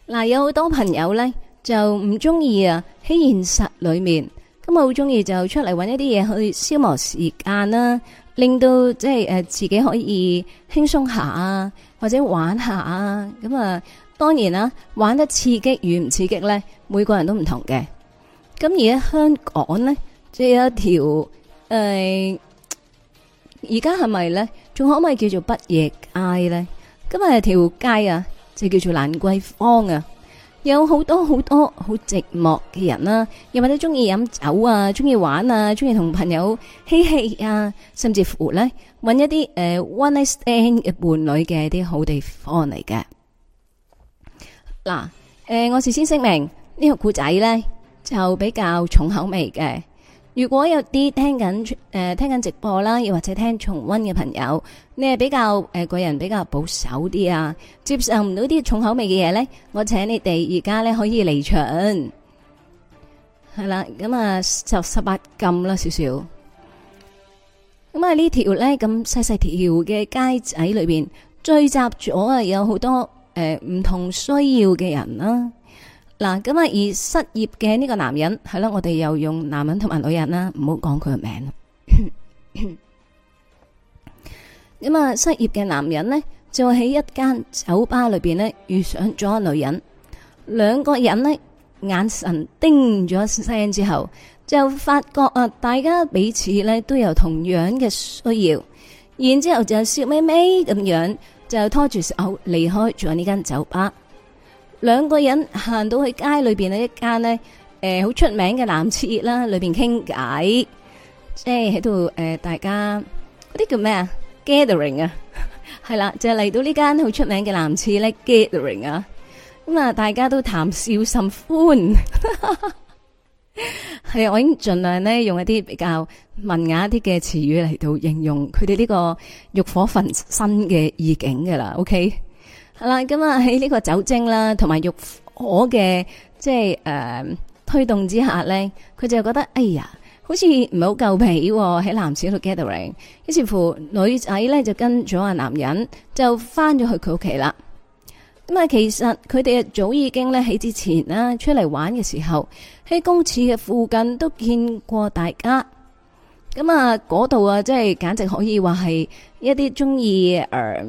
嗱，有好多朋友咧就唔中意啊，喺現實裏面，咁啊好中意就出嚟揾一啲嘢去消磨時間啦，令到即係誒自己可以輕鬆下啊，或者玩下啊，咁啊當然啦，玩得刺激與唔刺激咧，每個人都唔同嘅。咁而家香港咧，即係一條誒，而家係咪咧，仲可唔可以叫做不夜街咧？咁啊條街啊。即係叫做蘭桂坊啊，有好多好多好寂寞嘅人啦，又或者中意飲酒啊，中意玩啊，中意同朋友嬉戲啊，甚至乎咧，揾一啲誒 one night stand 嘅伴侶嘅啲好地方嚟嘅。嗱，誒，我事先聲明呢個故仔咧就比較重口味嘅。如果有啲聽緊誒、呃、聽緊直播啦，又或者聽重溫嘅朋友，你係比較誒、呃、個人比較保守啲啊，接受唔到啲重口味嘅嘢咧，我請你哋而家咧可以離場，係啦，咁啊十十八禁啦少少。咁啊呢條咧咁細細條嘅街仔裏邊，聚集咗啊有好多誒、呃、唔同需要嘅人啦、啊。嗱，咁啊，而失業嘅呢個男人係啦，我哋又用男人同埋女人啦，唔好講佢個名。咁啊， 失業嘅男人呢，就喺一間酒吧裏邊呢遇上咗女人，兩個人呢眼神叮咗一聲之後，就發覺啊，大家彼此呢都有同樣嘅需要，然之後就笑瞇瞇咁樣，就拖住手離開咗呢間酒吧。兩個人行到去街裏邊咧一間咧，誒，好出名嘅男廁啦，裏邊傾偈，即係喺度誒，大家嗰啲叫咩啊？Gathering 啊，係啦，就嚟到呢間好出名嘅男廁咧，Gathering 啊，咁啊，大家都談笑甚歡，係我已經盡量咧用一啲比較文雅啲嘅詞語嚟到形容佢哋呢個欲火焚身嘅意境噶啦，OK。係啦，咁啊喺呢個酒精啦，同埋欲火嘅，即係誒、呃、推動之下咧，佢就覺得哎呀，好似唔係好夠皮喎，喺男廁嗰度 gathering。於是乎女仔咧就跟咗阿男人就翻咗去佢屋企啦。咁、嗯、啊，其實佢哋早已經咧喺之前啦出嚟玩嘅時候，喺公廁嘅附近都見過大家。咁、嗯、啊，嗰度啊，即係簡直可以話係一啲中意，誒、呃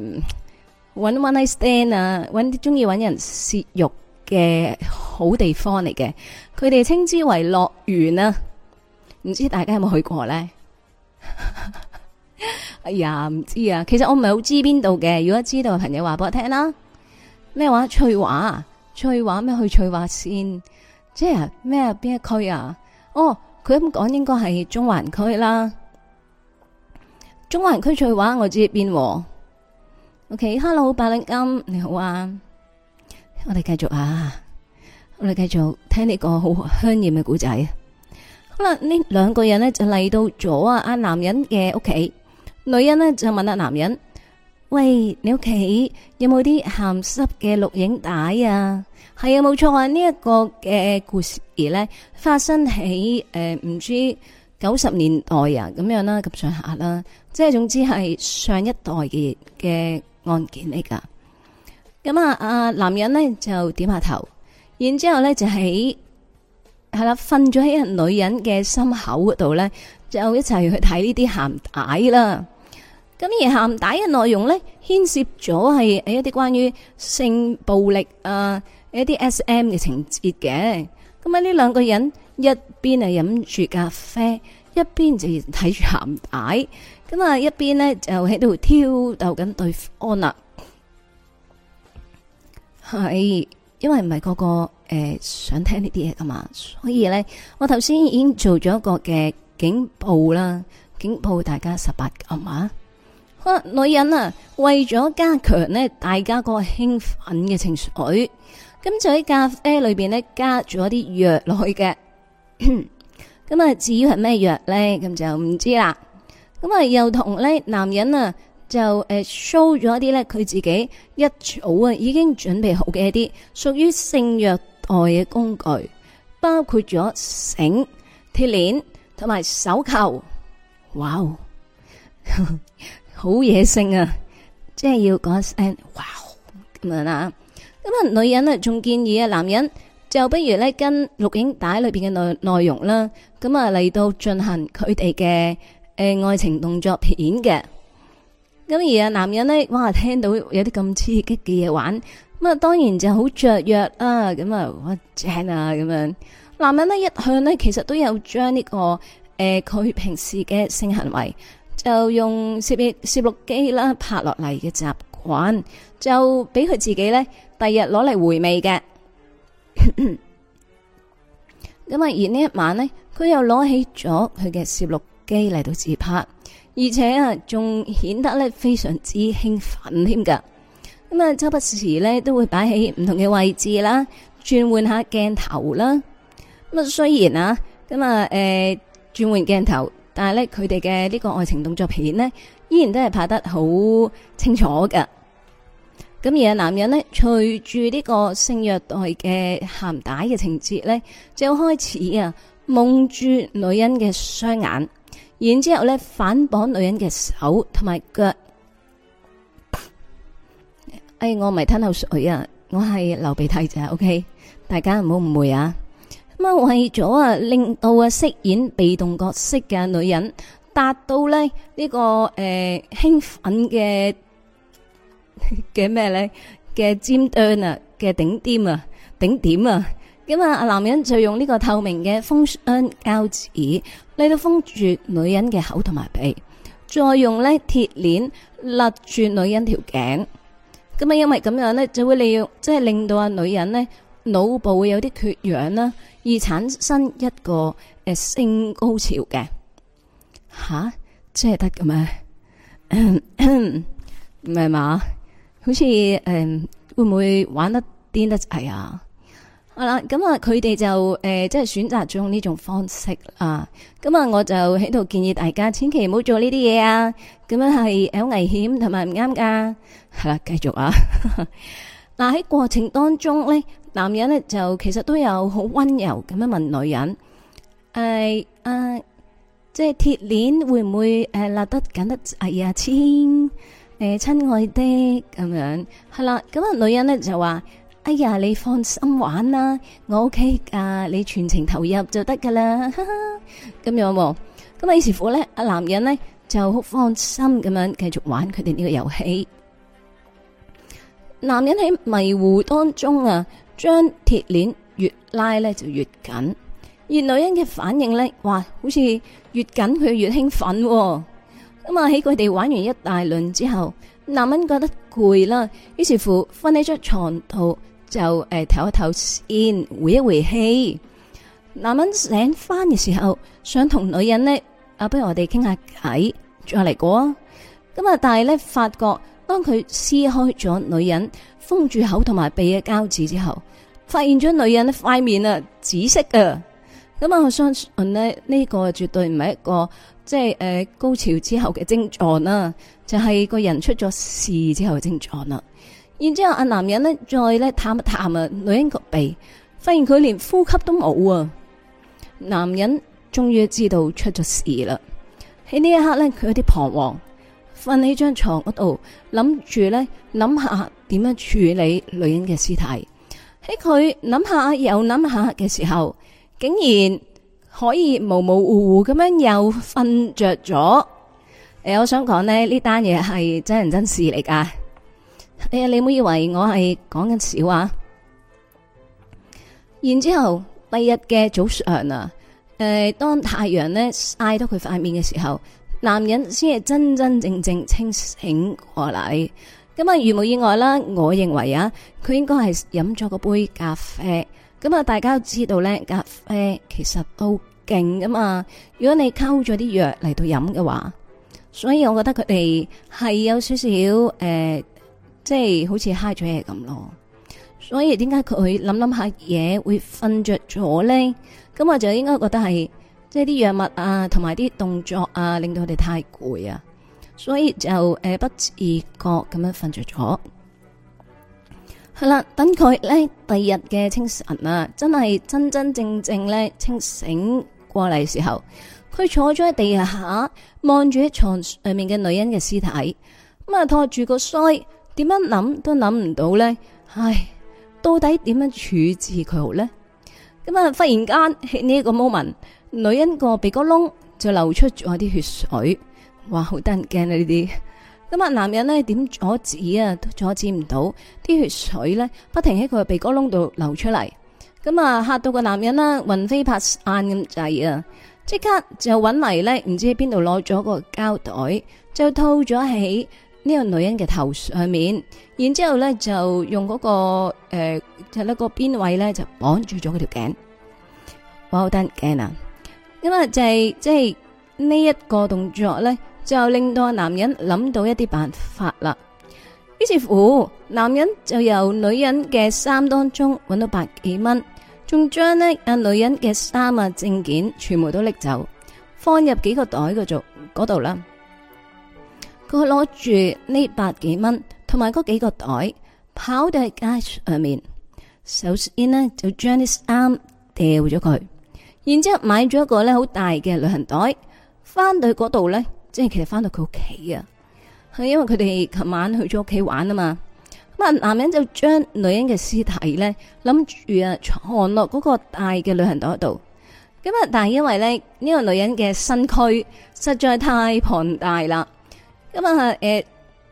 搵 one night stand 啊，搵啲中意搵人洩慾嘅好地方嚟嘅，佢哋稱之為樂園啊，唔知大家有冇去過咧？ 哎呀，唔知啊，其實我唔係好知邊度嘅，如果知道嘅朋友話俾我聽啦。咩話翠華？翠華咩去翠華先，即係咩？邊一區啊？哦，佢咁講應該係中環區啦。中環區翠華我知邊喎。OK，Hello，、okay, 八兩金，你好啊！我哋繼續啊，我哋繼續聽呢個好香艷嘅故仔。好啦呢兩個人呢就嚟到咗啊，男人嘅屋企，女人呢就問下男人：，喂，你屋企有冇啲咸濕嘅錄影帶啊？係啊，冇錯啊！呢一個嘅故事呢發生喺誒唔知九十年代啊咁樣啦，咁上下啦，即係總之係上一代嘅嘅。的案件嚟噶，咁啊啊！男人呢就點下頭，然之後呢就喺係啦，瞓咗喺女人嘅心口嗰度呢，就一齊去睇呢啲鹹帶啦。咁而鹹帶嘅內容呢，牽涉咗係一啲關於性暴力啊，一啲 SM 嘅情節嘅。咁啊，呢兩個人一邊係飲住咖啡，一邊就睇住鹹帶。咁啊，一邊呢就喺度挑逗緊對方啦，係因為唔係個個誒、呃、想聽呢啲嘢噶嘛，所以咧我頭先已經做咗一個嘅警報啦，警報大家十八禁啊！女人啊，為咗加強呢大家個興奮嘅情緒，咁就喺咖啡裏邊 呢加咗啲藥落去嘅，咁啊至於係咩藥咧，咁就唔知啦。咁啊，又同咧男人啊，就誒 show 咗一啲咧，佢自己一早啊已經準備好嘅一啲屬於性虐待嘅工具，包括咗繩、鐵鏈同埋手扣。哇哦，好野性啊！即係要講一聲哇，咁樣啦。咁啊，女人啊，仲建議啊，男人就不如咧跟錄影帶裏邊嘅內內容啦。咁啊嚟到進行佢哋嘅。誒、呃，愛情動作片嘅，咁而啊，男人呢，哇，聽到有啲咁刺激嘅嘢玩，咁啊，當然就好雀躍啊，咁、嗯、啊，哇，正啊，咁樣，男人呢一向呢，其實都有將呢、這個誒，佢、呃、平時嘅性行為就用攝攝錄機啦拍落嚟嘅習慣，就俾佢自己呢，第日攞嚟回味嘅。咁 啊，而呢一晚呢，佢又攞起咗佢嘅攝錄機嚟到自拍，而且啊，仲顯得咧非常之興奮添。噶咁啊，周不時咧都會擺喺唔同嘅位置啦，轉換下鏡頭啦。咁啊，雖然啊咁啊，誒、嗯，轉換鏡頭，但係咧佢哋嘅呢個愛情動作片呢，依然都係拍得好清楚嘅。咁而家男人呢，隨住呢個性虐待嘅咸帶嘅情節咧，就開始啊蒙住女人嘅雙眼。然之後咧，反綁女人嘅手同埋腳。哎，我唔係吞口水啊，我係流鼻涕咋？OK，大家唔好誤會啊。咁啊，為咗啊，令到啊，飾演被動角色嘅女人達到咧呢、這個誒、呃、興奮嘅嘅咩咧嘅尖端啊嘅頂點啊頂點啊。咁啊，啊，男人就用呢個透明嘅封箱膠紙，你都封住女人嘅口同埋鼻，再用咧鐵鏈勒住女人條頸，咁啊因為咁樣咧就會利用即係令到啊女人咧腦部會有啲缺氧啦，而產生一個誒性、呃、高潮嘅吓，即係得嘅咩？唔係嘛？好似誒、呃、會唔會玩得癲得滯啊？係啦，咁啊，佢哋就誒，即係選擇咗呢種方式啊。咁啊，我就喺度建議大家，千祈唔好做呢啲嘢啊。咁樣係有危險同埋唔啱㗎。係啦，繼續啊。嗱，喺過程當中咧，男人咧就其實都有好溫柔咁樣問女人，誒誒，即係鐵鏈會唔會誒勒得緊得？哎呀，親，誒，親愛的，咁樣係啦。咁啊，女人咧就話。哎呀，你放心玩啦，我 OK 噶，你全程投入就得噶啦，咁樣喎。咁啊，於是乎咧，阿男人咧就好放心咁樣繼續玩佢哋呢個遊戲。男人喺迷糊當中啊，將鐵鏈越拉咧就越緊，而女人嘅反應咧，哇，好似越緊佢越興奮。咁啊，喺佢哋玩完一大輪之後，男人覺得攰啦，於是乎瞓喺張床度就誒唞一唞先，回一回氣。男人醒翻嘅時候，想同女人呢，啊不如我哋傾下偈再嚟過啊。咁啊，但係咧，發覺當佢撕開咗女人封住口同埋鼻嘅膠紙之後，發現咗女人塊面啊紫色嘅、啊。咁啊、嗯！我相信咧，呢、這個絕對唔係一個即係誒、呃、高潮之後嘅症狀啦，就係、是、個人出咗事之後嘅症狀啦。然之後阿男人呢，再咧探一探啊，女人個鼻，發現佢連呼吸都冇啊。男人終於知道出咗事啦。喺呢一刻呢，佢有啲彷徨，瞓喺張床嗰度諗住呢，諗下點樣處理女人嘅屍體。喺佢諗下又諗下嘅時候。竟然可以模模糊糊咁樣又瞓着咗。誒，我想講呢，呢單嘢係真人真事嚟噶，你唔好以為我係講緊笑話。然之後第二日嘅早上啊，誒，當太陽呢曬到佢塊面嘅時候，男人先係真真正正清醒過嚟。咁啊，如冇意外啦，我認為啊，佢應該係飲咗個杯咖啡。咁啊！大家都知道咧，咖啡其實好勁噶嘛。如果你溝咗啲藥嚟到飲嘅話，所以我覺得佢哋係有少少誒，即係好似嗨咗嘢咁咯。所以點解佢諗諗下嘢會瞓着咗咧？咁我就應該覺得係即係啲藥物啊，同埋啲動作啊，令到佢哋太攰啊，所以就誒、呃、不自覺咁樣瞓着咗。係啦，等佢咧第二日嘅清晨啊，真係真真正正咧清醒過嚟時候，佢坐咗喺地下，望住喺床上面嘅女人嘅屍體，咁啊托住個腮，點樣諗都諗唔到咧，唉，到底點樣處置佢好咧？咁啊忽然間呢一個 moment，女人個鼻哥窿就流出咗啲血水，哇，好得人驚啊呢啲！咁啊！男人咧點阻止啊？都阻止唔到，啲血水咧不停喺佢個鼻哥窿度流出嚟。咁啊吓到個男人啦，魂飛魄散咁滯啊！即刻就搵嚟咧，唔知喺邊度攞咗個膠袋，就套咗喺呢個女人嘅頭上面，然之後咧就用嗰、那個誒、呃、就呢、是、個邊位咧、well、就綁住咗佢條頸，包單頸啊！咁啊就係即係呢一個動作咧。就令到阿男人諗到一啲辦法啦。於是乎，男人就由女人嘅衫當中揾到百幾蚊，仲將咧阿女人嘅衫啊證件全部都拎走，放入幾個袋嗰度度啦。佢攞住呢百幾蚊同埋嗰幾個袋，跑到去街上面，首先呢，就將啲衫掉咗佢，然之後買咗一個咧好大嘅旅行袋，翻到去嗰度咧。因為其實翻到佢屋企啊，係因為佢哋琴晚去咗屋企玩啊嘛，咁啊男人就將女人嘅屍體咧諗住啊藏落嗰個大嘅旅行袋度，咁啊但係因為咧呢、這個女人嘅身軀實在太龐大啦，咁啊誒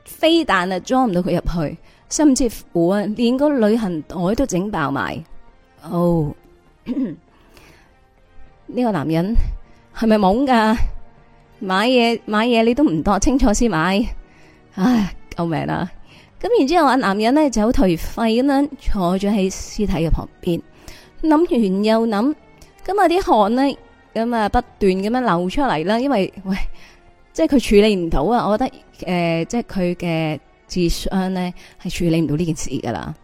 飛彈啊裝唔到佢入去，甚至乎啊連個旅行袋都整爆埋，好、哦、呢、 這個男人係咪懵噶？是不是買嘢買嘢，你都唔多清楚先買，唉，救命啦！咁然之後阿男人呢就好頹廢咁樣坐咗喺屍體嘅旁邊，諗完又諗，咁啊啲汗呢，咁啊不斷咁樣流出嚟啦，因為喂，即係佢處理唔到啊！我覺得誒、呃，即係佢嘅智商呢係處理唔到呢件事噶啦。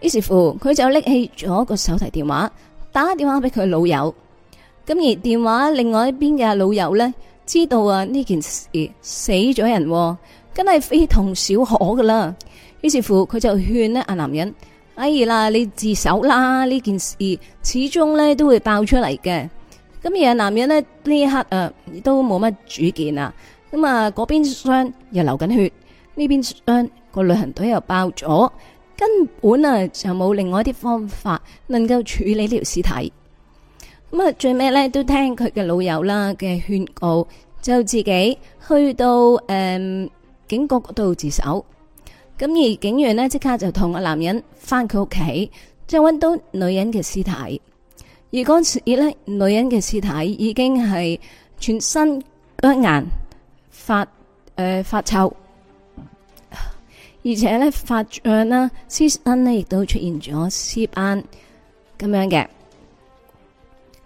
於是乎，佢就拎起咗個手提電話，打電話俾佢老友。咁而電話另外一邊嘅老友呢，知道啊呢件事死咗人，梗係非同小可噶啦。於是乎，佢就勸呢阿男人，哎呀啦，你自首啦！呢件事始終呢都會爆出嚟嘅。咁而阿男人呢，呢一刻啊，都冇乜主見啊。咁啊，嗰邊箱又流緊血，呢邊箱個旅行袋又爆咗，根本啊就冇另外一啲方法能夠處理呢條屍體。咁啊，最尾咧都聽佢嘅老友啦嘅勸告，就自己去到誒、嗯、警局嗰度自首。咁而警員呢即刻就同個男人翻佢屋企，即係搵到女人嘅屍體。而嗰時呢女人嘅屍體已經係全身骨硬、發誒、呃、發臭，而且咧發脹啦，屍身呢亦都出現咗屍斑咁樣嘅。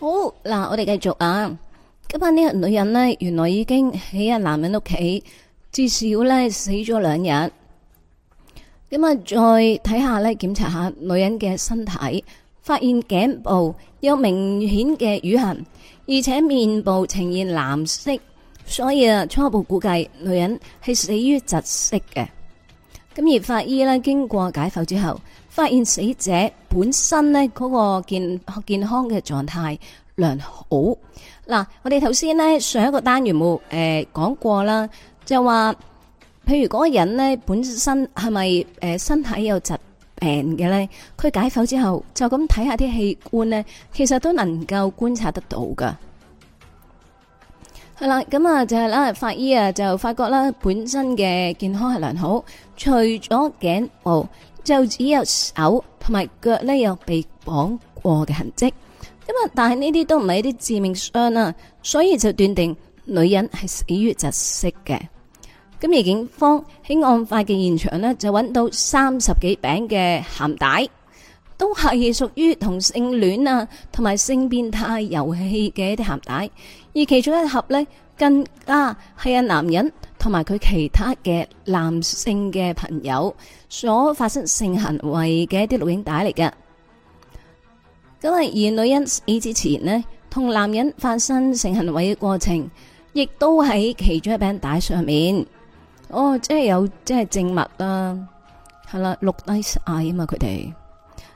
好嗱，我哋繼續啊！今日呢個女人呢，原來已經喺啊男人屋企至少呢死咗兩日。咁啊，再睇下呢檢查下女人嘅身體，發現頸部有明顯嘅瘀痕，而且面部呈現藍色，所以啊，初步估計女人係死於窒息嘅。咁而法醫呢，經過解剖之後。發現死者本身呢嗰個健健康嘅狀態良好。嗱，我哋頭先呢上一個單元冇誒講過啦，就話譬如嗰個人呢本身係咪誒身體有疾病嘅咧？佢解剖之後就咁睇下啲器官呢，其實都能夠觀察得到噶。係啦，咁啊就係啦，法醫啊就發覺啦本身嘅健康係良好，除咗頸部。就只有手同埋腳呢有被綁過嘅痕跡，咁啊，但係呢啲都唔係一啲致命傷啊，所以就斷定女人係死於窒息嘅。咁而警方喺案發嘅現場呢，就揾到三十幾餅嘅鹹帶，都係屬於同性戀啊同埋性變態遊戲嘅一啲鹹帶，而其中一盒呢，更加係啊男人。同埋佢其他嘅男性嘅朋友所發生性行為嘅一啲錄影帶嚟㗎，咁啊，而女人死之前呢，同男人發生性行為嘅過程，亦都喺其中一餅帶上面，哦，即係有即係證物啦，係啦，錄低晒啊嘛佢哋。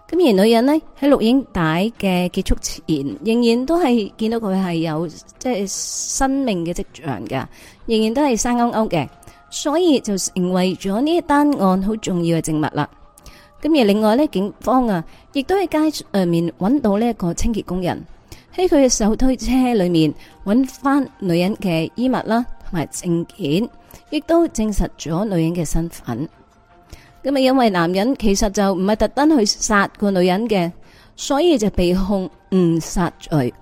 咁而女人呢，喺錄影帶嘅結束前，仍然都係見到佢係有即係生命嘅跡象㗎，仍然都係生勾勾嘅，所以就成為咗呢一單案好重要嘅證物啦。咁而另外呢，警方啊，亦都喺街上面揾到呢一個清潔工人喺佢嘅手推車裏面揾翻女人嘅衣物啦，同埋證件，亦都證實咗女人嘅身份。咁啊，因為男人其實就唔係特登去殺個女人嘅，所以就被控誤殺罪。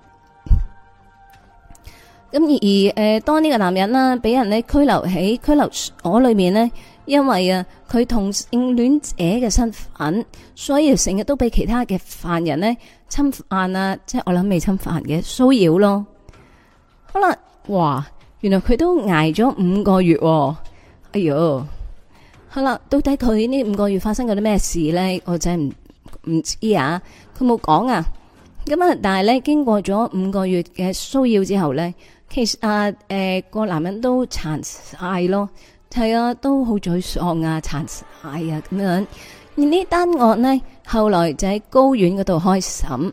咁而而誒、呃，當呢個男人啦、啊，俾人呢拘留喺拘留所裏面呢，因為啊，佢同性戀者嘅身份，所以成日都俾其他嘅犯人呢侵犯啊，即係我諗未侵犯嘅騷擾咯。好啦，哇，原來佢都挨咗五個月喎、啊！哎喲～好啦，到底佢呢五個月發生過啲咩事呢？我仔唔唔知啊，佢冇講啊。咁啊，但係咧經過咗五個月嘅騷擾之後呢，其實啊誒個、呃、男人都殘晒咯，係啊都好沮喪啊，殘晒啊咁樣。而呢單案呢，後來就喺高院嗰度開審，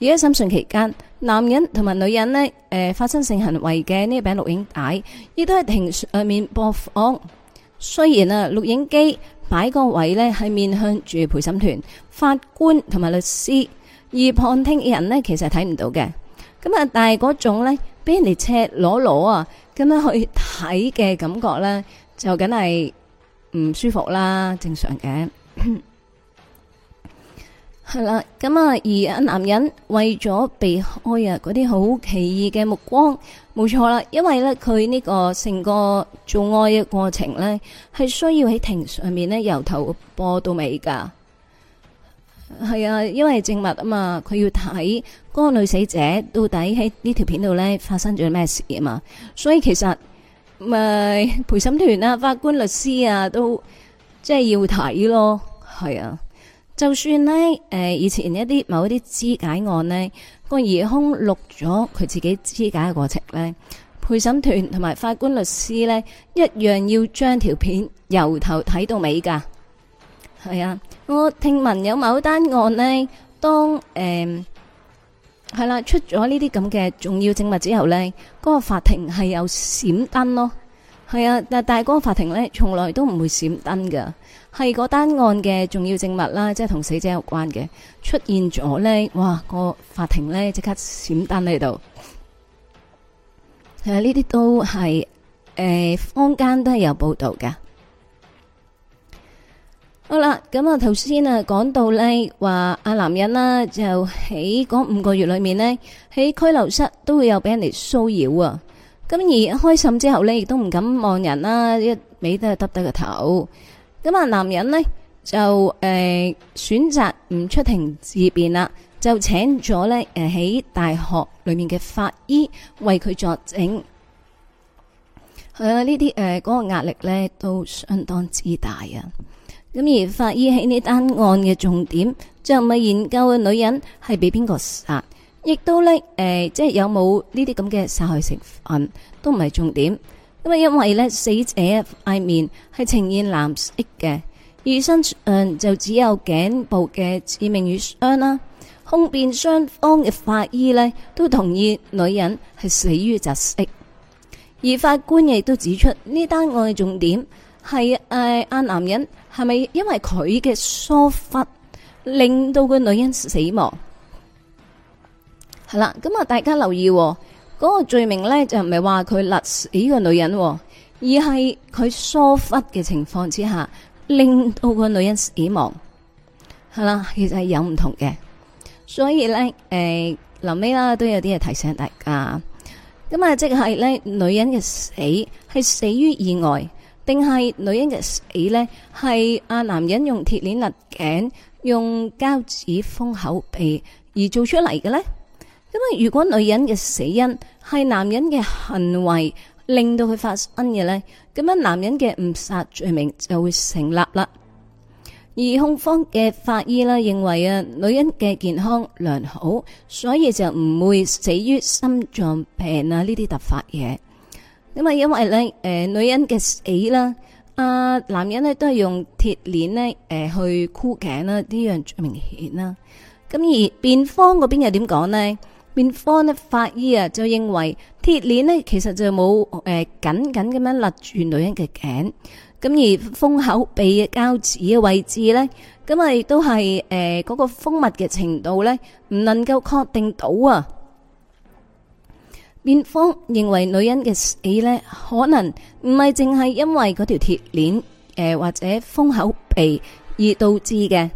而喺審訊期間，男人同埋女人呢誒、呃、發生性行為嘅呢個餅錄影帶，亦都喺庭上面播放。雖然啊，錄影機擺個位呢係面向住陪審團、法官同埋律師，而旁聽嘅人呢其實係睇唔到嘅。咁啊，但係嗰種呢俾人哋赤裸裸啊咁樣去睇嘅感覺呢就梗係唔舒服啦，正常嘅。 係啦，咁啊，而男人為咗避開啊嗰啲好奇異嘅目光，冇錯啦，因為咧佢呢個成個做愛嘅過程咧，係需要喺庭上面咧由頭播到尾噶。係啊，因為證物啊嘛，佢要睇嗰個女死者到底喺呢條片度咧發生咗咩事啊嘛，所以其實咪陪審團啊、法官、律師啊，都即係要睇咯，係啊。就算呢，誒、呃，以前一啲某一啲肢解案呢，個疑凶錄咗佢自己肢解嘅過程呢，陪審團同埋法官律師呢一樣要將條片由頭睇到尾噶。係啊，我聽聞有某單案呢，當誒係啦，出咗呢啲咁嘅重要證物之後呢，嗰個法庭係有閃燈咯。係啊，但係嗰個法庭呢，從來都唔會閃燈噶。係嗰單案嘅重要證物啦，即係同死者有關嘅出現咗呢。哇，個法庭呢，即刻閃燈喺度。其實呢啲都係誒、呃，坊間都係有報道嘅。好啦，咁、嗯、啊，頭先啊講到呢話阿男人啦，就喺嗰五個月裏面呢，喺拘留室都會有俾人哋騷擾啊。咁而開審之後呢，亦都唔敢望人啦，一味都係耷低個頭。咁啊，男人呢，就誒、呃、選擇唔出庭自辯啦，就請咗呢誒喺大學裏面嘅法醫為佢作證。係、呃、啊，呢啲誒嗰個壓力呢，都相當之大啊！咁而法醫喺呢單案嘅重點，就唔係研究嘅女人係俾邊個殺，亦都呢，誒、呃、即係有冇呢啲咁嘅殺害成分，都唔係重點。咁啊，因為咧，死者塊面係呈現藍色嘅，而身上就只有頸部嘅致命瘀傷啦。控辯雙方嘅法醫咧，都同意女人係死於窒息，而法官亦都指出呢單案嘅重點係誒阿男人係咪因為佢嘅疏忽令到個女人死亡？係啦，咁啊，大家留意，哦。嗰個罪名呢，就唔係話佢勒死個女人、哦，而係佢疏忽嘅情況之下，令到個女人死亡，係啦，其實係有唔同嘅。所以呢，誒、呃，臨尾啦，都有啲嘢提醒大家。咁啊，即係呢，女人嘅死係死於意外，定係女人嘅死呢？係阿男人用鐵鏈勒頸，用膠紙封口鼻而做出嚟嘅呢？咁啊，如果女人嘅死因，係男人嘅行為令到佢發生嘅咧，咁樣男人嘅誤殺罪名就會成立啦。而控方嘅法醫啦認為啊，女人嘅健康良好，所以就唔會死於心臟病啊呢啲突發嘢。咁啊，因為咧誒，女人嘅死啦，啊男人咧都係用鐵鏈咧誒去箍頸啦，呢樣最明顯啦。咁而辯方嗰邊又點講咧？辯方咧，法醫啊就認為鐵鏈咧其實就冇誒緊緊咁樣勒住女人嘅頸，咁而封口鼻嘅膠紙嘅位置咧，咁啊亦都係誒嗰個封密嘅程度咧唔能夠確定到啊。辯方認為女人嘅死咧可能唔係淨係因為嗰條鐵鏈誒或者封口鼻而導致嘅。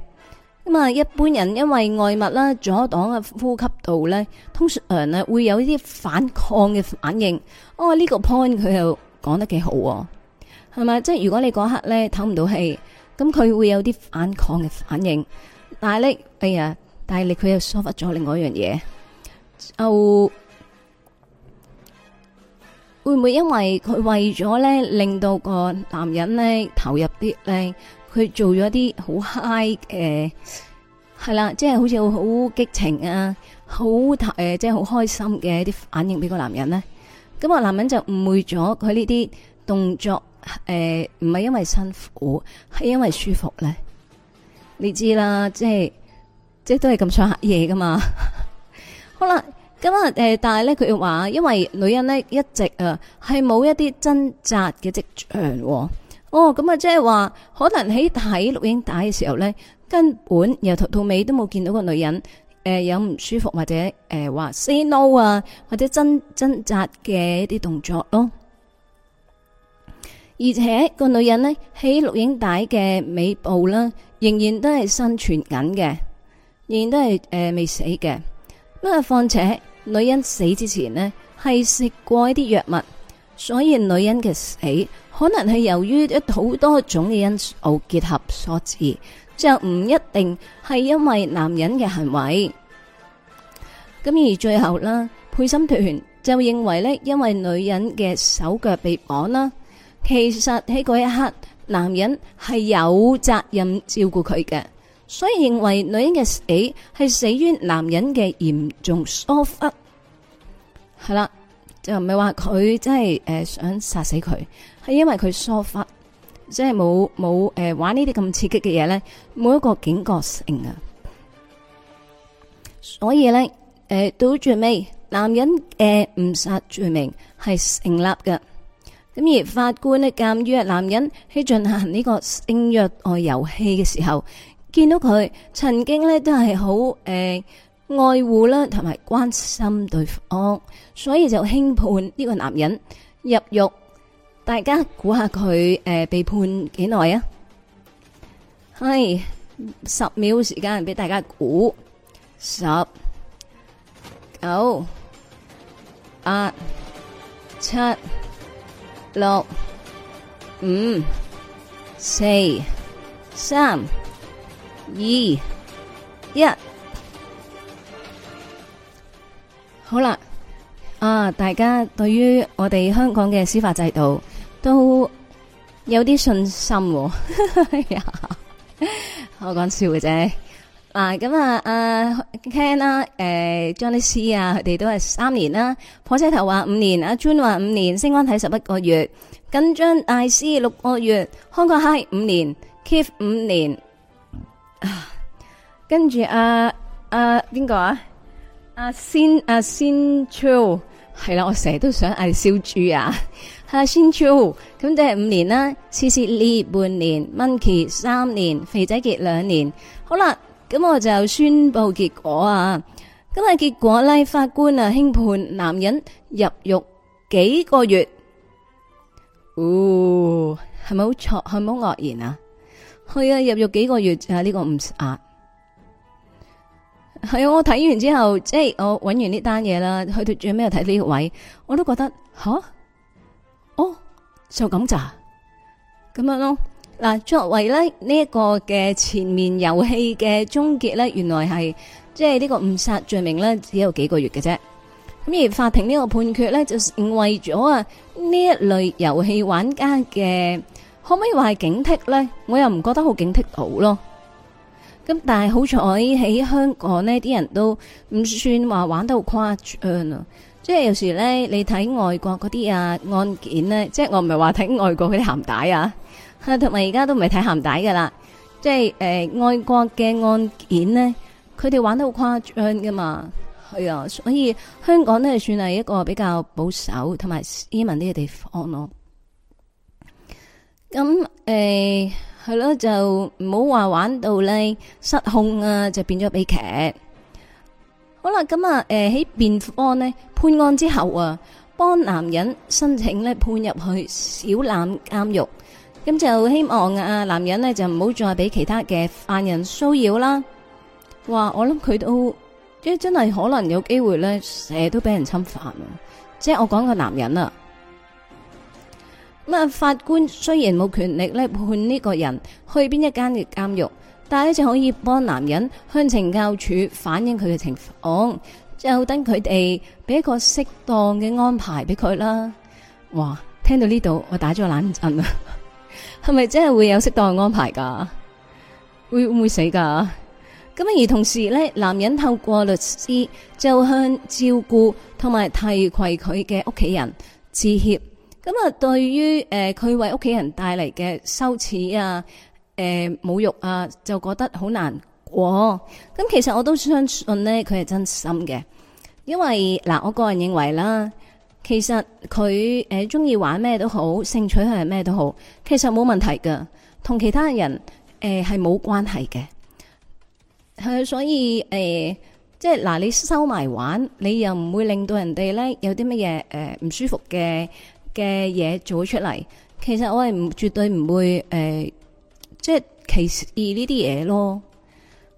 咁啊，一般人因為外物啦，阻擋啊呼吸道咧，通常誒會有啲反抗嘅反應。哦，呢個 point 佢又講得幾好喎，係咪？即係如果你嗰刻咧唞唔到氣，咁佢會有啲反抗嘅反應。但係咧，哎呀，但係咧，佢又疏忽咗另外一樣嘢，就會唔會因為佢為咗咧令到個男人咧投入啲咧？佢做咗啲好 high 嘅、呃、係啦，即係好似好激情啊，好誒、呃，即係好開心嘅一啲反應俾個男人咧。咁、嗯、個男人就誤會咗佢呢啲動作誒，唔、呃、係因為辛苦，係因為舒服咧。你知啦，即係即係都係咁想嘢噶嘛。 好啦，咁啊誒，但係咧佢話，因為女人咧一直啊係冇一啲掙扎嘅跡象、啊。哦，咁啊，即係話，可能喺睇錄影帶嘅時候呢，根本由頭到尾都冇見到個女人，誒、呃、有唔舒服或者誒話、呃、say no 啊，或者掙掙扎嘅一啲動作咯。而且、那個女人呢，喺錄影帶嘅尾部啦，仍然都係生存緊嘅，仍然都係誒、呃、未死嘅。咁啊，況且女人死之前呢，係食過一啲藥物，所以女人嘅死。可能係由於一，好多種嘅因素結合所致，就唔一定係因為男人嘅行為。咁而最後啦，陪審團就認為呢，因為女人嘅手腳被綁啦，其實喺嗰一刻，男人係有責任照顧佢嘅，所以認為女人嘅死係死於男人嘅嚴重疏忽。係啦，就唔係話佢真係誒、呃、想殺死佢。係因為佢疏忽，即係冇冇誒玩呢啲咁刺激嘅嘢咧，冇一個警覺性啊。所以咧，誒到最尾，男人嘅誤殺罪名係成立嘅。咁而法官咧，鑒於啊男人喺進行呢個性虐待遊戲嘅時候，見到佢曾經咧都係好誒愛護啦，同埋關心對方，所以就輕判呢個男人入獄。大家估下佢誒被判幾耐啊？係十秒時間俾大家估，十、九、八、七、六、五、四、三、二、一，好啦，啊！大家對於我哋香港嘅司法制度，都有啲信心，好講笑嘅啫。嗱，咁啊，誒，Ken 啊，誒，Johnny C 啊，佢哋都係三年啦。火車頭話五年，阿 Jun 話五年，星安睇十一個月，緊張 I C 六個月，康哥 Hi 五年，Keith 五年，跟住阿阿邊個啊？阿先阿先超。係啦，我成日都想嗌你燒豬啊，係 啦，啊，先招咁即係五年啦，C C L 半年，Monkey 三年，肥仔杰兩年，好啦，咁我就宣布結果啊，咁啊結果呢，法官啊輕判男人入獄幾個月，哦，係咪好錯，係咪好愕然啊？去啊，入獄幾個月就係呢個唔啊。這個係啊，我睇完之後，即係我揾完呢單嘢啦，去到最尾又睇呢個位，我都覺得吓，哦，就咁咋，咁樣咯。嗱，作為咧呢一個嘅前面遊戲嘅終結咧，原來係即係呢個誤殺罪名咧，只有幾個月嘅啫。咁而法庭呢個判決咧，就為咗啊呢一類遊戲玩家嘅，可唔可以話係警惕咧？我又唔覺得好警惕到咯。咁但係好彩喺香港呢啲人都唔算話玩得好誇張啊！即係有時咧，你睇外國嗰啲啊案件咧，即係我唔係話睇外國佢啲鹹帶啊，同埋而家都唔係睇鹹帶噶啦，即係誒、呃、外國嘅案件咧，佢哋玩得好誇張噶嘛，係啊，所以香港呢，算係一個比較保守同埋斯文啲嘅地方咯。咁誒。呃係咯，就唔好話玩到呢失控啊，就變咗悲劇。好啦，咁、呃、啊，誒喺辯方呢判案之後啊，幫男人申請呢判入去小欖監獄，咁就希望啊男人呢就唔好再俾其他嘅犯人騷擾啦哇。話我諗佢都即真係可能有機會呢，成日都俾人侵犯。即係我講個男人啊。咁啊，法官雖然冇權力咧判呢個人去邊一間嘅監獄，但係咧就可以幫男人向懲教處反映佢嘅情況，就等佢哋俾一個適當嘅安排俾佢啦。哇！聽到呢度，我打咗個冷震啊！係 咪真係會有適當嘅安排噶？會唔會死噶？咁而同時咧，男人透過律師就向照顧同埋提攜佢嘅屋企人致歉。自咁啊、嗯，對於佢、呃、為屋企人帶嚟嘅羞恥啊、誒、呃、侮辱啊，就覺得好難過。咁、嗯、其實我都相信咧，佢係真心嘅。因為嗱、呃，我個人認為啦，其實佢誒中意玩咩都好，性趣係咩都好，其實冇問題㗎，同其他人誒係冇關係嘅、呃。所以誒、呃，即係嗱、呃，你收埋玩，你又唔會令到人哋咧、呃、有啲乜嘢誒唔舒服嘅。嘅嘢做出嚟，其實我係唔絕對唔會誒、呃，即係歧視呢啲嘢咯。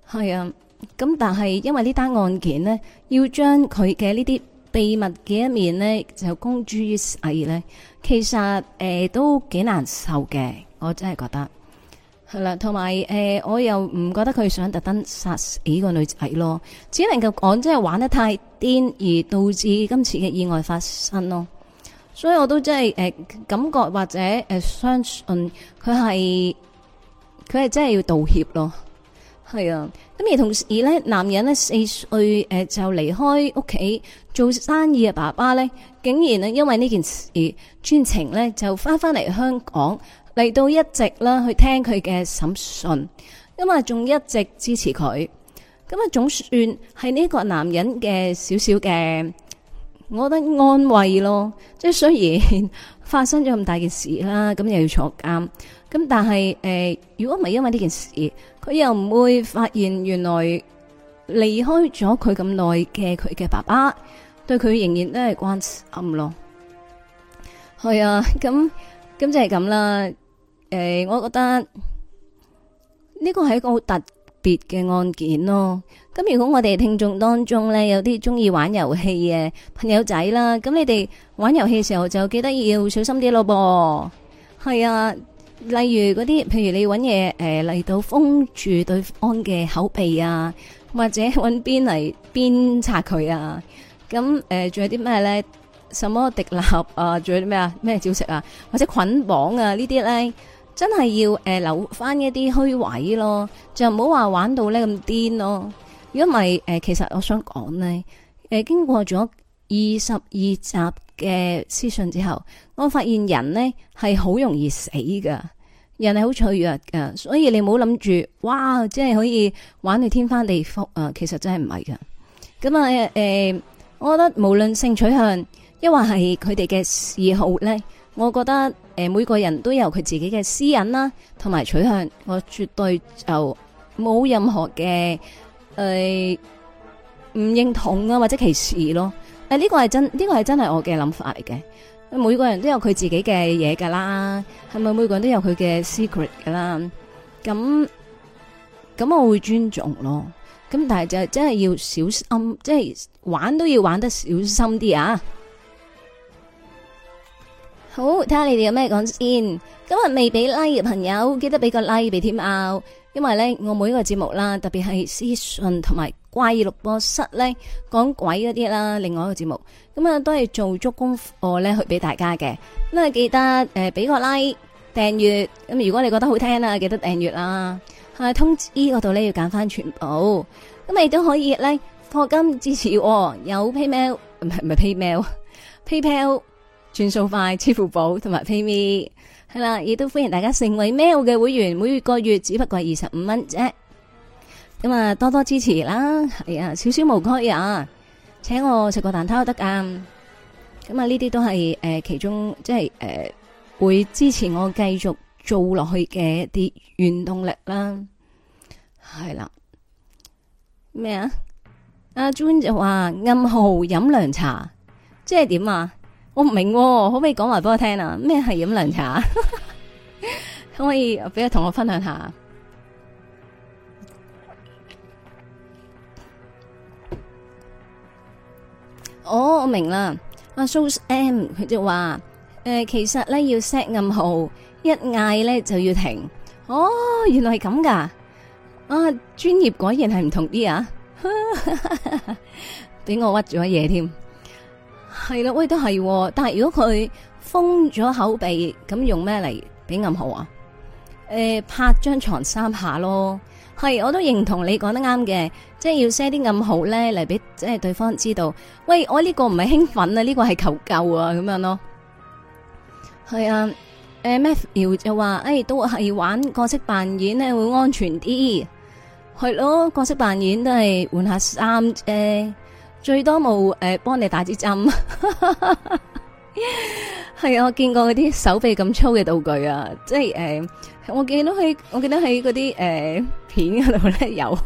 係啊，咁但係因為呢單案件呢，要將佢嘅呢啲秘密嘅一面呢，就公諸於世呢，其實誒、呃、都幾難受嘅，我真係覺得係啦。同埋誒，我又唔覺得佢想特登殺死個女仔咯，只能夠講，真係玩得太癲而導致今次嘅意外發生咯。所以我都真係誒、呃、感覺或者誒、呃、相信佢係佢係真係要道歉咯，係啊。咁而同時咧，男人呢四歲誒就離開屋企做生意嘅爸爸咧，竟然呢因為呢件事專程咧就返返嚟香港嚟到一直啦去聽佢嘅審訊，咁啊仲一直支持佢，咁啊總算係呢個男人嘅少少嘅。我覺得安慰咯，即係雖然發生咗咁大件事啦，咁又要坐監，咁但係誒、呃，如果唔係因為呢件事，佢又唔會發現原來離開咗佢咁耐嘅佢嘅爸爸，對佢仍然都係關心咯。係啊，咁咁就係咁啦。誒、呃，我覺得呢個係一個好特別嘅案件咯。咁如果我哋聽眾當中咧有啲中意玩遊戲嘅朋友仔啦，咁你哋玩遊戲嘅時候就記得要小心啲咯噃。係啊，例如嗰啲，譬如你搵嘢誒嚟到封住對方嘅口鼻啊，或者搵邊嚟鞭策佢啊。咁、呃、誒，仲有啲咩咧？什麼滴蠟啊？仲有啲咩啊？咩招式啊？或者捆綁啊？呢啲咧，真係要誒留翻一啲虛位咯，就唔好話玩到咧咁癲咯。因為誒、呃，其實我想講呢，誒、呃，經過咗二十二集嘅屍訊之後，我發現人呢係好容易死噶，人係好脆弱噶，所以你唔好諗住，哇，真係可以玩到天翻地覆啊，呃。其實真係唔係噶。咁、嗯、啊，誒、呃，我覺得無論性取向，抑或係佢哋嘅嗜好呢，我覺得誒、呃，每個人都有佢自己嘅私隱啦，同埋取向，我絕對就冇任何嘅。誒，唔、呃、認同啊，或者歧視咯。誒、哎，呢、這個係真，呢、這個係真係我嘅諗法嚟嘅。每個人都有佢自己嘅嘢噶啦，係咪？每個人都有佢嘅 secret 噶啦。咁咁我會尊重咯。咁但係就真係要小心，即係玩都要玩得小心啲啊！好，睇下你哋有咩講先。今日未俾 like 嘅朋友，記得俾個 like 俾天喵。因為咧，我每一個節目啦，特別係屍訊同埋怪異錄播室咧，講鬼嗰啲啦，另外一個節目，咁啊都係做足功課咧，去俾大家嘅。咁啊記得誒，俾個 like 訂閱，咁如果你覺得好聽啦，記得訂閱啦。係通知嗰度咧要揀翻全部，咁啊亦都可以咧，課金支持我，有 PayMe 唔係，唔係 PayMe，PayPal，轉數快，支付寶同埋 PayMe。係啦，亦都歡迎大家成為 Mail 嘅會員，每個月只不過二十五蚊啫，咁啊多多支持啦。係啊，少少無虧啊，請我食個蛋撻都得噶。咁啊，呢啲都係誒，其中即係誒、呃，會支持我繼續做落去嘅一啲原動力啦。係啦，咩啊？阿 John 就話暗號飲涼茶，即係點啊？我唔明，可唔可以講埋俾我聽啊？咩係飲涼茶？可唔可以俾佢同我分享下？哦，我明啦。阿 Sous M 佢就話：誒，其實咧要 set 暗號，一嗌咧就要停。哦，原來係咁噶。啊，專業果然係唔同啲啊！俾我屈住咗嘢添。係啦、啊，喂，都係、啊，但係如果佢封咗口鼻，咁用咩嚟俾暗號啊？誒、呃，拍張床三下咯。係，我都認同你講得啱嘅，即係要 set 啲暗號咧嚟俾即係對方知道。喂，我呢個唔係興奮啊，呢、這個係求救啊，咁樣咯。係啊，誒、呃、咩？就話誒，都係玩角色扮演咧會安全啲。係咯，角色扮演都係換下衫啫。最多冇誒，幫、呃、你打支針，係啊！我見過嗰啲手臂咁粗嘅道具啊，即係誒、呃，我見到喺我見到喺嗰啲誒片嗰度咧有。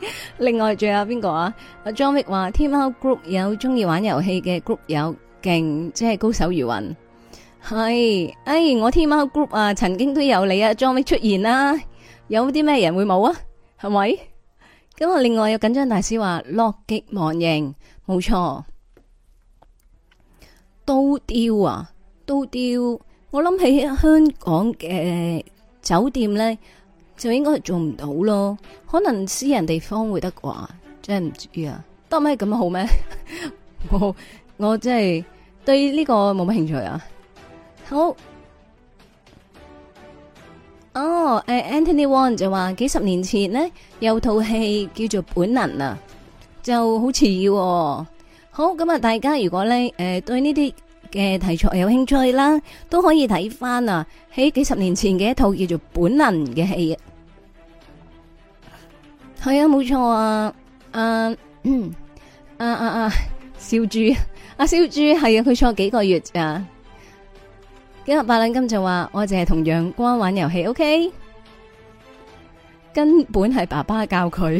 另外仲有邊個啊？阿 John Wick 話天貓 group 有中意玩遊戲嘅 group 有勁，即、就、係、是、高手如雲。係，哎，我天貓 group 啊，曾經都有你啊，John Wick 出現啦、啊。有啲咩人會冇啊？係咪？咁啊！另外有緊張大師話樂極忘形，冇錯，刀雕啊，刀雕。我諗起香港嘅酒店咧，就應該係做唔到咯。可能私人地方會得啩，真係唔知啊。得咩？咁好咩？ 我我真係對呢個冇乜興趣啊。好。哦，誒、oh，Anthony Wong 就話幾十年前呢，有套戲叫做本能啊，就好似，哦，好咁啊！大家如果咧，誒、呃、對呢啲嘅題材有興趣啦，都可以睇翻，啊，喺幾十年前嘅一套叫做本能嘅戲啊，係啊，冇、啊、錯啊，啊，啊啊啊，小豬，啊小豬係啊，佢錯幾個月啊。呢個白兩金就話：我淨係同陽光玩遊戲，O、okay? K，根本係爸爸教佢，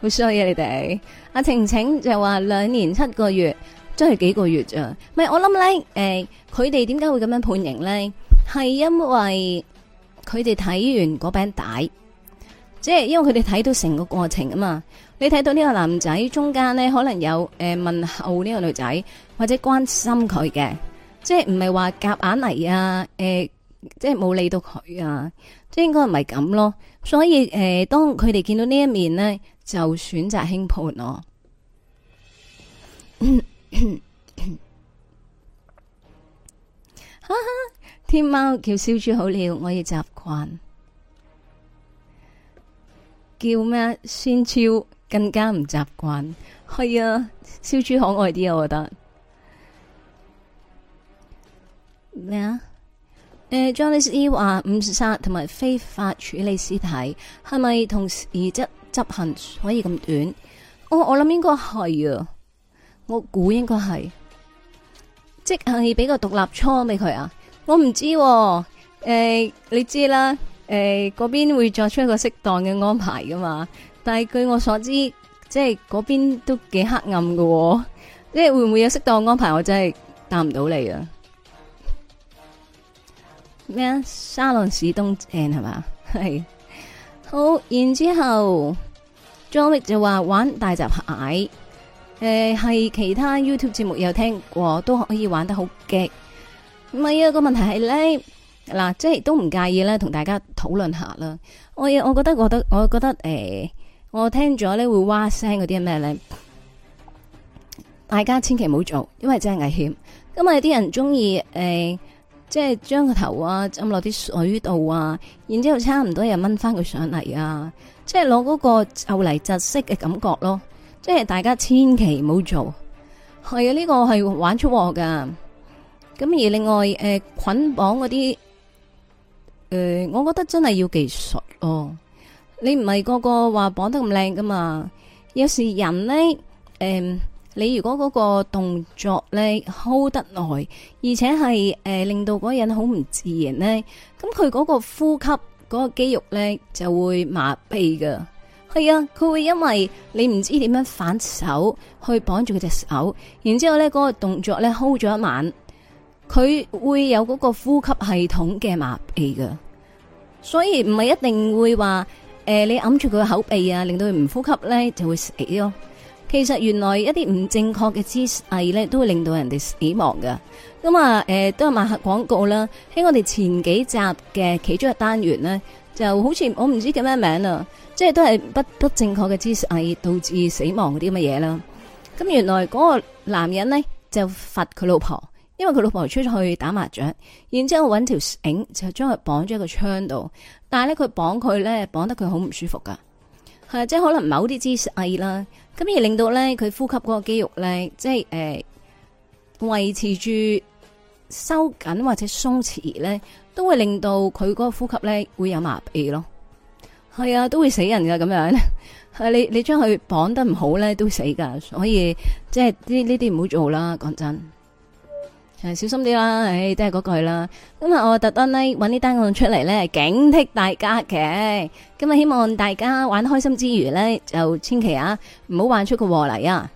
好 衰啊！你哋阿、啊、晴晴就話兩年七個月，真係幾個月咋？唔係我諗咧，誒、呃，佢哋點解會咁樣判刑咧？係因為佢哋睇完嗰餅帶，即係因為佢哋睇到成個過程啊嘛。你睇到呢個男仔中間咧，可能有誒、呃、問候呢個女仔，或者關心佢嘅。即係唔係話夾硬嚟啊？誒、欸，即係冇理到佢啊！即係應該唔係咁咯。所以誒、欸，當佢哋見到呢一面呢，就選擇輕判咯。哈哈！天喵叫燒豬好了，我要習慣。叫咩？孫超更加唔習慣。係、哎、啊，燒豬可愛啲啊，我覺得。咩啊？誒 Johnny E 話，誤殺同埋非法處理屍體係咪同時而執執行？可以咁短？哦，我該我諗應該係啊，我估應該係，即係俾個獨立倉俾佢啊。我唔知，誒，你知啦，誒、欸，嗰邊會作出一個適當嘅安排噶嘛？但係據我所知，即係嗰邊都幾黑暗噶、啊，即係會唔會有適當安排？我真係答唔到你啊。咩啊？沙朗市東正係嘛？係。好，然之後 Joey 就話玩大閘蟹，誒、呃、係其他 YouTube 節目有聽過，都可以玩得好激。唔係啊，個問題係咧，嗱即係都唔介意咧，同大家討論下啦。我我覺得，我覺得，我，我覺得，誒、呃，我聽咗咧會哇聲嗰啲係咩咧？大家千祈唔好做，因為真係危險。因為啲人中意誒。呃即係將個頭啊浸落啲水度啊，然之後差唔多又掹翻佢上嚟啊！即係攞嗰個後嚟窒息嘅感覺咯，即係大家千祈唔好做，係啊呢，呢個係玩出鑊噶。咁而另外誒捆，呃、綁嗰啲誒，我覺得真係要技術囉，啊。你唔係個個話綁得咁靚噶嘛？有時人呢。誒、呃。你如果嗰個動作呢 hold 得耐，而且係誒、呃、令到嗰個人好唔自然呢，咁佢嗰個呼吸嗰個肌肉呢，就會麻痹噶。係啊，佢會因為你唔知點樣反手去綁住佢隻手，然之後咧嗰個動作呢 hold 咗一晚，佢會有嗰個呼吸系統嘅麻痹噶。所以唔係一定會話誒、呃、你揞住佢口鼻啊，令到佢唔呼吸呢，就會死咯。其實原來一啲唔正確嘅姿勢咧，都會令到人哋死亡噶。咁啊，誒、呃，都係賣吓廣告啦。喺我哋前幾集嘅其中一單元呢，就好似我唔知叫咩名啦，即係都係不不正確嘅姿勢導致死亡嗰啲咁嘅嘢啦。咁原來嗰個男人呢，就罰佢老婆，因為佢老婆出去打麻雀，然之後揾條繩就將佢綁咗喺個窗度，但係咧佢綁佢咧綁得佢好唔舒服噶。係、啊，即係可能某啲姿勢啦，咁而令到咧佢呼吸嗰個肌肉咧，即係誒維持住收緊或者鬆弛咧，都會令到佢嗰個呼吸咧會有麻痹咯。係啊，都會死人噶咁樣。係、 啊、你你將佢綁得唔好咧，都會死噶。所以即係呢呢啲唔好做啦，講真。小心啲啦，誒，都係嗰句啦。今日我特登呢搵啲單案出嚟呢，警惕大家嘅。今日希望大家玩開心之餘呢，就千祈啊，唔好玩出個禍嚟啊。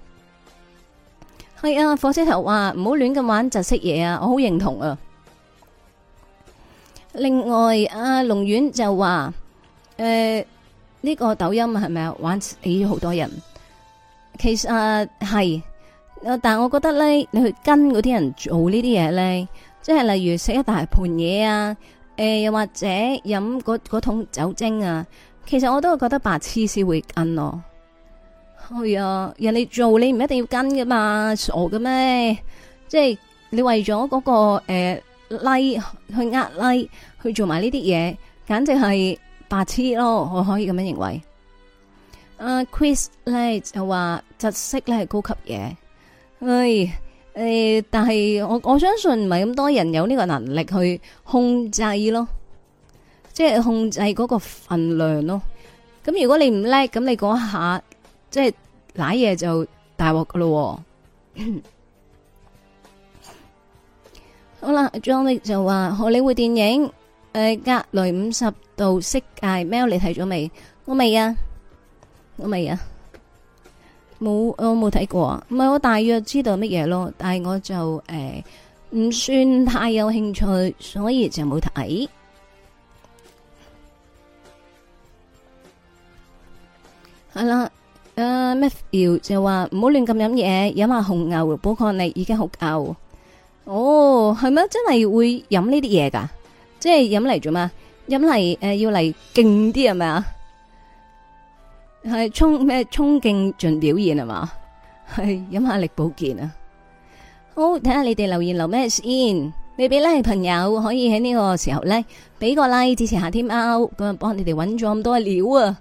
係啊，火車頭話唔好亂咁玩窒息嘢，啊，我好認同啊。另外啊，龍苑就話誒，呢個抖音係咪啊玩死咗好多人？其實係。但係我覺得咧，你去跟嗰啲人做呢啲嘢咧，即係例如食一大盤嘢啊，誒、呃，又或者飲嗰嗰桶酒精啊，其實我都係覺得白痴先會跟咯。係、哎、啊，人哋做你唔一定要跟噶嘛，傻嘅咩？即係你為咗嗰、嗰個誒 like、呃、去呃 like 去做埋呢啲嘢，簡直係白痴咯。我可以咁樣認為。阿、啊、Chris 咧就話窒息咧係高級嘢。唉，誒，但係我我相信唔係咁多人有呢個能力去控制咯，即係控制嗰個份量咯。咁如果你唔叻，咁你嗰下即係瀨嘢就大鑊噶咯。好啦，最後屘就話荷里活電影誒，格雷五十度色戒，喵，你睇咗未？我未啊，我未啊。冇，我冇睇過，唔係我大約知道乜嘢咯，但係我就誒唔、呃、算太有興趣，所以就冇睇。係、呃、啦，誒 Matthew 就話唔好亂咁飲嘢，飲下紅牛，包括你已經好夠。哦，係咪真係會飲呢啲嘢噶？即係飲嚟做咩？飲嚟誒要嚟勁啲係咪啊？是係衝咩？衝勁盡表演係嘛？係飲下力保健啊！好睇下你哋留言留咩先？你俾 like 朋友可以喺呢個時候咧俾個 like 支持下天喵咁啊！幫你哋揾咗咁多料啊！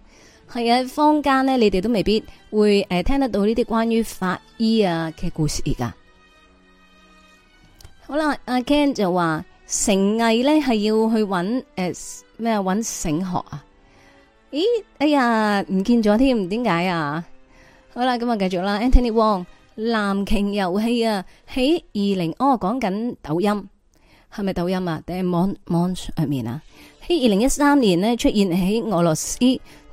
係啊，坊間咧你哋都未必會誒、呃、聽得到呢啲關於法醫啊嘅故事，而家好啦，阿、啊、Ken 就話誠藝咧係要去揾誒咩揾醒學啊！咦，哎呀，唔見咗添，點解啊？好啦，咁啊，繼續啦。Anthony Wong，藍鯨遊戲啊，喺二零，我講緊抖音，係咪抖音啊？定係網網上面啊？喺二零一三年呢，出現喺俄羅斯，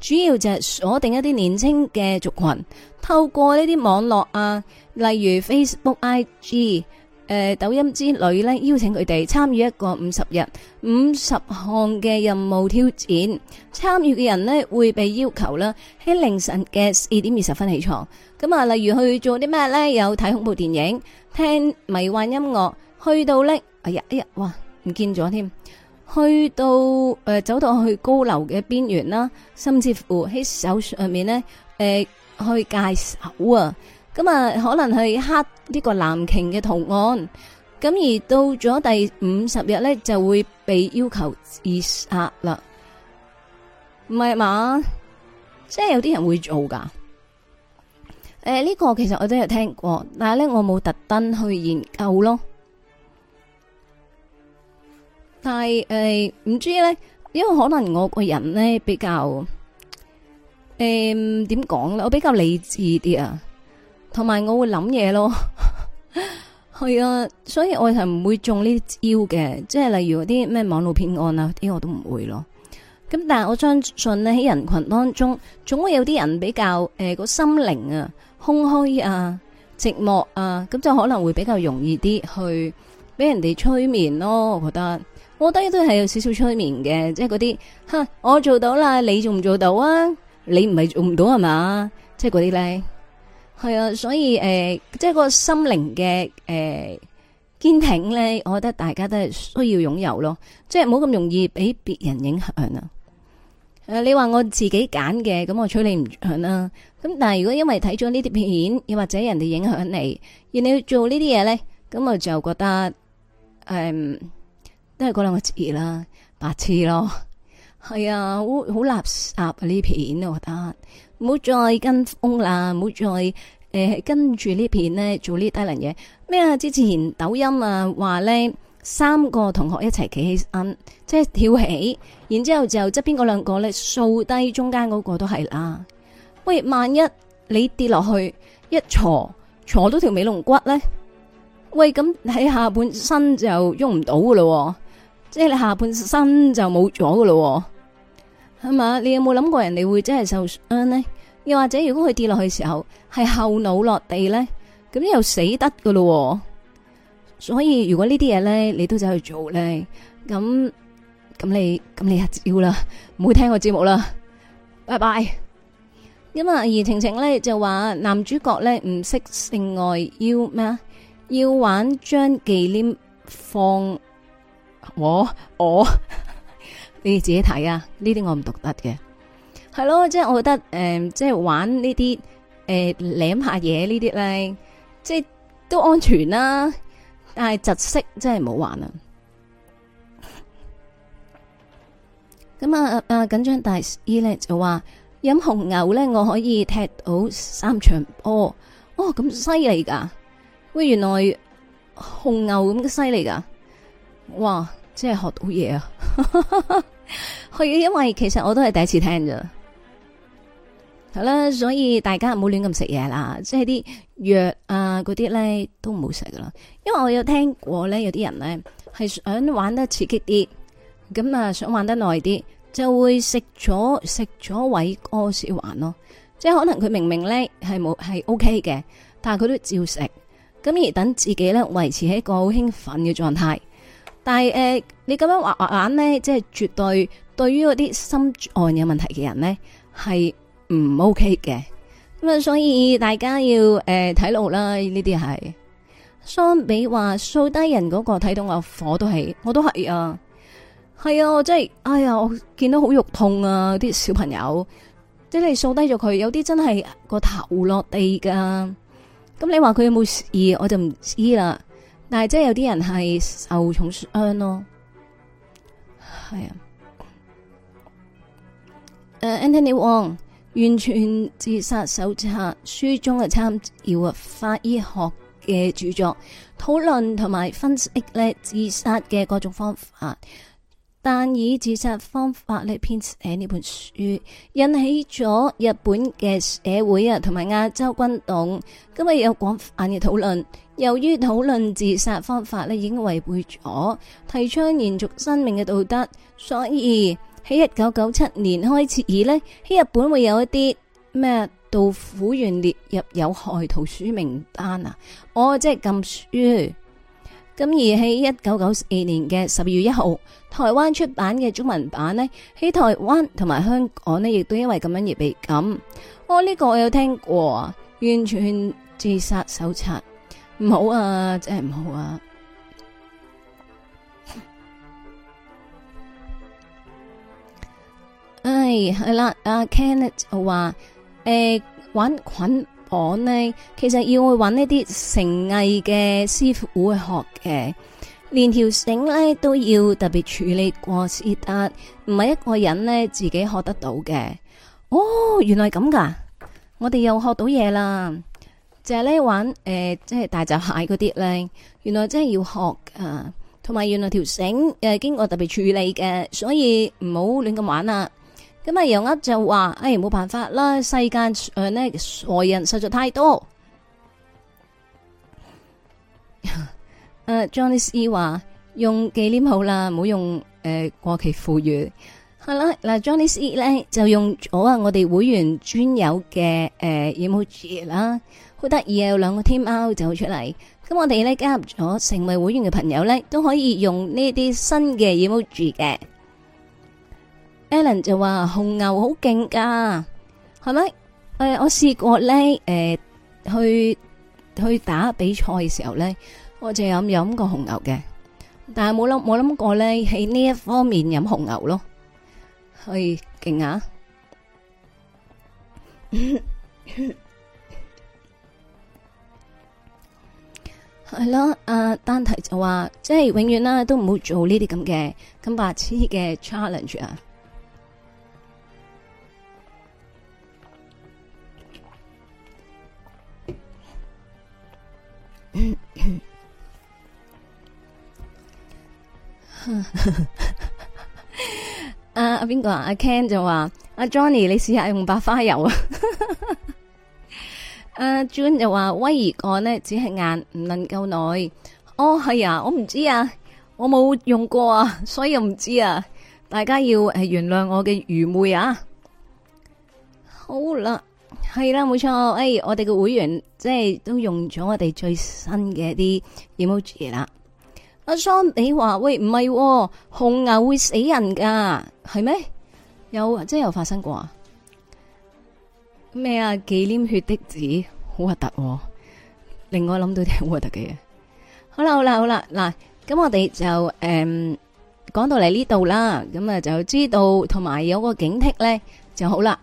主要就係鎖定一啲年輕嘅族群，透過呢啲網絡啊，例如 Facebook、IG。誒、呃，抖音之旅呢，邀請佢哋參與一個五十日、五十項嘅任務挑戰。參與嘅人呢，會被要求啦，喺凌晨嘅二點二十分起床。咁、呃、啊，例如去做啲咩呢？有睇恐怖電影、聽迷幻音樂，去到呢，哎呀，哎呀，哇，唔見咗添。去到誒、呃，走到去高樓嘅邊緣啦，甚至乎喺手上面呢，誒、呃，去戒手啊！咁啊，可能係刻呢個藍鯨嘅圖案，咁而到咗第五十日咧，就會被要求自殺啦，唔係嘛？即係有啲人會做噶。誒，呢個其實我都有聽過，但係咧我冇特登去研究咯。但係誒，唔知咧，因為可能我個人咧比較誒點講咧，我比較理智啲啊。同埋我會諗嘢咯， 係啊，所以我係唔會中呢招嘅，即係例如嗰啲咩網絡騙案啊，啲我都唔會咯。咁但係我相信咧喺人群當中，總會有啲人比較誒個、呃、心靈啊空虛啊寂寞啊，咁就可能會比較容易啲去俾人哋催眠咯。我覺得，我覺得都係有少少催眠嘅，即係嗰啲，吓我做到啦，你做唔做到啊？你唔係做唔到係嘛？即係嗰啲咧。係啊，所以誒、呃，即係個心靈嘅誒堅挺咧，我覺得大家都係需要擁有咯，即係冇咁容易俾別人影響啊。誒、呃，你話我自己揀嘅，咁我催你唔響啦。咁但係如果因為睇咗呢啲片，又或者人哋影響你，而你要去做呢啲嘢咧，咁我就覺得誒、嗯，都係嗰兩個字啦，白痴咯。係啊，好好垃圾啊，呢啲片，我覺得。唔好再跟風啦，唔好再誒、呃、跟住呢片呢做呢低能嘢。咩啊？之前抖音啊話呢三個同學一齊企起，起身，即係跳起，然之後就側邊嗰兩個呢掃低中間嗰個都係啦。喂，萬一你跌落去一坐坐到條尾龍骨呢，喂咁喺下半身就喐唔到噶喎，即係你下半身就冇咗噶喎。係嘛？你有冇諗過人哋會真係受傷咧？又或者如果佢跌落去時候係後腦落地咧，咁又死得噶咯？所以如果呢啲嘢咧，你都走去做咧，咁咁你咁你阿蕉啦，唔好聽我節目啦，拜拜。咁啊，而晴晴咧就話男主角咧唔識性愛，要咩啊？要玩張忌廉放我我。你哋自己睇啊，呢啲我唔讀得嘅。係咯，即係我覺得誒、呃，即係玩呢啲誒舐下嘢呢啲咧，即係都安全啦、啊，但係窒息真係唔好玩啊！咁啊啊緊張，大 E 就話飲紅牛咧，我可以踢到三場波哦，咁犀利噶！喂，原來紅牛咁犀利噶，哇，真係學到嘢啊！ 去， 因為其實我都係第一次聽咋，好啦，所以大家唔好亂咁食嘢啦，即係啲藥啊嗰啲呢都唔好食噶啦。因為我有聽過呢，有啲人呢係想玩得刺激啲，咁啊想玩得耐啲，就會食咗食咗偉哥，先玩咯。即係可能佢明明呢係冇係 O K 嘅，但係佢都照食，咁而等自己呢維持喺一個好興奮嘅狀態。但係誒、呃，你咁樣話玩咧，即係絕對對於嗰啲心臟有問題嘅人咧係唔 OK 嘅。咁啊，所以大家要誒睇、呃、路啦，呢啲係。相比話掃低人嗰、嗰個睇到我火都起，我都係啊，係啊，我真係，哎呀，我見到好肉痛啊，啲小朋友，即係掃低咗佢，有啲真係個頭落地噶。咁你話佢有冇事，我就唔知啦。但係即係有啲人係受重傷咯，係啊。誒，Anthony Wong《完全自殺手冊》書中啊，參照啊，法醫學嘅著作，討論同埋分析咧自殺嘅各種方法，但以自殺方法嚟編寫呢本書，引起咗日本嘅社會啊，同埋亞洲軍動，今日有廣泛嘅討論。由於討論自殺方法咧，已經違背咗提倡延續生命嘅道德，所以喺一九九七年開始以咧喺日本會有一啲咩道府縣列入有害圖書名單啊！我、哦、即係禁書。咁而喺一九九四年嘅十二月一號，台灣出版嘅中文版呢，喺台灣同埋香港呢，亦都因為咁樣而被禁。我、哦、呢、這個我有聽過，完全自殺手冊。唔好啊，真係唔好啊唉！哎，係啦、啊，阿 Kenneth 就話：，誒、呃，玩捆綁玩玩呢，其實要去揾一啲成藝嘅師傅去學嘅，連條繩咧都要特別處理過，先得唔係一個人咧自己學得到嘅。哦，原來咁噶，我哋又學到嘢啦！就係咧玩誒、呃，即係大閘蟹嗰啲咧。原來真係要學啊，同埋原來條繩誒、呃、經過特別處理嘅，所以唔好亂咁玩啦。咁啊，楊鶺就話，誒冇辦法啦，世界誒咧傻人實在太多。誒、 呃、Johnny C 話用忌廉好了、呃、啦，唔好用誒過期腐乳係啦。嗱，Johnny C 咧就用咗我哋會員專有嘅誒、呃、emoji 啦。好得意啊！有兩個天喵走出嚟，咁我哋呢加入咗成為會員嘅朋友呢，都可以用呢啲新嘅 emoji 嘅。Alan 就話紅牛好勁噶，係咪？誒，我試過呢，誒，去去打比賽嘅時候呢，我就飲飲過紅牛嘅，但係冇諗冇諗過呢喺呢一方面飲紅牛咯，係勁啊！係咯，阿丹提就話，即係永遠啦，都唔好做呢啲咁嘅咁白痴嘅 challenge 啊！啊，阿邊個啊？阿 Ken 就話，阿 Johnny 你試下用白花油啊！阿 John 又話威儀個呢，只係硬，唔能夠耐。哦，係啊，我唔知啊，我冇用過啊，所以唔知啊。大家要係、呃、原諒我嘅愚昧啊。好啦，係啦、啊，冇錯。誒、哎，我哋嘅會員即係都用咗我哋最新嘅一啲 emoji 啦。阿、uh, 桑，你話喂唔係、啊，紅牛會死人噶，係咩？有，即係有發生過啊？咩啊？忌廉血的字好核突，令我諗到啲好核突嘅嘢。好啦，好啦，好啦，嗱，咁我哋就誒講到嚟呢度啦，咁啊就知道同埋有個警惕咧就好啦。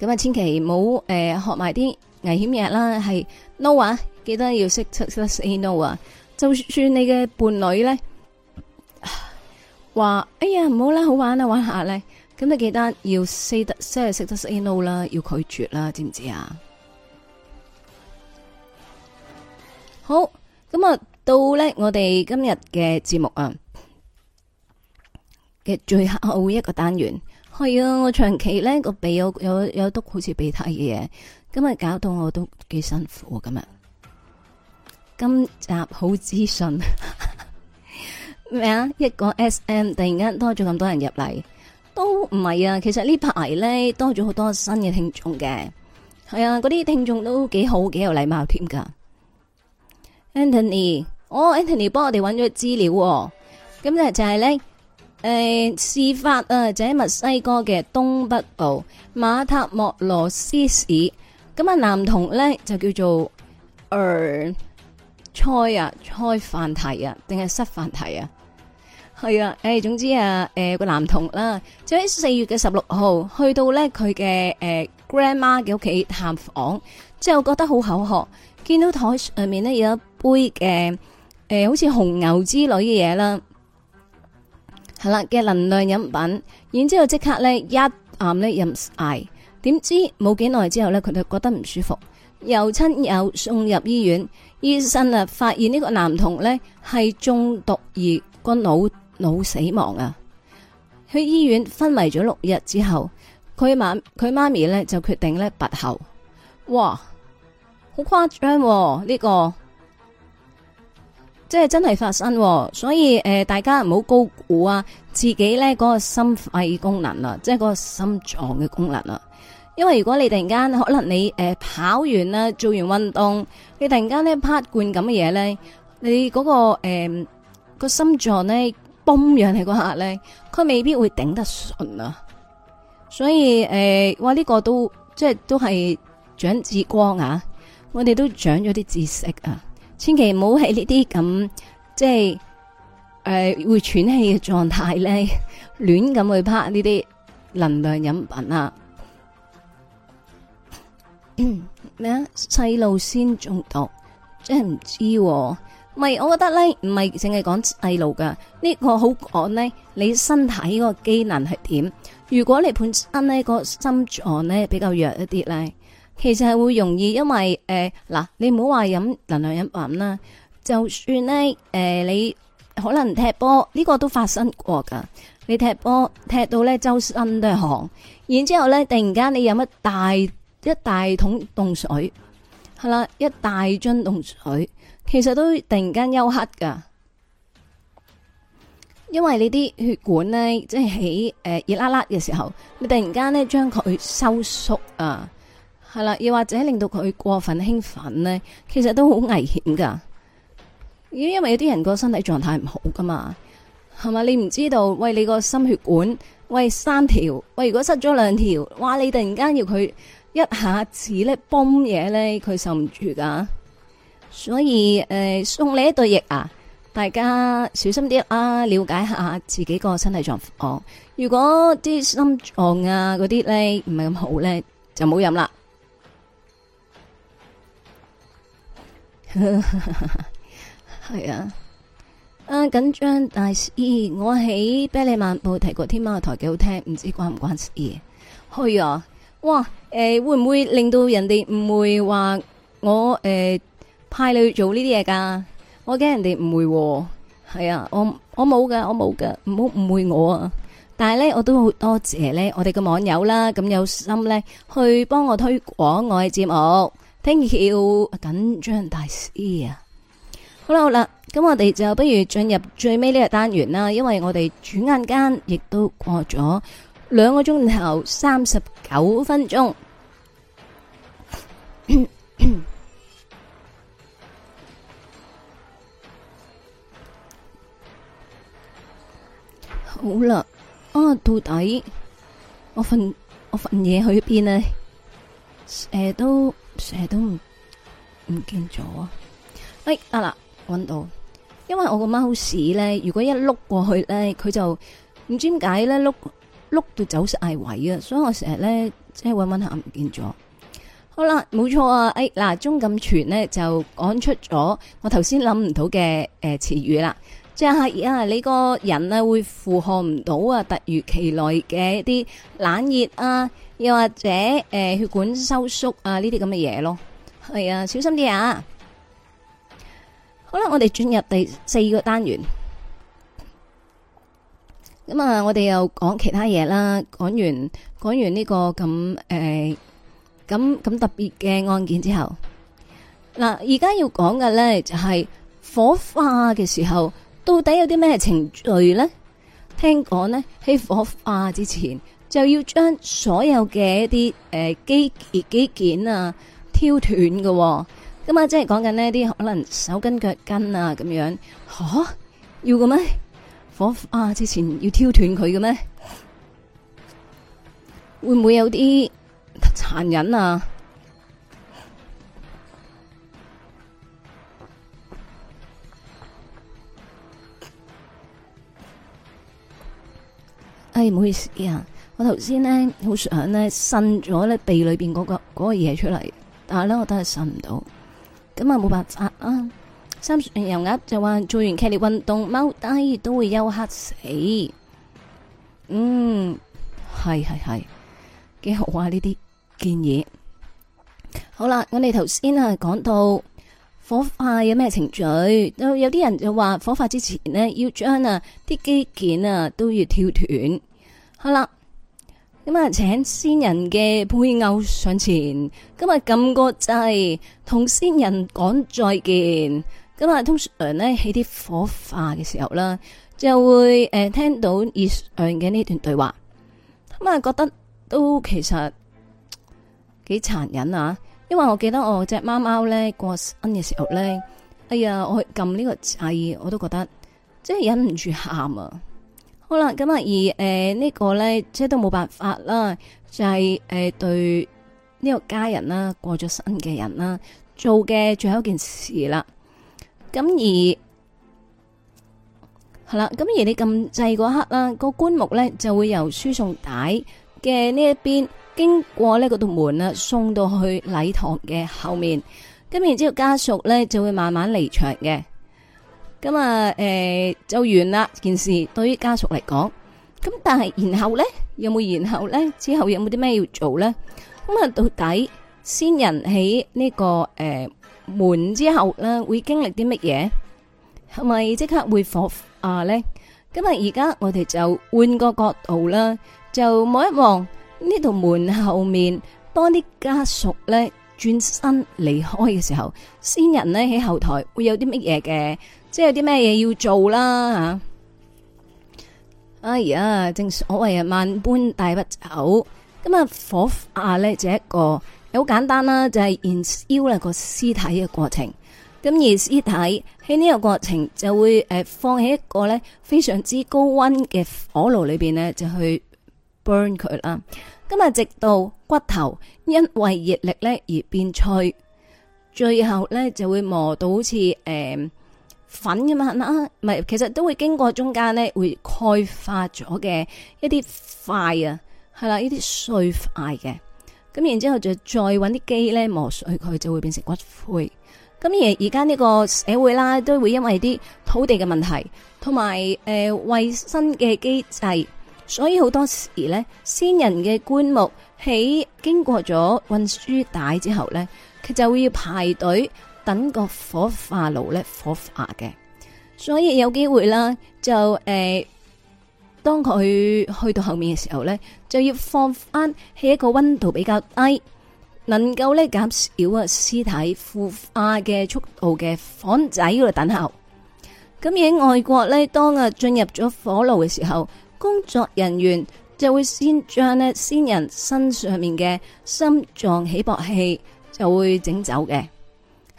咁啊，千祈唔好誒學埋啲危險嘢啦，係 no 啊！記得要識出出先 no 啊！就算你嘅伴侶咧話，哎呀唔好啦，好玩啦玩下咧。咁你記得要 say 得即係識得 say no 啦，要拒絕啦，知唔知啊？好，咁啊到咧我哋今日嘅節目啊嘅最後一個單元，係啊我長期咧個鼻有有有督好似鼻涕嘅嘢，今日搞到我都幾辛苦啊今日。今集好資訊咩啊？一個 S M 突然間多咗咁多人入嚟。都唔係啊，其實呢排咧多咗好多新嘅聽眾嘅，係啊，嗰啲聽眾都幾好，幾有禮貌添㗎。Anthony，我、哦、Anthony 幫我哋揾咗資料，哦，咁咧就係咧，誒，事發啊就喺、是、墨西哥嘅東北部馬塔莫羅斯市，咁、那、啊、個男童咧就叫做 Er、呃、啊，開犯題啊，定係失犯題啊？係啊，誒，總之啊，誒、呃、個男童啦、啊，就喺四月嘅十六號，去到咧佢嘅誒 grandma 嘅屋企探訪，之後覺得好口渴，見到台上面咧有一杯嘅誒、呃、好似紅牛之類嘅嘢啦，係啦嘅能量飲品，然後之後即刻咧一啖咧飲嗌，點知冇幾耐之後咧佢就覺得唔舒服，由親友送入醫院，醫生啊發現呢個男童咧係中毒而個腦。腦死亡啊！去醫院昏迷咗六日之後，佢媽佢媽咪咧就決定咧拔喉。哇，好誇張呢個，即係真係發生，啊。所以誒、呃，大家唔好高估啊，自己咧嗰、那個心肺功能啊，即係嗰個心臟嘅功能啊。因為如果你突然間可能你誒、呃、跑完啦，做完運動，你突然間咧拍罐咁嘅嘢咧，你嗰、那個誒、呃那個心臟咧。泵樣，你嗰刻咧，佢未必會頂得順啊。所以誒，我、呃、呢、這個都即係都係長智光啊！我哋都長咗啲知識啊，千祈唔好喺呢啲咁即係誒、呃、會喘氣嘅狀態咧，亂 咁去拍呢啲能量飲品啊！咩、嗯、啊？細路先中毒，真係唔知喎、啊。唔係，我覺得咧，唔係淨係講細路噶，呢個好講呢，你身體個機能係點？如果你本身呢個心臟呢比較弱一啲呢，其實係會容易，因為誒嗱、呃，你唔好話飲能量飲品啦，就算呢，誒、呃、你可能踢波，呢個都發生過噶。你踢波踢到呢周身都係汗，然之後呢突然間你飲一大一大桶凍水，係啦，一大樽凍水。其實都突然間休克噶，因為你啲血管呢，即係喺誒熱辣辣嘅時候，你突然間呢將佢收縮啊，係啦，又或者令到佢過分興奮呢，其實都好危險噶。因為有啲人個身體狀態唔好噶嘛，係嘛？你唔知道，喂你個心血管喂三條，喂如果塞咗兩條，哇！你突然間要佢一下子呢，崩嘢呢，佢受唔住噶。所以誒、呃，送你一對翼啊！大家小心啲啊，了解下自己個身體狀況、哦。如果啲心臟啊嗰啲咧唔係咁好咧，就唔好飲啦。係 啊，啊緊張大師，我喺啤梨漫步提過天喵台幾好聽，唔知關唔關事？去啊！哇，誒、呃、會唔會令到人哋誤會話我誒？呃派你去做呢啲嘢噶，我驚人哋誤會、哦。係啊，我我冇噶，我冇噶，唔好誤會我啊！但係咧，我都好多謝咧，我哋嘅網友啦，咁有心咧，去幫我推廣我嘅節目。Thank you。緊張大師啊！好啦好啦，咁我哋就不如進入最尾呢個單元啦，因為我哋轉眼間亦都過咗兩個鐘頭三十九分鐘。 好啦，啊，到底我份我份嘢去邊呢？成日都成日都唔唔見咗，啊。誒得啦，搵，啊，到，因為我個 mouse 咧，如果一碌過去咧，佢就唔知點解咧碌碌到走晒位啊，所以我成日咧即係搵搵下唔見咗。好啦，冇錯啊。誒、哎、嗱，鍾錦泉咧就講出咗我頭先諗唔到嘅誒詞語啦。即係啊！你個人啊，會負荷唔到啊，突如其來嘅一啲冷熱啊，又或者誒、呃、血管收縮啊呢啲咁嘅嘢咯。係啊，小心啲啊！好啦，我哋轉入第四個單元。咁啊，我哋又講其他嘢啦。講完講完呢個咁誒咁咁特別嘅案件之後，嗱，而家要講嘅呢就係、是、火化嘅時候。到底有啲咩程序呢？聽講呢，喺火化之前就要將所有嘅一啲誒機件機件啊挑斷嘅、哦，咁啊即係講緊呢啲可能手筋腳筋啊咁樣，吓、啊、要嘅咩？火化之前要挑斷佢嘅咩？會唔會有啲殘忍啊？唔、哎、好意思啊，我頭先呢，好想伸、那個那個、呢，伸咗咧鼻裏邊嗰個個嘢出嚟，但係咧我都係伸唔到，咁啊冇辦法啊。三水油鴨就話做完劇烈運動踎低都會休克死。嗯，係係係，幾好啊呢啲建議。好啦，我哋頭先啊講到火化有咩程序？有啲人就話火化之前呢，要將啊啲肌腱啊都要挑斷。好啦，咁啊，請先人嘅配偶上前，今日撳個掣，同先人講再見。咁啊，通常咧喺啲火化嘅時候啦，就會誒聽到以上嘅呢段對話，咁啊覺得都其實幾殘忍啊，因為我記得我隻貓貓咧過身嘅時候咧，哎呀，我去撳呢個掣，我都覺得即係忍唔住喊啊！好啦，咁啊，而、呃、誒、這個、呢個咧，即係都冇辦法啦，就係、是、誒、呃、對呢個家人啦，過咗身嘅人啦，做嘅最後一件事啦。咁而係啦，咁而你撳掣嗰刻啦，個棺木咧就會由輸送帶嘅呢一邊經過嗰道門啦，送到去禮堂嘅後面。咁然之後家屬咧就會慢慢離場嘅。咁啊，誒，就完啦件事。對於家屬嚟講，咁但係然後咧有冇然後咧？之後有冇啲咩要做咧？咁啊，到底先人喺呢個誒門之後咧，會經歷啲乜嘢？係咪即刻會火化咧？咁啊，而家我哋就換個角度啦，就望一望呢度門後面，當啲家屬咧轉身離開嘅時候，先人咧喺後台會有啲乜嘢嘅？即係有啲咩嘢要做啦吓，哎呀，正所謂啊，萬般帶不走。咁啊，火化咧，就係、一個好簡單啦，就係、是、燃燒呢個屍體嘅過程。咁而屍體喺呢個過程就會誒放喺一個咧非常之高溫嘅火爐裏邊咧，就去 burn 佢啦。咁啊，直到骨頭因為熱力咧而變脆，最後咧就會磨到好似誒，呃粉嘅嘛啦，唔係，其實都會經過中間咧，會鈣化咗嘅一啲塊啊，係啦，呢啲碎塊嘅。咁然之後就再搵啲機咧磨碎佢，就會變成骨灰。咁而而家呢個社會啦，都會因為啲土地嘅問題，同埋誒衛生嘅機制，所以好多時咧，先人嘅棺木喺經過咗運輸帶之後咧，佢就會要排隊。等個火化爐咧，火化嘅，所以有機會啦，就誒、呃，當佢去到後面嘅時候咧，就要放翻喺一個溫度比較低，能夠咧減少啊屍體腐化嘅速度嘅房仔度等候。咁而喺外國咧，當啊進入咗火爐嘅時候，工作人員就會先將呢先人身上面嘅心臟起搏器就會整走嘅。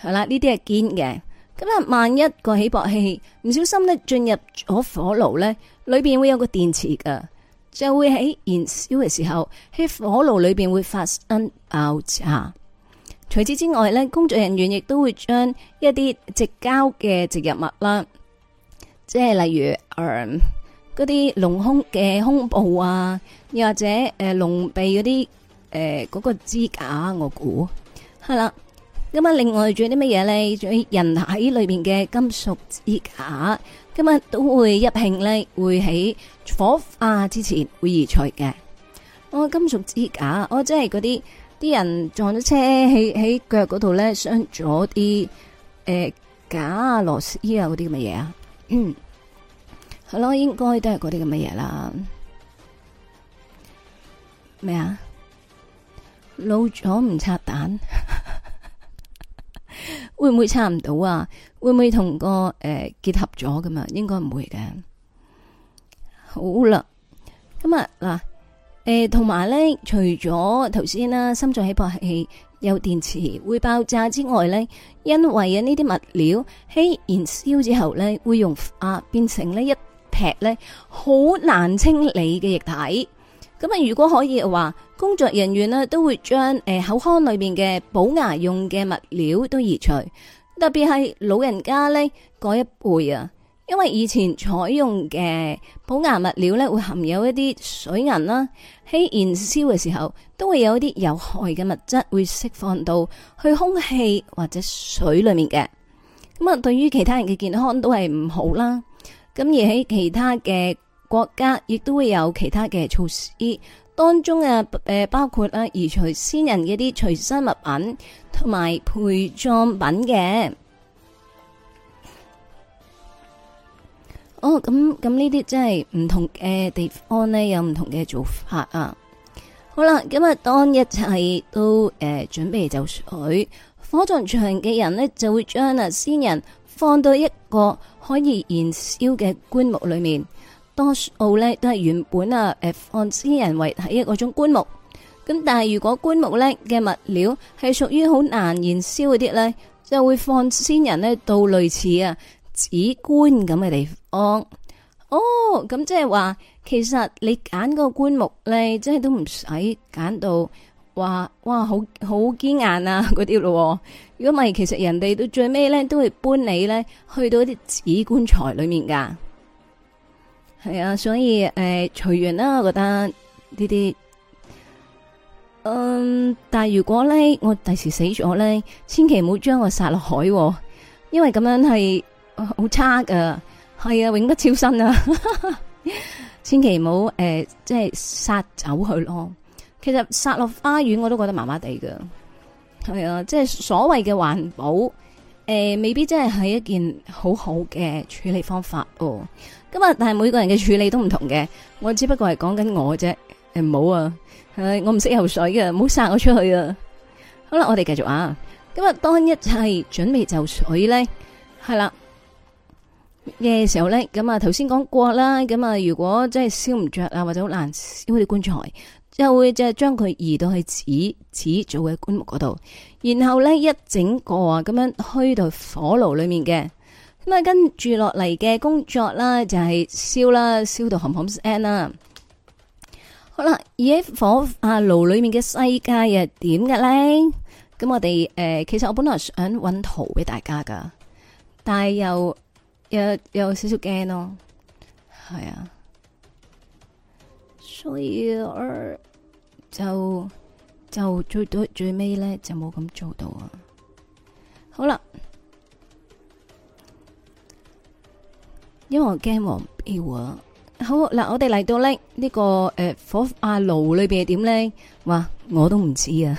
係啦，呢啲係堅嘅。咁啊，萬一個起搏器唔小心呢進入咗火爐呢，裏邊會有個電池噶，就會喺燃燒嘅時候喺火爐裏邊會發生爆炸。除此之外呢，工作人員亦都會將一啲直膠嘅植入物啦，即係例如誒嗰啲隆胸嘅胸部啊，又或者誒隆鼻嗰啲誒嗰個支架，我估係啦。嗯嗯今晚另外仲有啲乜嘢咧？仲有人喺裏邊嘅金屬支架，今日都會一慶咧，會喺火化之前會移除嘅。哦，金屬支架哦，即係嗰啲啲人撞咗車喺喺腳嗰度咧，傷咗啲誒，架啊螺絲啊嗰啲咁嘅嘢啊。嗯，係咯，應該都係嗰啲咁嘅嘢啦。咩啊？老咗唔拆彈。 會唔會差唔到啊？會唔會同個誒、呃、結合咗噶嘛？應該唔會嘅。好啦，咁啊嗱，誒同埋咧，除咗頭先啦，心臟起搏器有電池會爆炸之外咧，因為啊呢啲物料喺燃燒之後咧，會用壓變成呢一劈咧好難清理嘅液體。咁啊，如果可以嘅話。工作人員咧都會將、呃、口腔裏面嘅補牙用嘅物料都移除，特別係老人家呢嗰一輩啊，因為以前採用嘅補牙物料咧會含有一啲水銀啦，喺燃燒嘅時候都會有一啲有害嘅物質會釋放到去空氣或者水裏面嘅，咁啊對於其他人嘅健康都係唔好啦。咁而喺其他嘅國家亦都會有其他嘅措施。當中嘅、誒包括啦，移除先人嘅啲隨身物品同埋陪葬品嘅。哦，咁咁呢啲真係唔同嘅地方呢，有唔同嘅做法啊。好啦，咁啊，當一切都誒、呃、準備就緒，火葬場嘅人呢就會將啊先人放到一個可以燃燒嘅棺木裏面。多數咧都係原本啊，誒放先人為喺一個種棺木，咁但係如果棺木咧嘅物料係屬於好難燃燒嗰啲咧，就會放先人咧到類似啊紙棺咁嘅地方哦。哦，咁即係話，其實你揀個棺木咧，即係都唔使揀到話，哇，好好堅硬啊嗰啲咯。如果唔係，其實人哋到最尾咧都會搬你咧去到一啲紙棺材裏面噶。係啊，所以誒，隨緣啦。我覺得呢啲，嗯，但係如果咧，我第時死咗咧，千祈唔好將我撒落海，因為咁樣係好、呃、差噶。係啊，永不超生啊， 千祈唔好誒，即係撒走佢咯。其實撒落花園，我都覺得麻麻地噶。係啊，即係所謂嘅環保，誒、呃，未必真係係一件很好好嘅處理方法哦。咁啊！但係每個人嘅處理都唔同嘅，我只不過係講緊我啫。誒、欸，唔好啊！誒，我唔識游水嘅，唔好殺我出去啊！好啦，我哋繼續啊！咁啊，當一切準備就緒，咧係啦嘅時候咧，咁啊，頭先講過啦。咁啊，如果真係燒唔着啊，或者好難燒啲棺材，就會就將佢移到去紙紙做嘅棺木嗰度，然後咧一整個啊咁樣虛到火爐裏面嘅。咁啊，跟住落嚟嘅工作啦，就係燒啦，燒到含含聲啦。好啦，而喺火啊爐裏面嘅世界又點嘅咧？咁我哋誒，其實我本來想搵圖俾大家噶，但係又誒又有少少驚咯，係啊，所以而就就最到最尾咧，就冇咁做到啊。好啦。因為我驚黃標啊！好嗱，我哋嚟到呢呢個誒火化爐裏邊係點咧？哇，我都唔知啊！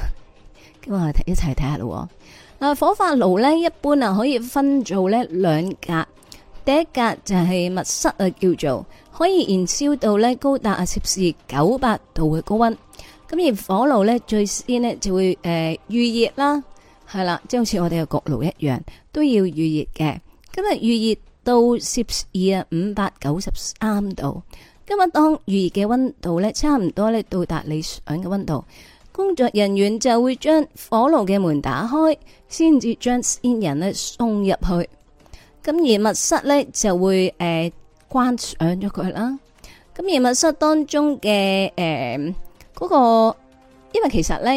咁啊，我哋一齊睇下咯。嗱，火化爐咧一般啊可以分做咧兩格，第一格就係密室啊，叫做可以燃燒到咧高達啊攝氏九百度嘅高溫。咁而火爐咧，最先咧就會誒預熱啦，係啦，即係好似我哋嘅焗爐一樣，都要預熱嘅。咁啊預熱。到攝氏二啊五百九十三度。今日當餘熱嘅温度咧，差唔多咧到達理想嘅溫度，工作人員就會將火爐嘅門打開，才把先至將先人咧送入去。咁而密室咧就會誒、呃、關上咗佢啦。咁而密室當中嘅誒嗰個，因為其實咧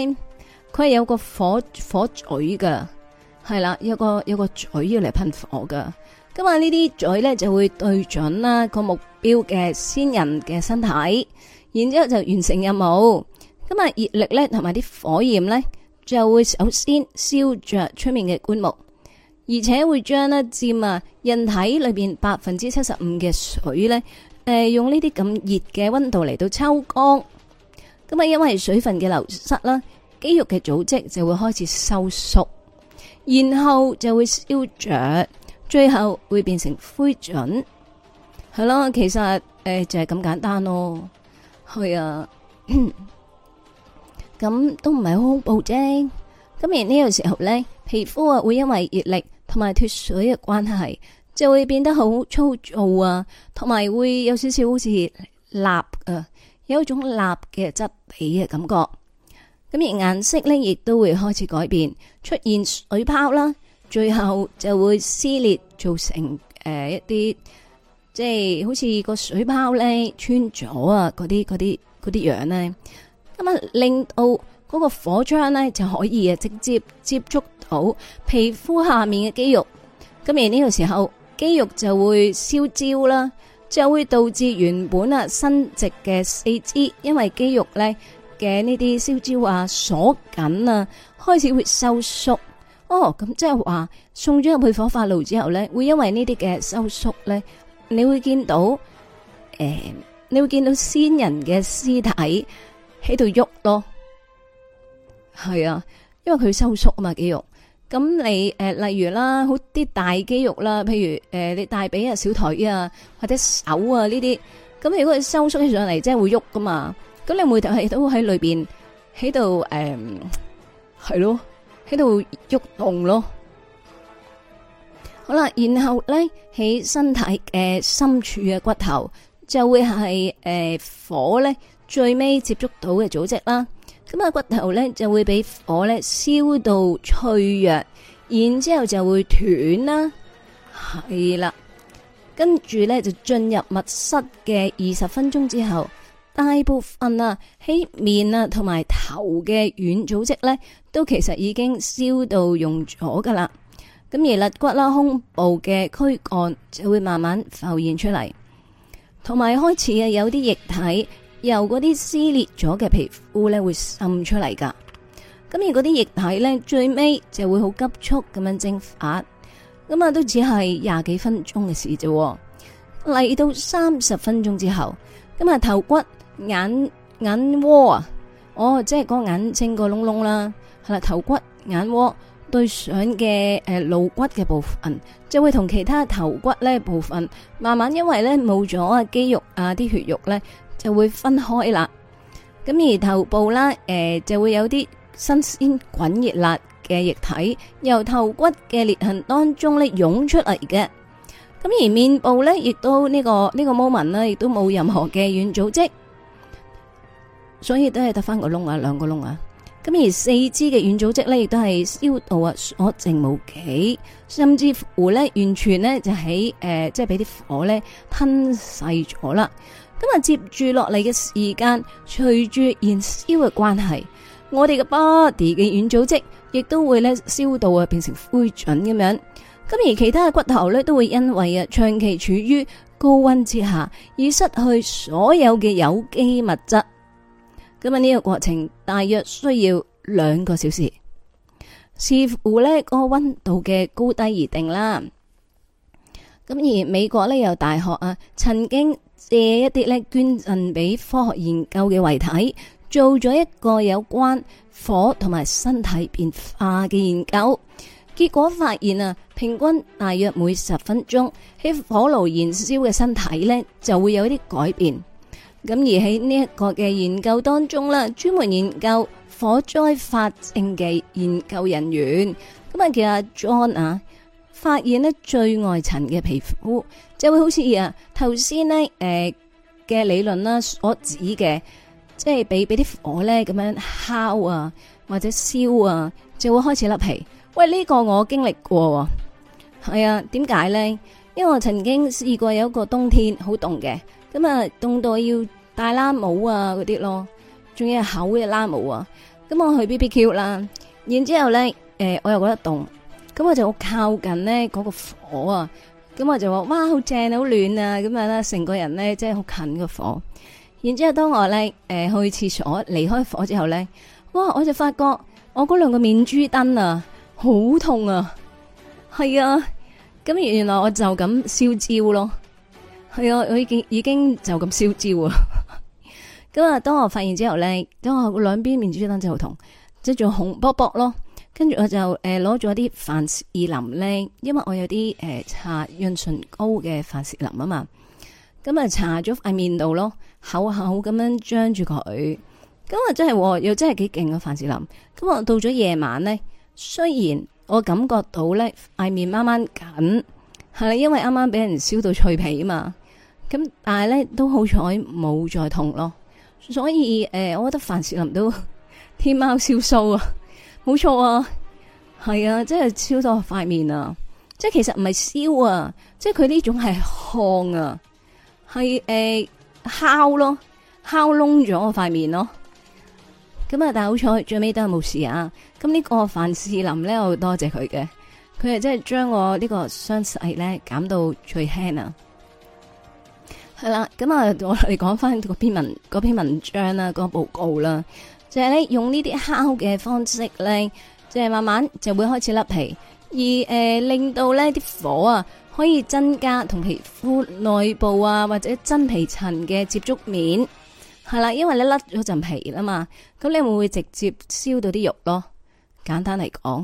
佢係有個火火嘴噶係啦，有個有個嘴要嚟噴火噶咁啊，呢啲嘴咧就會對準啦個目標嘅先人嘅身體，然之後就完成任務。咁啊，熱力咧同埋啲火焰咧就會首先燒着出面嘅棺木，而且會將呢佔啊人體裏邊百分之七十五嘅水咧，誒用呢啲咁熱嘅溫度嚟到抽乾。咁啊，因為水分嘅流失啦，肌肉嘅組織就會開始收縮，然後就會燒着。最後會變成灰燼，係咯，其實誒、呃、就係、是、咁簡單咯。係啊，咁都唔係好恐怖啫。咁而呢個時候咧，皮膚啊會因為熱力同埋脱水嘅關係，就會變得好粗糙啊，同埋會有少少好似蠟啊，有一種蠟嘅質皮嘅感覺。咁而顏色咧亦都會開始改變，出現水泡啦。最後就會撕裂，造成誒、呃、一啲即係好似個水泡咧穿咗啊，嗰啲嗰啲嗰啲樣咧，咁啊令到嗰個火槍咧就可以直接接觸到皮膚下面嘅肌肉，咁，而呢個時候肌肉就會燒焦啦，就會導致原本啊伸直嘅四肢，因為肌肉咧嘅呢啲燒焦啊鎖緊啊開始會收縮。哦，咁即係話送咗入去火化爐之後咧，會因為呢啲嘅收縮咧，你會見到誒，你會見到先人嘅屍體喺度喐咯。係啊，因為佢收縮啊嘛肌肉。咁你誒，例如啦，好啲大肌肉啦，譬如誒，你大髀啊、小腿啊或者手啊呢啲，咁如果佢收縮起上嚟，即係會喐噶嘛。咁你每條係都會喺裏邊喺度誒，係咯。喺度喐動咯，好啦，然後咧喺身體嘅深處嘅骨頭就會係誒火咧最尾接觸到嘅組織啦，咁啊骨頭咧就會俾火咧燒到脆弱，然之後就會斷啦，係啦，跟住咧就進入密室嘅二十分鐘之後，大部分啊喺面啊同埋頭嘅軟組織咧，都其實已經燒到溶咗噶啦，咁而肋骨啦、胸部嘅軀幹就會慢慢浮現出嚟，同埋開始啊有啲液體由嗰啲撕裂咗嘅皮膚咧會滲出嚟噶，咁而嗰啲液體呢，最尾就會好急速咁樣蒸發，咁啊都只係廿幾分鐘嘅事啫，嚟到三十分鐘之後，咁啊頭骨、眼眼窩啊，哦即係個眼睛個窿窿啦。係啦，頭骨眼窩對上嘅誒腦骨嘅部分，就會同其他頭骨咧部分，慢慢因為咧冇咗啊肌肉啊啲血肉咧，就會分開啦。咁而頭部啦，誒、呃、就會有啲新鮮滾熱辣嘅液體，由頭骨嘅裂痕當中咧湧出嚟嘅。咁而面部呢，亦都、這個這個、呢個呢個 moment 咧，亦都冇任何嘅軟組織，所以都係得翻個窿啊，兩個窿啊。咁而四肢嘅軟組織呢，亦都係燒到啊所剩無幾，甚至乎呢，完全呢，就喺誒、呃，即係俾啲火呢，吞噬咗啦。咁、嗯、啊，接住落嚟嘅時間，隨住燃燒嘅關係，我哋嘅 body 嘅軟組織亦都會呢，燒到啊變成灰燼咁樣。咁、嗯、而其他嘅骨頭呢，都會因為啊長期處於高溫之下，而失去所有嘅有機物質。咁呢個過程大約需要兩個小時，視乎呢個溫度嘅高低而定啦。咁而美國呢，有大學啊，曾經借一啲呢捐贈俾科學研究嘅遺體，做咗一個有關火同埋身體變化嘅研究，結果發現啊，平均大約每十分鐘喺火爐燃燒嘅身體呢，就會有一啲改變。咁而喺呢一個嘅研究當中啦，專門研究火災發生嘅研究人員，咁啊其實 John 啊發現呢，最外層嘅皮膚就會好似啊，頭先呢誒嘅理論啦所指嘅，即係俾俾啲火咧，咁樣烤啊或者燒啊，就會開始甩皮。喂，呢個我經歷過，係啊？點解咧？因為我曾經試過有一個冬天好凍嘅。咁啊，凍到要戴冷帽啊，嗰啲咯，仲要係厚嘅冷帽啊。咁我去 BBQ 啦，然之後咧，誒、呃，我又覺得凍，咁我就好靠近咧嗰、那個火啊，咁我就話，哇，好正啊，好暖啊，咁樣啦，成個人咧，即係好近個火。然之後當我咧，誒、呃，去廁所離開火之後咧，哇，我就發覺我嗰兩個面珠燈啊，好痛啊，係啊，咁原來我就咁燒焦咯。啊，我已經已經就咁燒焦啊！咁啊，當我發現之後咧，當我兩邊面珠墩就好痛，即係仲紅卜卜咯，跟住我就誒攞咗啲凡士林咧，因為我有啲誒搽潤唇膏嘅凡士林啊嘛，咁啊搽咗塊面度咯，厚厚咁樣張住佢，咁、嗯、啊真係又、呃、真係幾勁啊凡士林！咁啊、嗯、到咗夜晚咧，雖然我感覺到咧塊面啱啱緊，係因為啱啱俾人燒到脆皮啊嘛。咁但係咧都好彩冇再痛咯，所以誒、呃，我覺得凡士林都 天貓燒鬚啊，冇錯啊，係啊，真係超多塊面啊！即係其實唔係燒啊，即係佢呢種係燙啊，係誒、呃、烤咯，烤燶咗塊面咯。咁啊，但係好彩最尾都係冇事啊！咁呢個凡士林咧，我多謝佢嘅，佢係真係將我個呢個傷勢咧減到最輕啊！係啦，咁啊，我哋講翻，嗰篇文、嗰篇文章啦，嗰個報告啦，就係咧用呢啲烤嘅方式咧，就係慢慢就會開始甩皮，而誒、呃、令到咧啲火啊可以增加同皮膚內部啊或者真皮層嘅接觸面，係啦，因為你甩咗陣皮啊嘛，咁你會唔會直接燒到啲肉咯？簡單嚟講，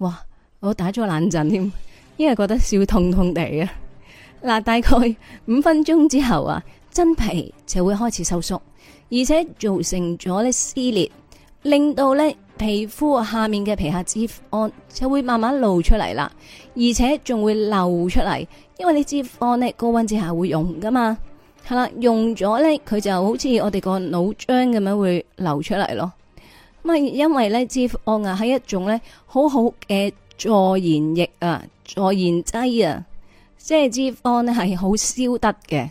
哇，我打咗冷震添，因為覺得燒痛痛地啊。嗱，大概五分鐘之後啊，真皮就會開始收縮，而且造成咗咧撕裂，令到咧皮膚下面嘅皮下脂肪就會慢慢露出嚟啦，而且仲會流出嚟，因為你脂肪呢，高溫之下會溶噶嘛，係啦，用咗咧佢就好似我哋個腦漿咁樣會流出嚟咯。咁啊，因為咧脂肪啊係一種咧好好嘅助燃液啊，助燃劑啊。即係脂肪是很的、哦、呢係好燒得嘅。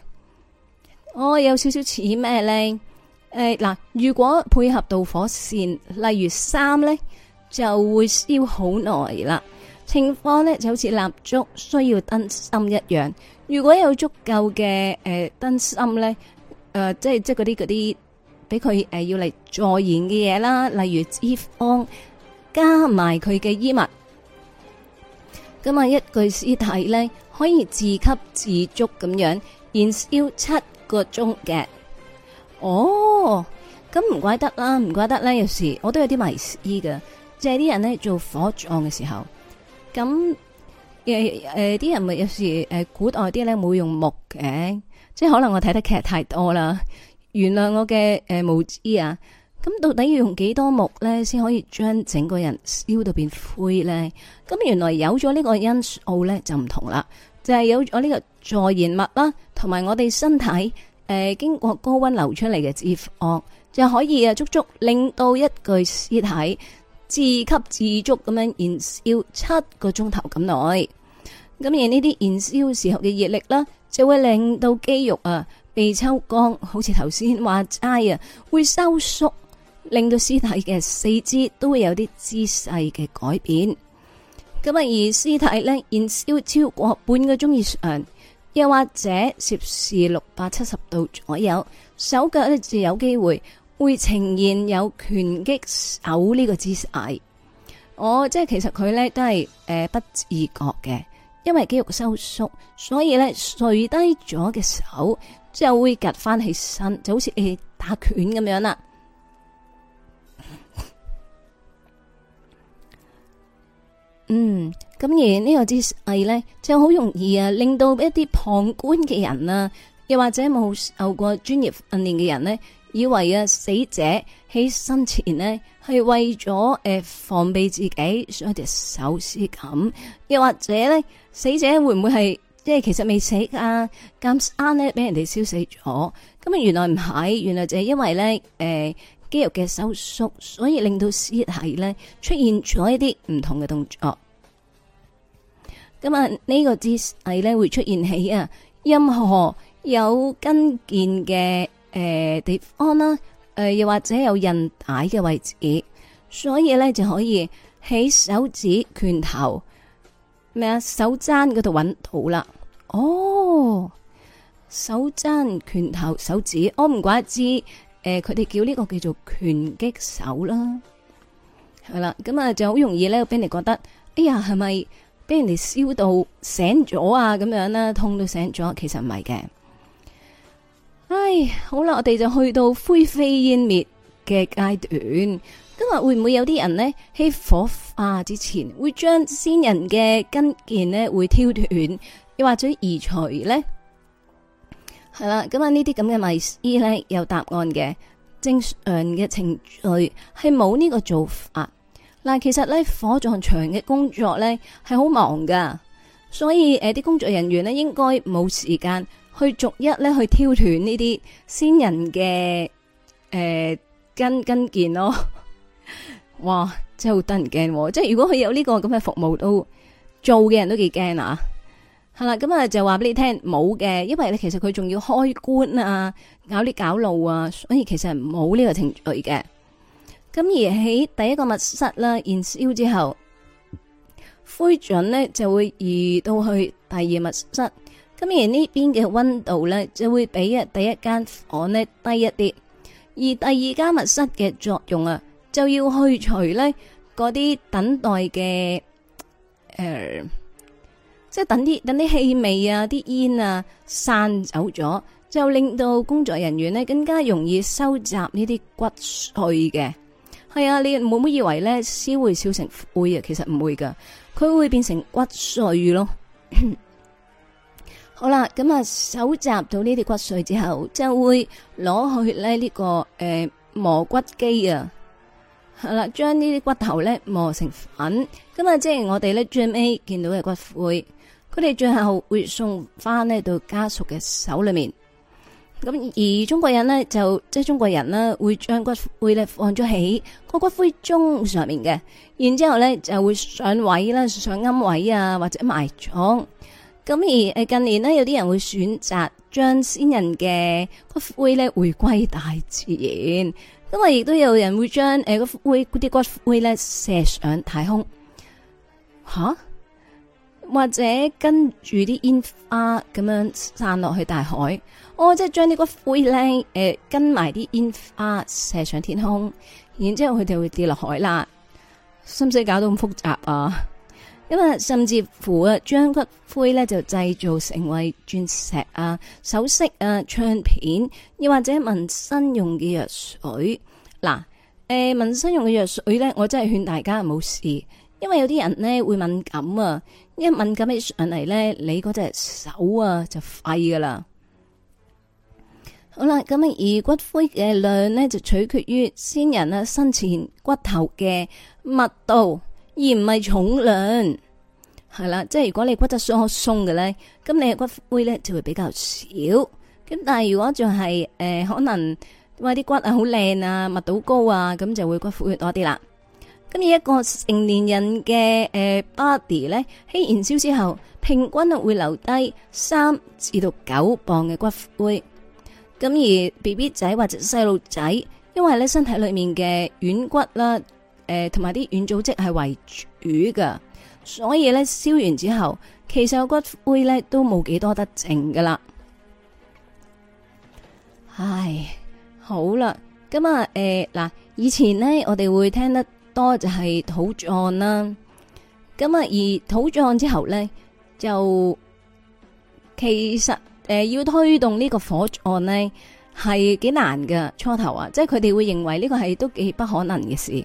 我有少少似咩咧？誒，嗱，如果配合到火線，例如衫咧，就會燒好耐啦。情況咧就好似蠟燭需要燈芯一樣。如果有足夠嘅誒燈芯咧，誒、呃，即係即係嗰啲嗰啲俾佢誒要嚟助燃嘅嘢啦，例如脂肪，加埋佢嘅衣物，咁、嗯、啊，一具屍體咧。可以自給自足咁樣，燃燒七個鐘嘅。哦，咁唔怪得啦，唔怪得咧。有時我都有啲迷思嘅，即係啲人咧做火葬嘅時候，咁誒誒，啲、呃呃、人咪有時誒、呃、古代啲咧冇用木嘅，即係可能我睇得劇太多啦，原諒我嘅誒無知啊。咁到底要用幾多木咧，先可以將整個人燒到變灰咧？咁原來有咗呢個因素咧，就唔同啦。就係有咗呢個助燃物啦，同埋我哋身體誒、呃、經過高温流出嚟嘅脂肪，就可以啊足足令到一具屍體自給自足咁樣燃燒七個鐘頭咁耐。咁而呢啲燃燒時候嘅熱力啦，就會令到肌肉啊被抽乾，好似頭先話齋啊會收縮，令到屍體嘅四肢都會有啲姿勢嘅改變。咁啊，而屍體咧燃燒超過半個鐘以上，又或者攝氏六百七十度左右，手腳咧就有機會會呈現有拳擊手呢個姿勢。我即係其實佢咧都係、呃、不自覺嘅，因為肌肉收縮，所以咧垂低咗嘅手就會夾翻起身，就好似誒打拳咁樣啦。嗯，咁而呢個姿勢咧，就好容易啊，令到一啲旁觀嘅人啊，又或者冇受過專業訓練嘅人呢，以為啊，死者喺生前呢，係為咗誒、呃、防備自己，所以一隻手似咁，又或者呢，死者會唔會係即係其實未死啊，咁啱呢，俾人哋燒死咗？咁啊，原來唔係，原來就係因為呢，誒、呃。肌肉嘅收縮，所以令到屍體咧出現咗一啲唔同嘅動作。咁啊，呢個姿勢咧會出現喺啊任何有筋腱嘅誒地方啦，誒、呃、又或者有韌帶嘅位置，所以咧就可以喺手指、拳頭咩啊手踭嗰度揾到啦。哦，手踭、拳頭、手指，我唔怪知。誒，佢哋、呃、叫呢個叫做拳擊手啦，係啦，咁啊就好容易咧，俾你覺得，哎呀，係咪俾人哋燒到醒咗啊？咁樣啦，痛到醒咗，其實唔係嘅。唉，好啦，我哋就去到灰飛煙滅嘅階段。今日會唔會有啲人呢，喺火化之前會將先人嘅筋腱呢會挑斷，又或者移除呢？係啦，咁啊呢啲咁嘅迷思咧有答案嘅，正常嘅程序係冇呢個做法。嗱，其實咧火葬場嘅工作咧係好忙噶，所以誒啲工作人員咧應該冇時間去逐一咧去挑斷呢啲先人嘅誒、呃、跟跟腱咯。 哇，真係好得人驚，即係如果佢有呢個咁嘅服務都做嘅人都幾驚啊！係啦，咁啊就話俾你聽冇嘅，因為咧其實佢仲要開棺啊，搞啲搞路啊，所以其實係冇呢個程序嘅。咁而喺第一個密室啦燃燒之後，灰燼呢就會移到去第二密室。咁而呢邊嘅溫度呢，就會比第一間房呢低一啲。而第二間密室嘅作用啊，就要去除呢嗰啲等待嘅誒。呃即係等啲等啲氣味啊，啲煙啊散走咗，就令到工作人員呢更加容易收集呢啲骨碎嘅。係啊，你唔會以為呢燒會燒成灰啊？其實唔會噶，佢會變成骨碎咯 好。好啦，咁啊，收集到呢啲骨碎之後，就會攞去呢、這、呢個誒、呃、磨骨機啊。係啦，將呢啲骨頭呢磨成粉。咁啊，即係我哋呢最尾見到嘅骨灰。佢哋最後會送翻呢到家屬嘅手裏面，咁而中國人呢，就即係中國人呢，會將骨灰咧放咗喺個骨灰盅上面嘅，然之後咧就會上位啦，上龕位啊或者埋葬。咁而誒近年呢，有啲人會選擇將先人嘅骨灰咧回歸大自然，因為亦都有人會將誒骨灰嗰啲骨灰咧射上太空，吓？或者跟住啲煙花咁樣散落去大海，哦，即係將啲骨灰咧，誒、呃，跟埋啲煙花射上天空，然之後佢哋會跌落海啦。使唔使搞到咁複雜啊？因為甚至乎啊，將骨灰咧就製造成為鑽石啊、首飾啊、唱片，又或者紋身用嘅藥水嗱，誒，呃、紋身用嘅藥水咧，我真係勸大家冇事，因為有啲人咧會敏感啊。一敏感起上嚟咧，你嗰隻手啊就廢噶啦。好啦，咁啊，而骨灰嘅量咧就取決於先人啊生前骨頭嘅密度，而唔係重量。係啦，即係如果你骨質疏鬆嘅咧，咁你嘅骨灰咧就會比較少。咁但係如果就係誒，可能話啲骨啊好靚啊，密度高啊，咁就會骨灰多啲啦。咁而一個成年人嘅誒 body 咧喺燃燒之後，平均啊會留低三至到九磅嘅骨灰。咁而 B B 仔或者細路仔，因為咧身體裏面嘅軟骨啦，誒同埋啲軟組織係為主噶，所以咧燒完之後，其實個骨灰咧都冇幾多得剩噶啦。唉，好啦，咁啊誒嗱，以前呢，我哋會聽得。多就係土葬啦，咁啊而土葬之後呢，就其實誒、呃、要推動呢個火葬呢，係幾難㗎，初頭啊，即係佢哋會認為呢個係都幾不可能嘅事，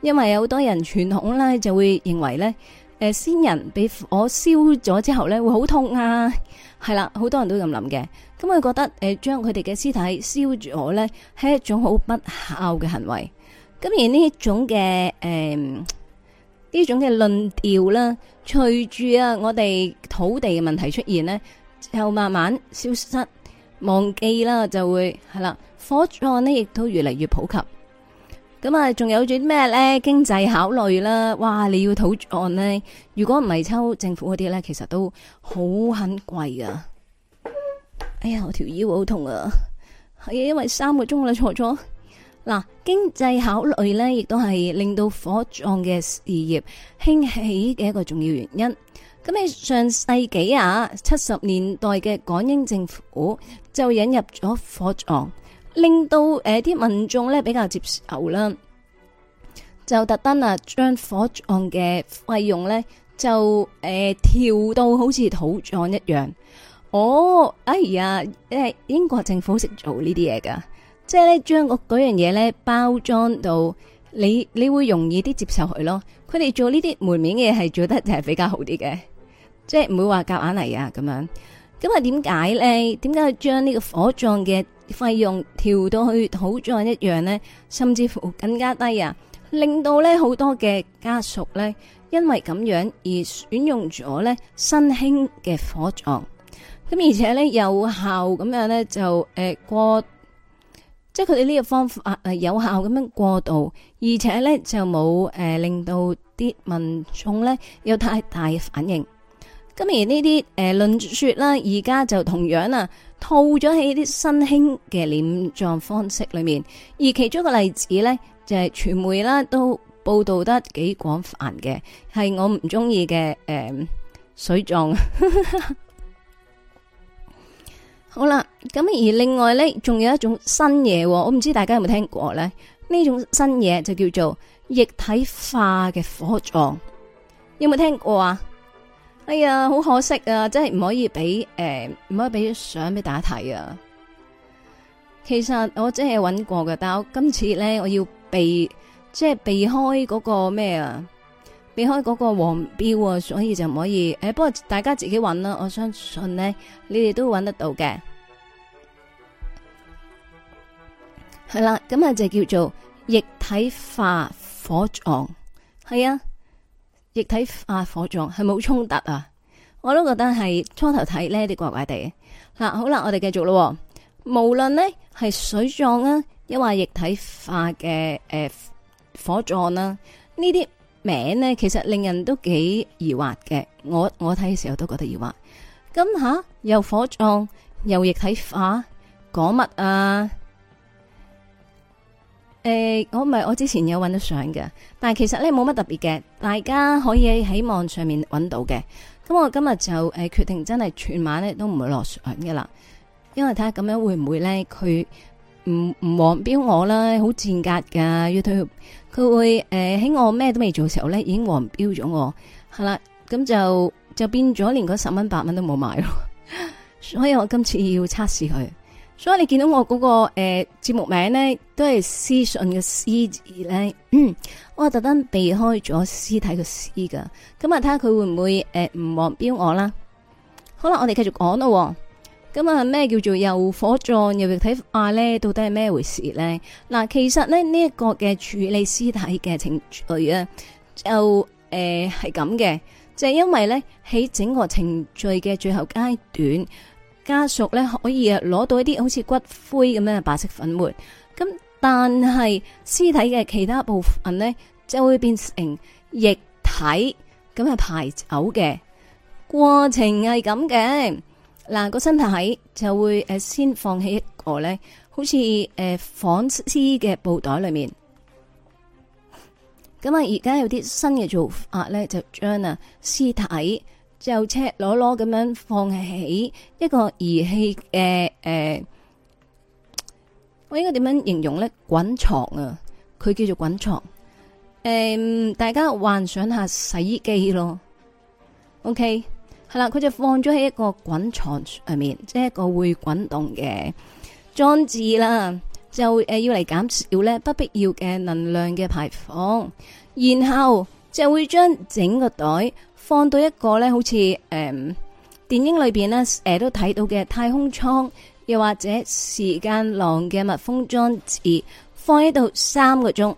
因為好多人傳統呢就會認為呢，誒、呃、先人被火燒咗之後呢會好痛啊，係啦，好多人都咁諗嘅，咁佢覺得誒將佢哋嘅屍體燒咗呢，係一種好不孝嘅行為。咁而呢一種嘅誒，呢、嗯、種嘅論調啦隨住啊我哋土地嘅問題出現呢就慢慢消失、忘記啦，就會係啦。火葬呢亦都越嚟越普及。咁啊，仲有住啲咩呢經濟考慮啦，哇！你要土葬呢，如果唔係抽政府嗰啲呢，其實都好很貴㗎。哎呀，我條腰好痛啊！係、哎、啊，因為三個鐘啦，坐咗。嗱，經濟考慮呢，亦都係令到火葬嘅事業興起嘅一個重要原因。咁喺上世紀啊，七十年代嘅港英政府就引入咗火葬，令到啲民眾呢比較接受啦，就特登啊，將火葬嘅費用呢，就誒調到好似土葬一樣。哦，哎呀，英國政府識做呢啲嘢噶～即係咧，將個嗰樣嘢咧包裝到你，你會容易啲接受佢咯。佢哋做呢啲門面嘅嘢係做得就係比較好啲嘅， 即係唔會話夾硬嚟啊咁樣。咁啊，點解咧？點解將呢個火葬嘅費用調到去土葬一樣呢？甚至乎更加低啊，令到咧好多嘅家屬咧，因為咁樣而選用咗咧新興嘅火葬。咁而且咧有效咁樣咧就誒、呃、過。即係佢哋呢個方法誒，有效咁樣過渡，而且咧就冇誒、呃、令到啲民眾咧有太大反應。咁而呢啲誒論說啦，而家就同樣啊套咗喺啲新興嘅殮葬方式裏面，而其中一個例子咧就係、是、傳媒啦都報道得幾廣泛嘅，係我唔中意嘅誒水葬。 好啦，咁而另外咧，仲有一種新嘢、哦，我唔知大家有冇聽過咧？呢種新嘢就叫做液體化嘅火葬，有冇聽過啊？哎呀，好可惜啊，真係唔可以俾誒唔可以俾相俾大家睇啊！其實我真係揾過嘅，但我今次咧，我要避即係避開嗰個咩啊？避開嗰個黃標，所以就唔可以誒。不過大家自己揾啦，我相信呢，你哋都揾得到嘅係啦。咁啊，佢就叫做液體化火葬係啊，液體化火葬係冇衝突啊。我都覺得係初頭睇呢啲怪怪哋。嗱、啊。好啦，我哋繼續咯。無論呢係水葬啊，抑或液體化嘅誒、呃、火葬啦、啊，呢啲。名呢其實令人都幾疑惑嘅，我我睇嘅時候都覺得疑惑。咁吓又火葬，又液體化，講乜啊？誒、欸，我唔係我之前有揾到相嘅，但係其實咧冇乜特別嘅，大家可以喺網上面揾到嘅。咁我今日就誒決定真係全晚咧都唔會落相嘅啦，因為睇下咁樣會唔會咧佢唔唔黃標我啦，好賤格噶 YouTube 佢會誒喺，呃、我咩都未做嘅時候咧，已經黃標咗我，哦，係啦，咁就就變咗連嗰十蚊八蚊都冇買咯， 所以我今次要測試佢，所以你見到我嗰個誒節目名咧，都係私訊嘅私字咧， 我特登避開咗屍體嘅屍噶，咁啊睇下佢會唔會誒唔，呃、黃標我啦，好啦，我哋繼續講咯。咁啊，咩叫做又火葬又液體化咧？到底係咩回事咧？嗱，其實咧呢一個嘅處理屍體嘅程序啊，呃，就誒係咁嘅，就係因為咧喺整個程序嘅最後階段，家屬咧可以攞到一啲好似骨灰咁樣嘅白色粉末，咁但係屍體嘅其他部分咧就會變成液體咁係排走嘅過程係咁嘅。嗱，個屍體就會誒先放喺一個咧，好似誒紡絲嘅布袋裏面。咁啊，而家有啲新嘅做法咧，就將啊屍體就赤裸裸咁樣放喺一個儀器誒誒，我應該點樣形容咧？滾床啊，佢叫做滾床。嗯，大家幻想下洗衣機咯。OK。係啦，佢就放咗喺一個滾床上面，即、就、係、係、一個會滾動嘅裝置啦，就誒要嚟減少咧不必要嘅能量嘅排放，然後就會將整個袋放到一個咧好似誒、嗯、電影裏邊咧誒都睇到嘅太空艙，又或者時間廊嘅密封裝置，放喺度三個鐘，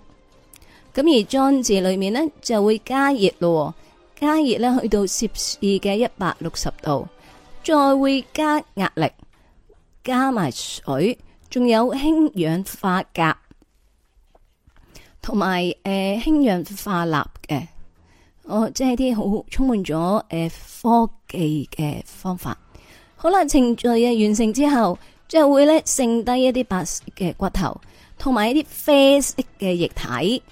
咁而裝置裏面呢，就會加熱咯。加熱咧去到攝氏嘅一百六十度，再會加壓力，加埋水，仲有氫氧化鉀同埋誒氫氧化鈉嘅，哦，即係啲好充滿咗誒科技嘅方法。好啦，程序啊完成之後，就會咧剩低一啲白色嘅骨頭，同埋一啲啡色嘅液體。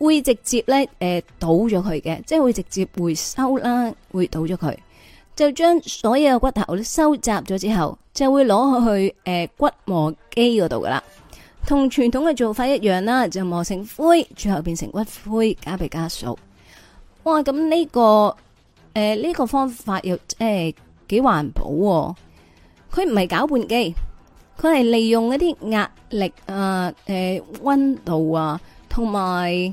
會直接咧誒倒咗佢嘅，即係會直接回收啦，會倒咗佢，就將所有嘅骨頭咧收集咗之後，就會攞去誒骨磨機嗰度噶啦，同傳統嘅做法一樣啦，就磨成灰，最後變成骨灰加俾家屬。哇，咁呢個誒呢個方法又誒幾環保，佢唔係攪拌機，佢係利用一啲壓力啊、誒溫度啊同埋。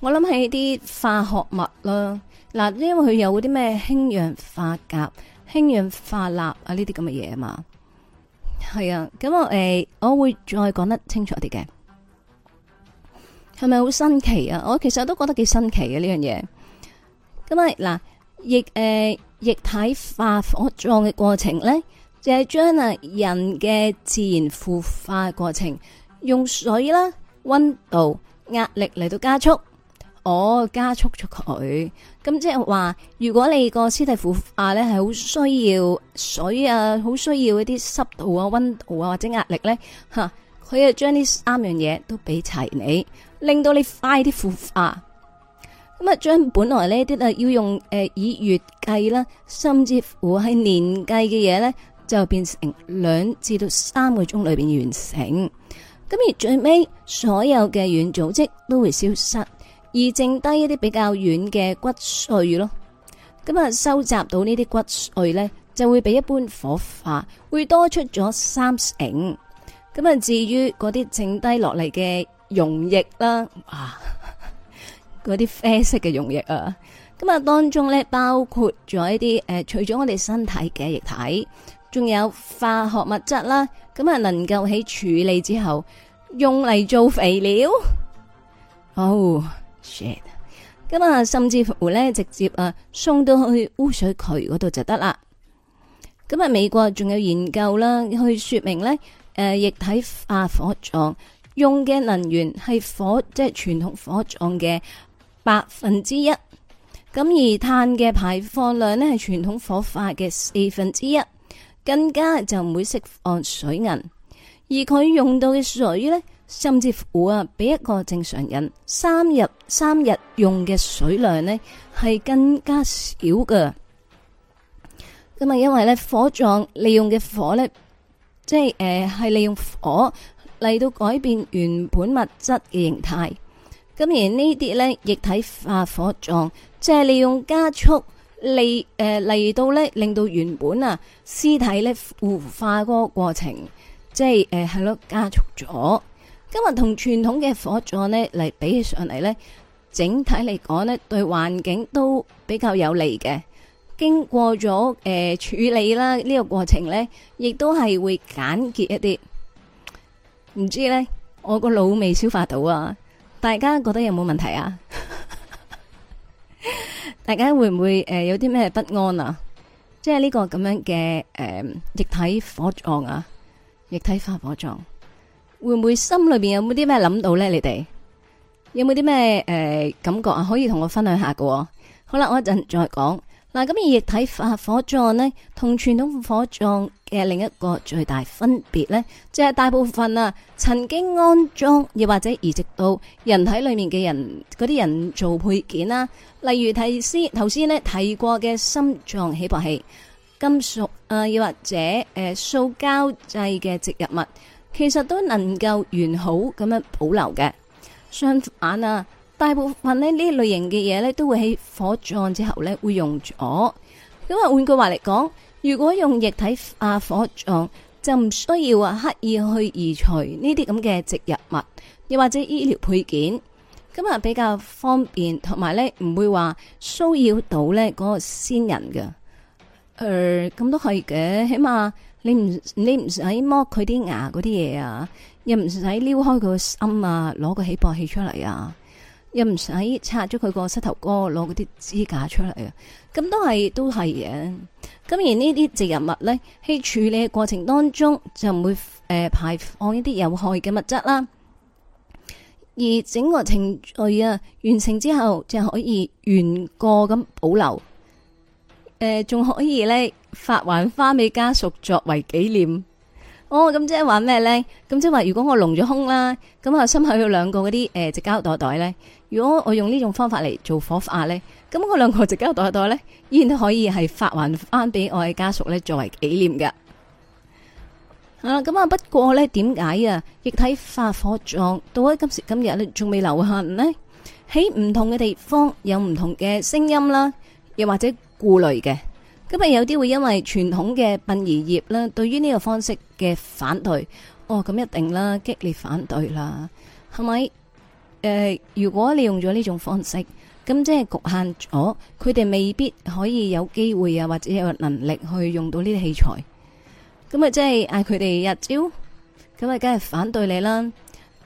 我諗起啲化學物啦，嗱，因為佢有啲咩氫氧化鉀、氫氧化鈉啊，呢啲咁嘅嘢嘛，係、欸、啊。咁我誒我會再講得清楚啲嘅，係咪好新奇啊？我其實都覺得幾新奇嘅呢樣嘢。咁啊，嗱，液、呃、誒液體化火狀嘅過程咧，就係將啊人嘅自然腐化嘅過程用水啦、溫度、壓力嚟到加速，我、哦、加速咗佢，咁即係話，如果你個屍體腐化咧，係好需要水啊，好需要一啲濕度啊、溫度啊或者壓力咧，吓佢啊，將呢三樣嘢都俾齊你，令到你快啲腐化，咁、嗯、啊，將本來呢啲啊要用誒、呃、以月計啦，甚至乎係年計嘅嘢咧，就變成兩至到三個鐘裏邊完成。咁、嗯、而最尾，所有嘅軟組織都會消失。而剩低一啲比較軟嘅骨碎咯，咁啊收集到呢啲骨碎咧，就會比一般火化會多出咗三成。咁啊至於嗰啲剩低落嚟嘅溶液啦，啊嗰啲啡色嘅溶液啊，咁啊當中咧包括咗一啲誒，除咗我哋身體嘅液體，仲有化學物質啦，咁啊能夠喺處理之後用嚟做肥料，哦。咁啊，甚至乎呢，直接啊送到去污水渠嗰度就得啦。咁啊，美國仲有研究啦，去說明呢誒，液體化火葬用嘅能源係火，即係傳統火葬嘅百分之一。咁而碳嘅排放量呢，係傳統火化嘅四分之一，更加就唔會釋放水銀，而佢用到嘅水呢。甚至乎啊，比一個正常人三日三日用嘅水量呢，係更加少嘅。咁啊，因為咧火葬利用嘅火咧，即係誒係利用火嚟到改變原本物質嘅形態。咁而呢啲咧液體化火葬，即係利用加速利誒嚟、呃、到咧令到原本啊屍體咧腐化嗰個過程，即係誒係咯加速咗。今日同傳統嘅火葬呢，嚟，比起上嚟，呢，整體嚟講呢，對環境都比較有利嘅。經過咗誒、呃、處理啦，呢、這個過程呢，亦都係會簡潔一啲。唔知道呢，我個腦未消化到啊！大家覺得有冇問題啊？ 大家會唔會誒、呃、有啲咩不安啊？即係呢個咁樣嘅誒、呃、液體火葬啊，液體化火葬。會唔會心裏邊有冇啲咩諗到呢？你哋有冇啲咩誒感覺啊？可以同我分享下喎、哦？好啦，我一陣再講。嗱，咁而液體化火葬呢，同傳統火葬嘅另一個最大分別呢，就係、是、大部分啊曾經安裝，又或者移植到人體裏面嘅人，嗰啲人造配件啦、啊，例如提先頭先呢提過嘅心臟起搏器、金屬啊，又、呃、或者誒、呃、塑膠製嘅植入物。其實都能夠完好咁樣保留嘅。相反啊，大部分呢呢類型嘅嘢呢，都會喺火葬之後呢會溶咗。咁啊，換句話嚟講，如果用液體化火葬，就唔需要刻意去移除呢啲咁嘅植入物，又或者醫療配件。咁啊，比較方便，同埋呢唔會話騷擾到呢嗰個先人嘅。誒、呃，咁都係嘅，起碼。你唔你唔使剝佢啲牙嗰啲嘢啊，又唔使撩開佢個心啊，攞個起搏器出嚟啊，又唔使拆咗佢個膝頭哥，攞嗰啲支架出嚟啊，咁都係都係嘅、啊。咁而呢啲植入物呢，喺處理嘅過程當中就唔會誒、呃、排放一啲有害嘅物質啦。而整個程序啊完成之後，就可以原個咁保留，誒、呃、仲可以呢。發還翻俾家屬作為紀念，哦，咁即係話咩咧？咁即係話如果我隆咗胸啦，咁啊心口有兩個嗰啲誒矽膠袋袋咧，如果我用呢種方法嚟做火化咧，咁我兩個矽膠袋袋咧依然都可以係發還翻俾我嘅家屬咧作為紀念噶。啊，咁啊不過咧點解啊液體發火葬到咗今時今日咧仲未流行咧？喺唔同嘅地方有唔同嘅聲音啦，又或者顧慮嘅。咁啊，有啲會因為傳統嘅殯儀業咧，對於呢個方式嘅反對，哦，咁一定啦，激烈反對啦，係咪？誒，如果你用咗呢種方式，咁即係局限咗，佢哋未必可以有機會啊，或者有能力去用到呢啲器材。咁啊，即係嗌佢哋日朝，咁啊，梗係反對你啦。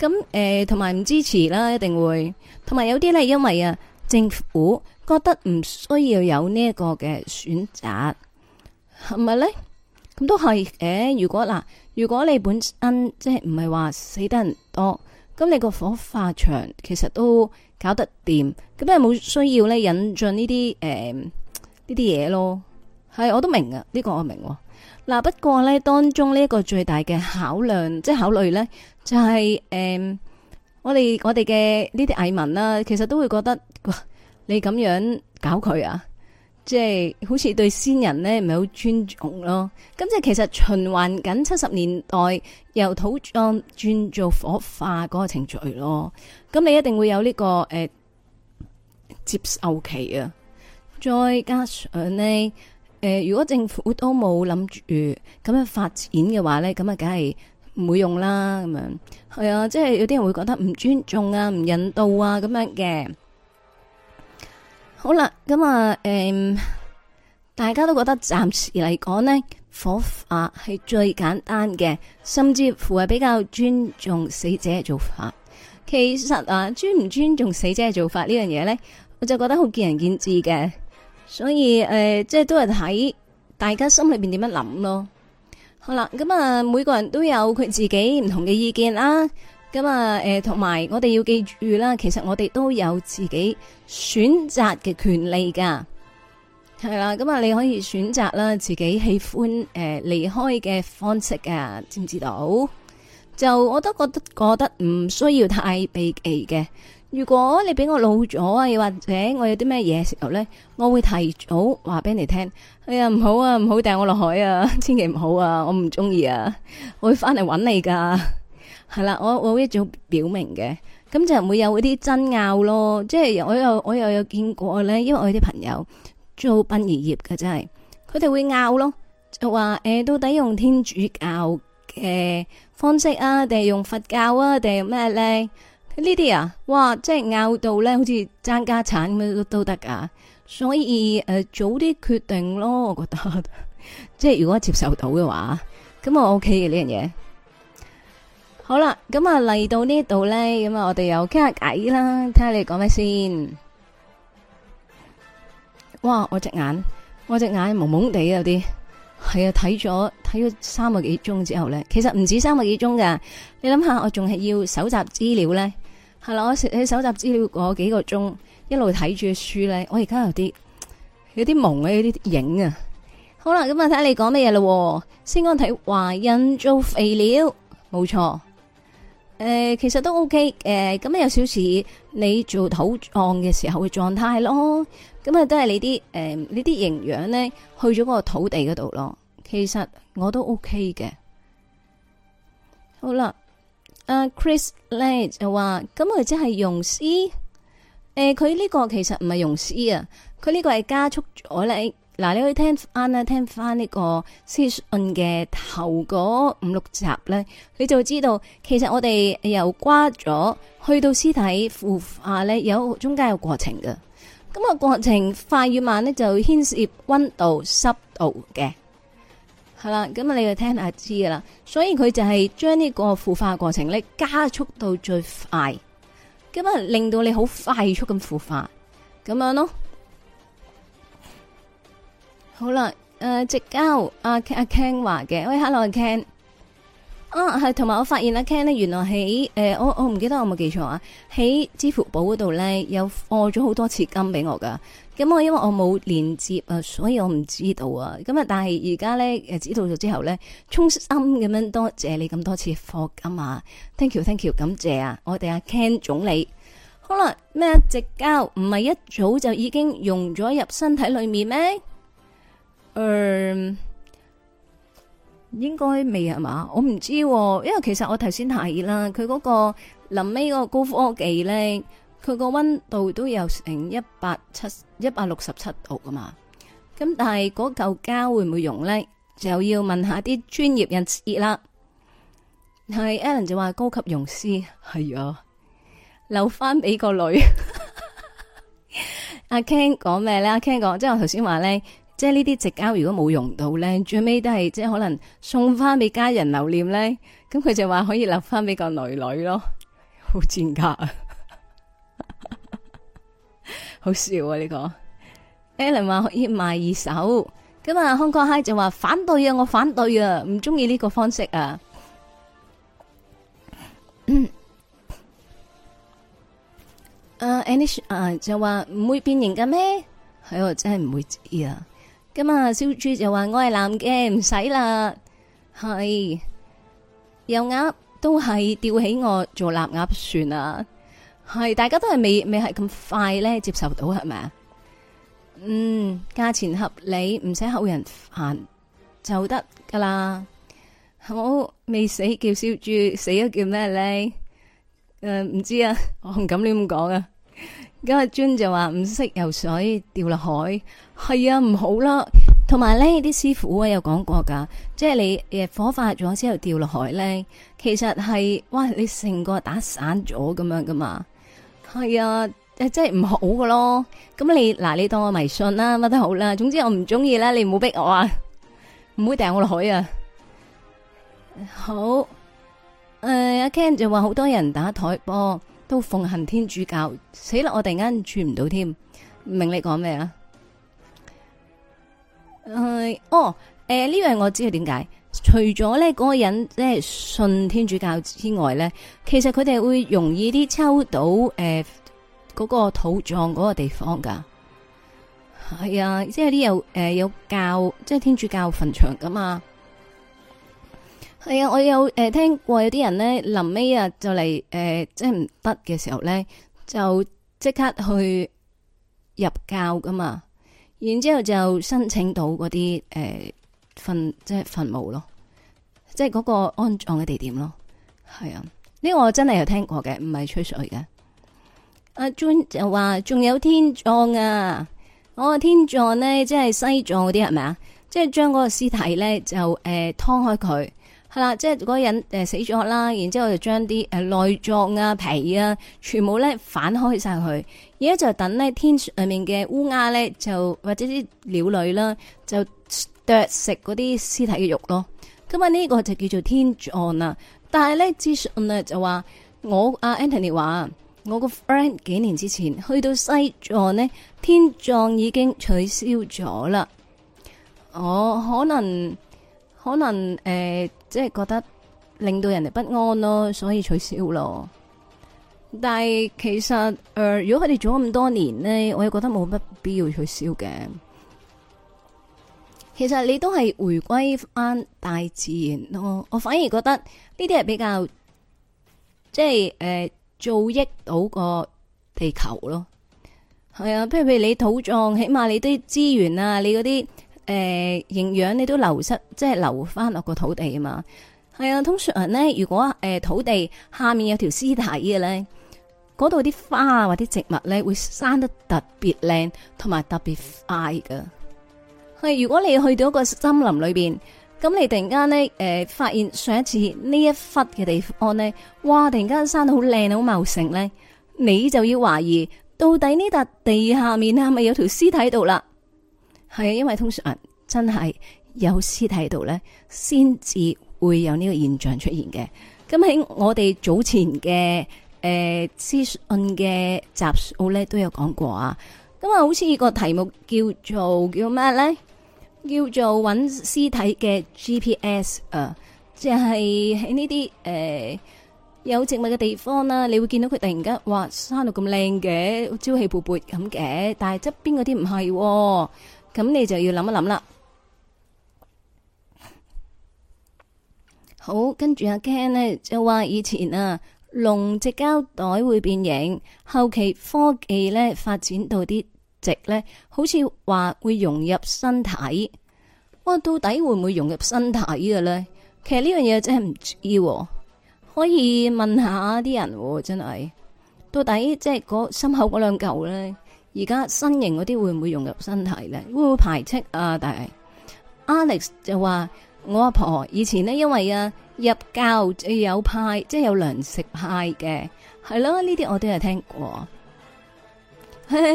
咁誒，同埋唔支持啦，一定會。同埋有啲咧，因為啊，政府。覺得唔需要有這是是呢一個嘅選擇，係咪咧？咁都係嘅。如果嗱，如果你本身即係唔係話死得人多，咁你個火化場其實都搞得掂，咁係冇需要咧引進呢啲誒呢啲嘢咯。係，我都明啊，呢、這個我明白。嗱、呃，不過咧，當中呢一個最大嘅考量，即係考慮咧，就係、是、誒、呃，我哋我哋嘅呢啲蟻民啦，其實都會覺得。你咁樣搞佢啊，即係好似對先人咧唔係好尊重咯。咁即係其實循環緊七十年代由土葬轉做火化嗰個程序咯。咁你一定會有呢個誒接受期啊。再加上咧，誒如果政府都冇諗住咁樣發展嘅話咧，咁啊梗係唔會用啦。咁樣係啊，即係有啲人會覺得唔尊重啊，唔引導啊咁樣嘅。好啦，咁啊，誒、嗯，大家都覺得暫時嚟講呢，火化係最簡單嘅，甚至乎係比較尊重死者嘅做法。其實啊，尊唔尊重死者嘅做法呢樣嘢呢，我就覺得好見仁見智嘅。所以誒、呃，即係都係睇大家心裏邊點樣諗咯。好啦，咁啊，每個人都有佢自己唔同嘅意見啦。咁啊，誒、嗯，同埋我哋要記住啦，其實我哋都有自己選擇嘅權利噶，係啦。咁啊，你可以選擇啦，自己喜歡誒離開嘅方式啊，知唔知道？就我都覺得覺得唔需要太避忌嘅。如果你俾我老咗啊，又或者我有啲咩嘢時候呢，我會提早話俾你聽。哎呀，唔好啊，唔好掟我落海啊，千祈唔好啊，我唔中意啊，我會翻嚟揾你噶。係啦，我我一早表明嘅，咁就唔會有啲爭拗咯，即係我又我又有見過咧，因為我有啲朋友做殯儀業嘅，真係佢哋會拗咯，就話誒到底用天主教嘅方式啊，定係用佛教啊，定係咩咧？呢啲啊，哇，即係拗到咧，好似爭家產咁樣都得噶，所以誒、呃、早啲決定咯，我覺得， 即係如果接受到嘅話，咁我 OK 嘅呢樣嘢。這個好啦，咁啊嚟到呢度咧，咁啊我哋又傾下偈啦，睇下你講咩先。哇，我隻眼，我隻眼蒙蒙地有啲，係啊，睇咗睇咗三個幾鐘之後咧，其實唔止三個幾鐘噶，你諗下我仲係要搜集資料咧，係啦、啊，我喺搜集資料嗰幾個鐘，一路睇住嘅書咧，我而家有啲有啲蒙呀，有啲影啊。好啦，咁啊睇下你講咩嘢喎。先我睇華人做肥料，冇錯。誒、呃，其實都 OK，誒，咁、呃、有少少你做土葬嘅時候嘅狀態咯，咁啊都係你啲誒、呃、呢啲營養咧去咗嗰個土地嗰度咯。其實我都 OK 嘅。好啦，阿、啊、Chris 咧就話，咁佢即係用絲、呃，誒，佢呢個其實唔係用絲啊，佢呢個係加速咗你。嗱，你可以聽翻咧，聽翻呢個屍訊嘅頭嗰五六集咧，你就知道，其實我哋由瓜咗去到屍體腐化咧，有中間有過程嘅。咁啊，過程快與慢咧，就牽涉溫度、濕度的、濕度嘅。係啦，咁啊，你要聽下就知噶啦，所以佢就係將呢個腐化過程咧，加速到最快，咁啊，令到你好快速咁腐化，咁樣咯。好啦，誒、呃，矽膠阿阿 Ken 話嘅，喂，hello，阿 Ken，啊係，同埋我發現阿 Ken 呢，原來喺誒、呃，我我唔記得我冇記錯啊，喺支付寶嗰度咧有課咗好多次金俾我噶。咁我因為我冇連接啊，所以我唔知道啊。咁啊，但係而家咧誒，知道咗之後咧，衷心咁樣多謝你咁多次課金啊，thank you，thank you，感謝啊，我哋阿、啊、Ken 總理。好啦，咩矽膠唔係一早就已經融咗入身體裏面咩？嗯，應該未呀嘛？我唔知，因為其實我頭先提啦，佢嗰個臨尾個高科技咧，佢個溫度都有成一百七、一百六十七度噶嘛。咁但係嗰嚿膠會唔會溶咧？就要問下啲專業人士啦。係 Alan 就話高級融師係啊，留翻俾個女。阿 Ken 講咩咧？阿 Ken 講即係我頭先話咧。即係呢啲直交，如果冇用到咧，最尾都係即係可能送翻俾家人留念咧。咁佢就話可以留翻俾個女女咯，好賤格，啊， 好笑啊呢、呢個。Alan 話可以賣二手，咁啊康康 Hi 就話反對啊，我反對啊，唔中意呢個方式啊。誒，誒 ，uh, ish, uh, 就話唔會變形噶咩？係我真係唔會知啊。咁啊！小豬就話我係男嘅，唔使啦，係油鴨都係吊起我做臘鴨算啦，係大家都係未未係咁快咧接受到係咪啊？嗯，價錢合理，唔使後人煩，就得噶啦。好，未死叫小豬，死咗叫咩咧？誒，唔知啊，我唔敢亂咁講啊。咁阿 June 就話唔識游水掉落海，係啊唔好啦。同埋咧啲師傅啊有講過噶，即係你誒火化咗之後掉落海咧，其實係哇你成個打散咗咁樣噶嘛，係啊誒即係唔好噶咯。咁你嗱你當我迷信啦乜都好啦，總之我唔中意啦，你唔好逼我啊，唔好掟我落海啊。好誒，阿、uh, Ken 就話好多人打台波。都奉行天主教，死啦！我突然間轉唔到添，唔明你講咩啊？係、呃、哦，誒，呢樣我知係點解，除咗咧嗰個人咧、呃、信天主教之外咧，其實佢哋會容易啲抽到誒嗰、呃，那個土葬嗰個地方噶，係、哎、啊，即係啲有誒、呃、有教即係天主教墳場噶嘛。係啊，我有誒、呃、聽過有啲人咧，臨尾啊就嚟誒，即係唔得嘅時候咧，就即刻去入教噶嘛。然之後就申請到嗰啲誒墳，即係墳墓咯，即係嗰個安葬嘅地點咯。係啊，呢、這個我真係有聽過嘅，唔係吹水嘅。阿 j n 就話仲有天葬啊，我、哦、個天葬咧，即係西藏嗰啲係咪啊？即係將嗰個屍體咧就誒、呃、劏開佢。係啦，即係嗰個人誒死咗啦，然之後就將啲誒內臟啊、皮啊，全部咧反開晒佢，而家就等咧天上面嘅烏鴉咧，就或者啲鳥類啦，就啄食嗰啲屍體嘅肉咯。咁啊呢個就叫做天葬啦。但係咧資訊啊就話、是、我阿 Anthony 話我個 friend 幾年之前去到西藏呢，天葬已經取消咗啦。我可能。可能誒、呃，即係覺得令到人哋不安咯，所以取消咯。但係其實誒、呃，如果佢哋做咗咁多年呢，我又覺得冇乜必要取消嘅。其實你都係回歸翻大自然咯。我反而覺得呢啲係比較即係誒、呃，造益到個地球咯。係啊，譬如譬如你土葬，起碼你啲資源啊，你嗰啲。誒、呃，營養你都流失，即係流翻落個土地啊嘛。係啊，通常呢，如果誒、呃、土地下面有條屍體嘅咧，嗰度啲花啊或啲植物咧會生得特別靚，同埋特別快噶。係，如果你去到一個森林裏邊，咁你突然間呢，誒、呃、發現上一次呢一忽嘅地方呢，哇！突然間生得好靚，好茂盛咧，你就要懷疑到底呢笪地下面係咪有條屍體喺度啦？係啊，因為通常真係有屍體喺度咧，先至會有呢個現象出現嘅。咁喺我哋早前嘅誒資訊嘅集數咧都有講過啊。咁啊，好似個題目叫做叫咩咧？叫做搵屍體嘅 GPS 啊，呃，即係喺呢啲誒有植物嘅地方啦，你會見到佢突然間哇，生到咁靚嘅，朝氣勃勃咁嘅，但係側邊嗰啲唔係喎。咁你就要諗一諗啦。好，跟住阿 Ken 呢就話以前啊，龍隻膠袋會變形，後期科技呢發展到啲直呢，好似話會融入身體。哇，到底會唔會融入身體嘅呢？其實呢樣嘢真係唔知、啊，可以問下啲人、啊、真係。到底即係嗰心口嗰兩嚿呢。」而家新型嗰啲會唔會融入身體咧？會唔會排斥啊？但係 Alex 就話我阿婆以前呢，因為啊入教有派，即係有糧食派嘅，係咯呢啲我都係聽過。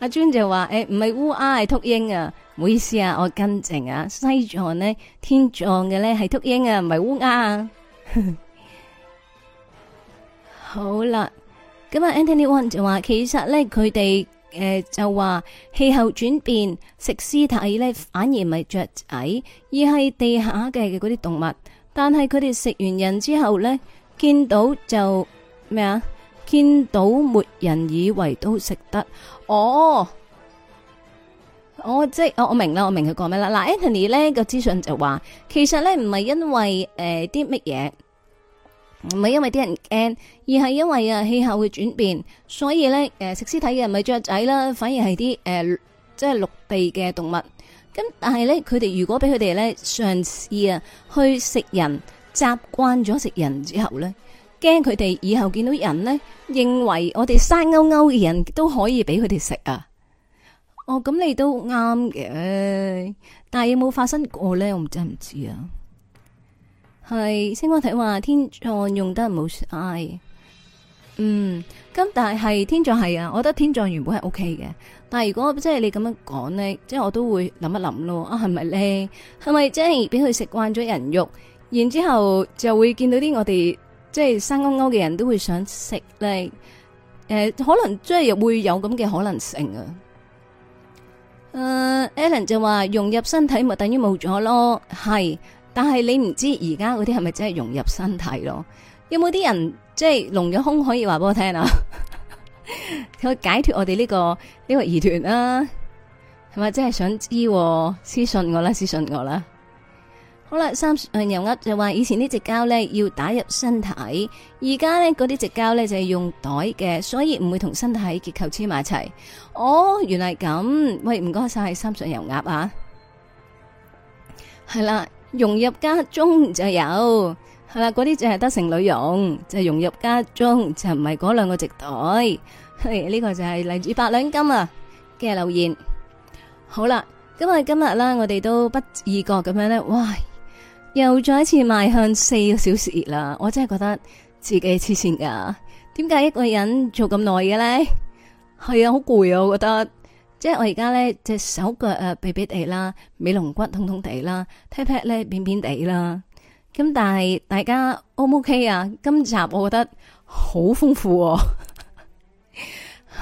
阿尊就話誒，唔係烏鴉係禿鷹啊！唔好意思啊，我更正啊，西藏呢，天葬嘅咧係禿鷹啊，唔係烏鴉啊。 好啦，咁啊 Anthony Won 就話其實咧佢哋。誒、呃，就話氣候轉變，食屍體咧反而唔係雀仔，而係地下嘅嘅嗰啲動物。但係佢哋食完人之後咧，見到就咩啊？見到沒人以為都食得。哦，我即係我我明啦，我明佢講咩啦。嗱，Anthony 咧、呢個資訊就話，其實咧唔係因為誒啲乜嘢。呃唔係因為啲人驚，而係因為啊氣候會轉變，所以咧誒食屍體嘅人咪雀仔啦，反而係啲誒即係陸地嘅動物。咁但係咧佢哋如果俾佢哋咧嘗試啊去食人，習慣咗食人之後咧，驚佢哋以後見到人咧，認為我哋生勾勾嘅人都可以俾佢哋食啊。哦，咁你都啱嘅，但係有冇發生過咧？我真係唔知啊。係，星光體話天葬用得冇晒。嗯，咁但係係天葬係啊，我覺得天葬原本係 O K 嘅，但係如果即係你咁樣講呢，即係我都會諗一諗咯，啊係咪咧？係咪即係俾佢食慣咗人肉，然之後就會見到啲我哋即係生勾勾嘅人都會想食咧？誒、呃，可能即係又會有咁嘅可能性啊。誒、呃、，Allen 就話融入身體咪等於冇咗咯，係。但係你唔知而家嗰啲係咪真係融入身體咯？有冇啲人即係隆咗胸可以話俾我聽、 這個這個、啊？佢解脫我哋呢個呢個疑團啦，係咪真係想知道、啊？私信我啦，私信我啦。好啦，三水油鴨就話以前這隻膠、呢隻膠咧要打入身體，而家咧嗰啲隻膠咧就係、是、用袋嘅，所以唔會同身體結構黐埋一齊。哦，原來咁。喂，唔該晒，三水油鴨啊，係啦。融入家中就有，係啦，嗰啲就係得成女傭。就係融入家中就唔係嗰兩個直隊，係呢個就係嚟自八兩金啊，嘅留言，好啦，咁啊今日啦，我哋都不自覺咁樣咧，哇，又再一次邁向四個小時啦，我真係覺得自己黐線噶，點解一個人做咁耐嘅咧？係啊，好攰啊，我覺得。即係我而家咧，隻手腳誒痹痹地啦，尾龍骨痛痛地啦，pat pat 咧扁扁地啦，咁但係大家 O 唔 OK 啊？今集我覺得好豐富喎、哦，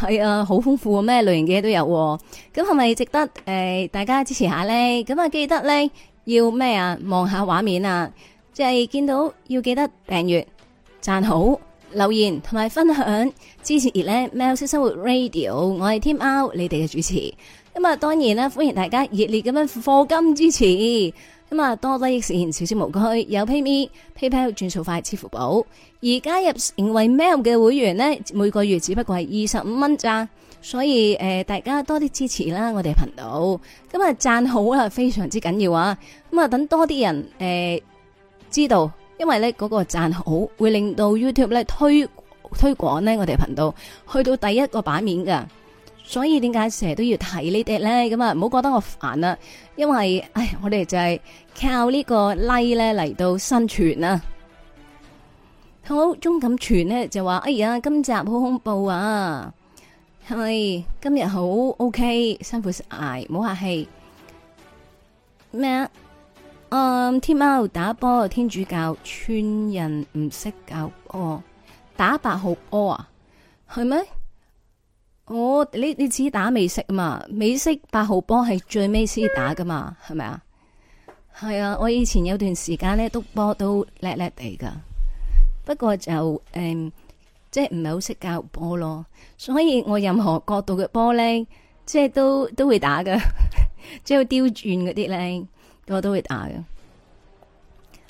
係 啊，好豐富喎，咩類型嘅嘢都有喎、哦。咁係咪值得誒、呃、大家支持下咧？咁啊記得咧要咩啊？望下畫面啊，即係見到要記得訂閱、讚好。留言同埋分享支持，喵式生活 Radio，我係天喵，你哋嘅主持咁啊！當然啦，歡迎大家熱烈咁樣課金支持，咁啊多多益善，少少無虧。有 PayMe、PayPal 轉數快，支付寶而加入成為喵嘅會員呢，每個月只不過係二十五蚊咋，所以誒，大家多啲支持啦，我哋頻道咁啊，讚好啊，非常之緊要啊，咁啊，等多啲人誒知道。因為咧，嗰個讚好會令到 YouTube 咧推推廣咧我哋頻道去到第一個版面噶，所以點解成日都要睇呢啲咧？咁啊唔好覺得我煩啦，因為唉我哋就係靠呢個 like 咧嚟到生存啦。好，鍾錦全咧就話：哎呀，今集好恐怖啊！係咪今日好 OK，辛苦晒，唔好客氣。咩啊？嗯，um, 天貓打波，天主教村人唔識搞波，打八號波啊，係咪？我、oh, 你你只打美式嘛，美式八號波係最尾先打噶嘛，係咪啊？係 啊，我以前有段時間咧，督波都叻叻地噶，不過就誒、嗯，即係唔係好識搞波咯，所以我任何角度嘅波咧，即係都都會打噶， 即係刁鑽嗰啲咧。我都會打嘅，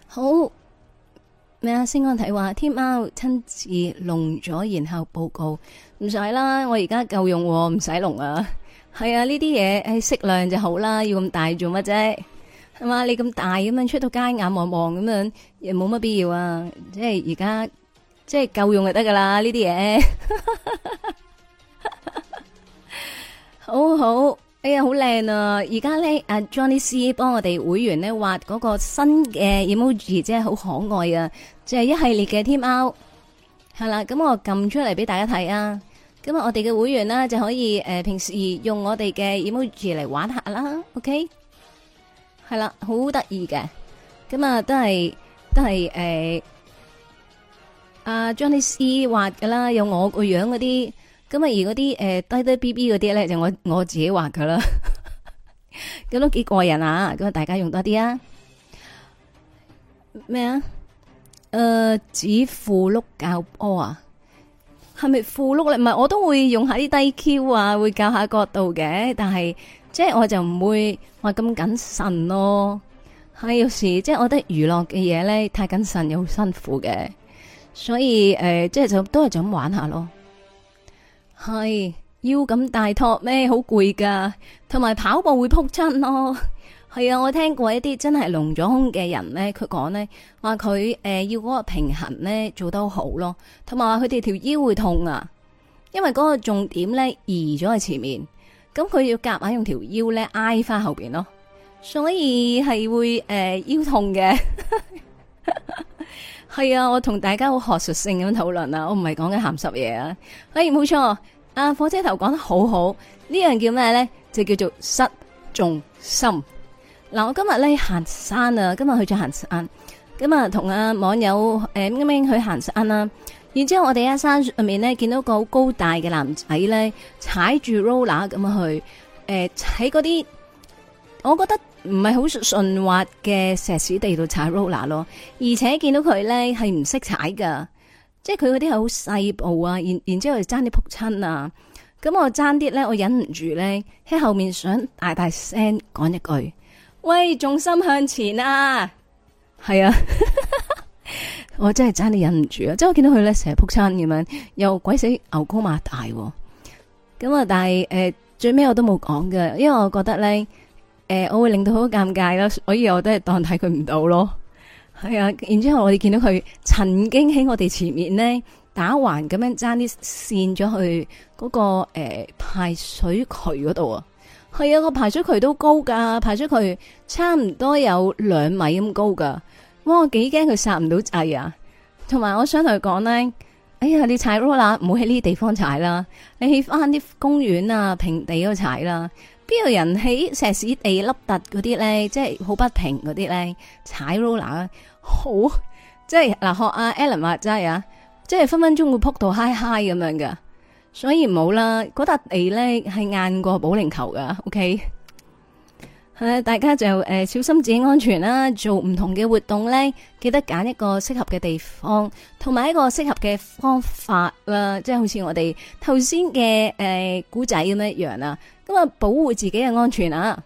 好咩啊？星哥睇話天貓親自弄咗，然後報告唔使啦。我而家夠用，唔使弄啊。係啊，呢啲嘢誒適量就好啦。要咁大做乜啫？係嘛？你咁大咁樣出到街眼望望咁樣，又冇乜必要啊。即係而家即係夠用就得噶啦。呢啲嘢好好。好哎呀，好靚啊！而家咧，阿 Johnny C 幫我哋會員咧畫嗰個新嘅 emoji，真係好可愛啊！即係一系列嘅天貓，係啦，咁我撳出嚟俾大家睇啊！咁啊，我哋嘅會員呢，就可以誒、呃，平時用我哋嘅 emoji 嚟玩下啦，OK？係啦，好得意嘅，咁啊都係都係誒，阿 Johnny C 畫噶啦，有我個樣嗰啲。咁啊，而嗰啲誒低低 B B 嗰啲咧，就我我自己畫佢啦，咁都幾過癮啊！咁啊，大家用多啲啊，咩啊？誒、呃，指副碌教波啊？係咪副碌咧？唔係，我都會用下啲低 Q 啊，會教下角度嘅。但係即係我就唔會話咁謹慎咯。係有時即係我覺得娛樂嘅嘢咧，太謹慎又好辛苦嘅，所以誒、呃，即係就都係就咁玩下咯。係腰咁大托咩？好攰噶，同埋跑步會扑親咯。係 啊，我聽過一啲真係隆咗胸嘅人咧，佢講咧話佢誒要嗰個平衡咧做得好咯，同埋話佢哋條腰會痛啊，因為嗰個重點咧移咗喺前面，咁佢要夾硬要用條腰咧挨翻後邊咯，所以係會誒、呃、腰痛嘅。 係啊，我同大家好學術性咁樣討論啊，我唔係講緊鹹濕嘢啊，係冇錯，啊，火車頭講得好好，呢樣叫咩咧？就叫做失重心。嗱，我今日咧行山啊，今日去咗行山，今日同阿網友誒、嗯嗯嗯、去行山啦、啊。然之後我哋喺山上面咧見到個好高大嘅男仔咧，踩住 roller 咁去，誒踩嗰啲，我覺得。唔係好順滑嘅石屎地度踩 roller 咯，而且見到佢咧係唔識踩噶，即係佢嗰啲係好細步啊，然然之後爭啲扑親啊，咁我爭啲咧，我忍唔住咧喺後面想大大聲講一句：喂，重心向前啊！係啊， 我真係爭啲忍唔住啊！即係我見到佢咧成日扑親咁樣，又鬼死牛高馬大，咁啊，但係誒最尾我都冇講嘅，因為我覺得咧。誒、呃，我會令到好尷尬咯，所以我都係當睇佢唔到咯。係啊，然之後我哋見到佢曾經喺我哋前面咧打橫咁樣爭啲線咗去嗰、那個誒、呃、排水渠嗰度啊。係啊，個排水渠都高噶，排水渠差唔多有兩米咁高噶。哇，我幾驚佢剎唔到掣啊！同埋我想同佢講咧，哎呀，你踩 roller 唔好喺呢啲地方踩啦，你去翻啲公園啊平地嗰度踩啦。邊度有人喺石屎地凹凸嗰啲咧，即係好不平嗰啲咧，踩 roller 好，即係嗱學阿 Alan 話齋啊，即係分分鐘會扑到嗨嗨咁樣噶，所以唔好啦，嗰笪地咧係硬過保齡球噶，OK，誒，大家就誒、呃、小心自己安全啦，做唔同嘅活動咧，記得揀一個適合嘅地方，同埋一個適合嘅方法啦，即係好似我哋頭先嘅誒古仔咁樣一樣啦。咁啊，保護自己嘅安全啊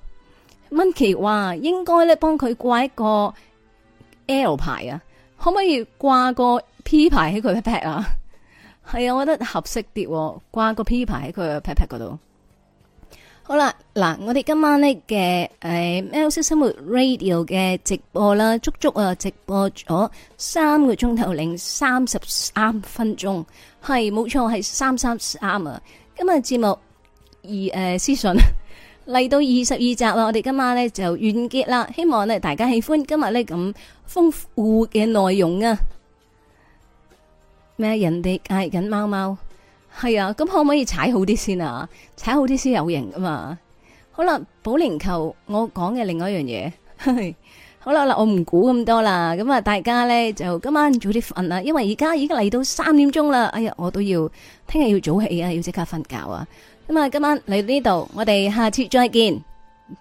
！Monkey 話應該咧幫佢掛一個 L 牌啊，可唔可以掛個 P 牌喺佢 pat pat 啊？係啊，我覺得合適啲，啊，掛個 P 牌喺佢嘅 pat 嗰度。好啦，嗱，我哋今晚呢嘅誒喵式生活 radio 嘅直播啦，足足啊直播咗三個鐘頭零三十三分鐘，係冇錯，係三三三啊！今日節目。二，誒，屍訊嚟到二十二集啦，我哋今晚咧就完結啦。希望咧大家喜歡今日咧咁豐富嘅內容啊！咩人哋嗌緊貓貓，係啊，咁可唔可以踩好啲先啊？踩好啲先有型噶嘛？好啦，保齡球，我講嘅另外一樣嘢。好啦啦，我唔估咁多啦。咁啊，大家咧就今晚早啲瞓啊，因為而家已經嚟到三點鐘啦。哎呀，我都要聽日要早起啊，要即刻瞓覺啊！咁啊，今晚嚟到呢度，我哋下次再見，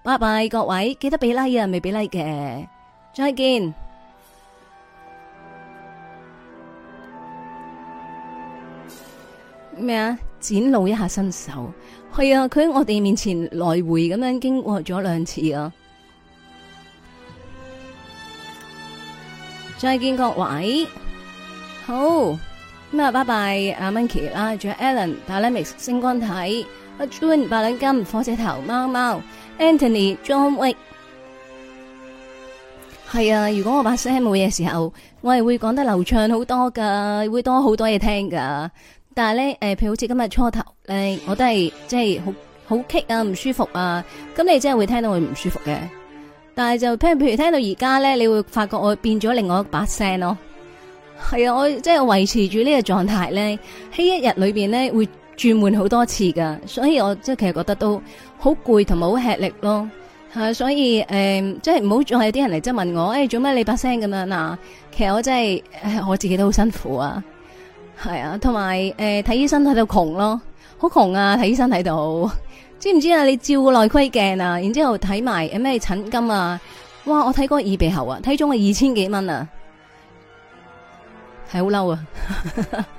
拜拜各位，記得俾 like 啊，未俾 like 嘅，再見。咩啊？展露一下身手，係啊，佢喺我哋面前來回咁樣經過咗兩次啊。再見各位，好咁啊，拜拜阿 monkey 啦，仲有 Alan、但係 Alex 星光睇。阿 Joan、啊、白兩金火車頭貓貓，Anthony John Wick。係啊！如果我把聲冇嘢時候，我係會講得流暢好多噶，會多好多嘢聽噶。但係咧，誒、呃，譬如好似今日初頭咧，我都係即係好好棘啊，唔舒服啊。咁你真係會聽到我唔舒服嘅。但係就譬如譬如聽到而家咧，你會發覺我變咗另外一把聲咯。係啊，我即係維持住呢個狀態咧，喺一日裏邊咧會。轉換好多次噶，所以我即係其實覺得都好攰同埋好吃力咯。啊、所以誒、呃，即係唔好再有啲人嚟質問我，誒做咩你把聲咁樣？其實我真係我自己都好辛苦啊，係啊，同埋誒睇醫生睇到窮咯，好窮啊！睇醫生睇到，知唔知啊？你照個內窺鏡啊，然之後睇埋誒咩診金啊？哇，我睇過耳鼻喉啊，睇咗我二千幾蚊啊，好嬲啊。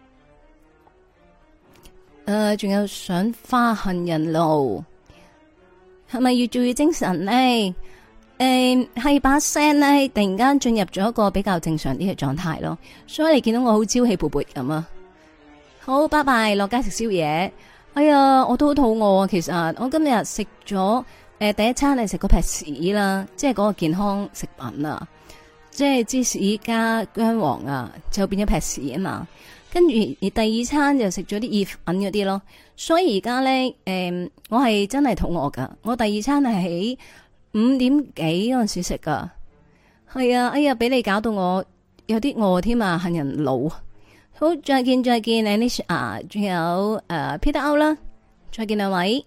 誒，仲、呃、有賞花杏仁露，係咪要注意精神呢？誒、欸，係把聲呢，突然間進入咗一個比較正常啲嘅狀態咯，所以你見到我好朝氣勃勃咁啊！好，拜拜，落街食宵夜，哎呀，我都好肚餓啊！其實我今日食咗誒第一餐係食個劈屎啦，即係嗰個健康食品啊，即係芝士加姜黃啊，就變咗劈屎啊嘛～跟住，而第二餐就食咗啲意粉嗰啲咯，所以而家咧，誒、嗯，我係真係肚餓噶，我第二餐係喺五點幾嗰陣時食噶，係啊，哎呀，俾你搞到我有啲餓添啊，行人老，好再見再見，Anisha 仲有誒 Peter 歐啦，再見兩、uh, 位，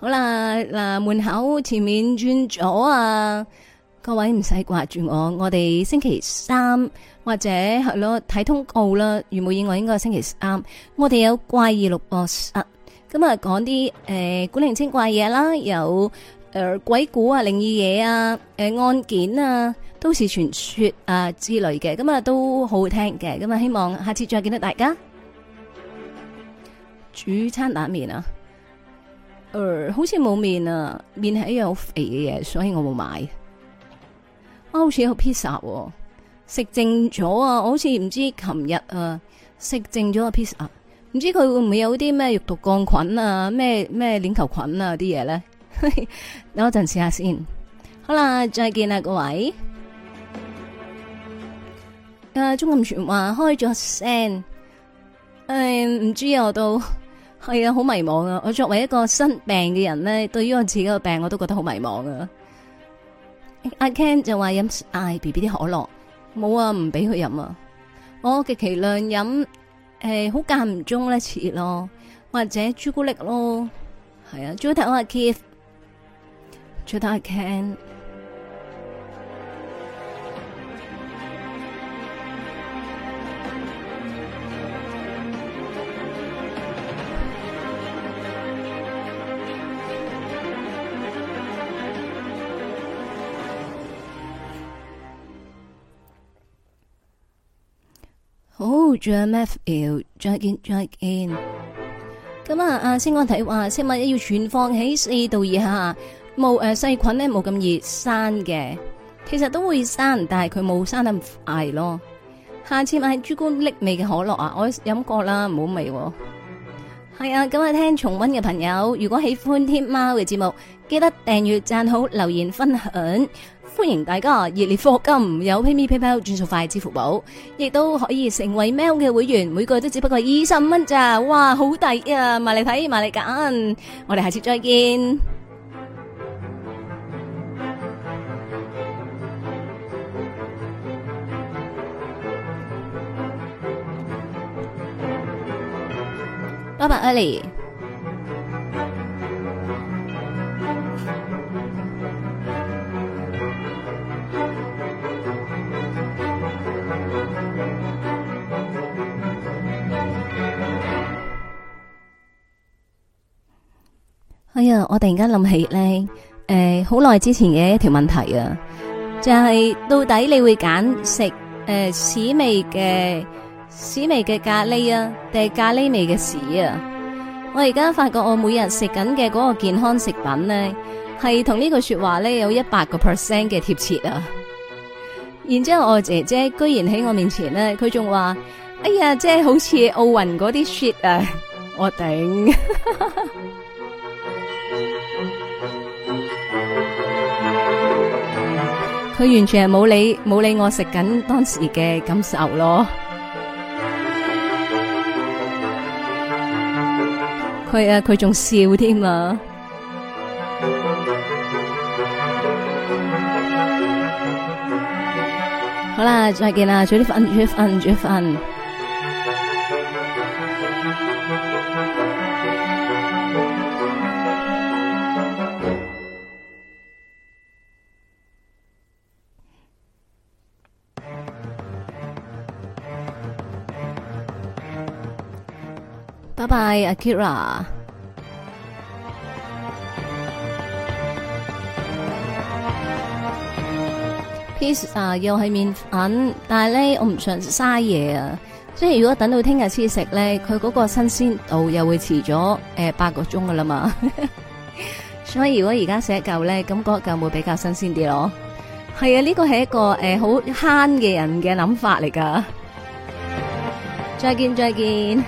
好啦，嗱，門口前面轉左啊。各位唔使掛住我，我哋星期三或者係咯，睇通告啦，如冇意外應該係星期三。我哋有怪異錄播啊，今日講啲誒、古靈精怪嘢啦，有誒、呃、鬼故啊靈異嘢啊，誒案件啊都市傳說啊之類嘅，咁、嗯、啊都好好聽嘅。咁、嗯、啊希望下次再見到大家。煮 餐冷麵啊？誒、呃，好似冇麵啊，麵係一樣好肥嘅嘢，所以我冇買。啊、好似個披薩喎、啊，食剩咗啊！我好似唔知琴日啊食剩咗個披薩、啊，唔知佢會唔會有啲咩肉毒桿菌啊、咩咩鏈球菌啊啲嘢咧？等我陣試下先。好啦，再見啦各位。啊，鍾錦全話開咗聲，誒、哎、唔知我都啊都係啊好迷茫啊！我作為一個生病嘅人咧，對於我自己個病我都覺得好迷茫啊。阿 Ken 就話飲嗌 B B 啲可樂，冇啊，唔俾佢飲啊！我極其量飲，誒，好間唔中咧，似咯，或者朱古力咯，係啊！再睇下阿 Keith，再睇阿 Ken。住阿 m f j i n in j i n in。咁 啊，阿星哥提話，食物要存放喺四度以下，冇，誒，細菌呢，冇咁易生嘅，其實都會生，但係佢冇生得咁快咯。下次買朱古力味嘅可樂啊，我飲過啦，唔好味喎。係啊，今日聽重温嘅朋友，如果喜歡天喵嘅節目，記得訂閱、讚好、留言、分享。歡迎大家熱烈課金，有 PayMe PayPal 轉數快支付寶亦都可以成為喵嘅會員，每個都只不過二十蚊咋，哇，好抵啊！埋嚟睇，埋嚟揀，我哋下次再見，拜拜 Ali 哎呀，我突然間諗起咧，誒、呃，好耐之前嘅一條問題啊，就係、是、到底你會揀食誒屎味嘅屎味嘅咖喱啊，定係咖喱味嘅屎啊？我而家發覺我每日食緊嘅嗰個健康食品咧，係同呢句說話咧有一百個 percent 嘅貼切啊！然之後我姐姐居然喺我面前咧，佢仲話，哎呀，即係好似奧運嗰啲 shit 啊！我頂。 佢完全係冇理冇理我食緊當時嘅感受咯，佢啊佢仲笑添啊！好啦，再見啦，早啲瞓，早啲瞓，早啲瞓。拜拜，阿 Kira。Peace 啊，又係麵粉，但係咧我唔想嘥嘢啊。即係如果等到聽日先食咧，佢嗰個新鮮度又會遲咗誒八個鐘噶啦嘛。所以如果而家食一嚿咧，咁嗰嚿會比較新鮮啲咯。係啊，呢個係一個誒好慳嘅人嘅諗法嚟噶。再見，再見。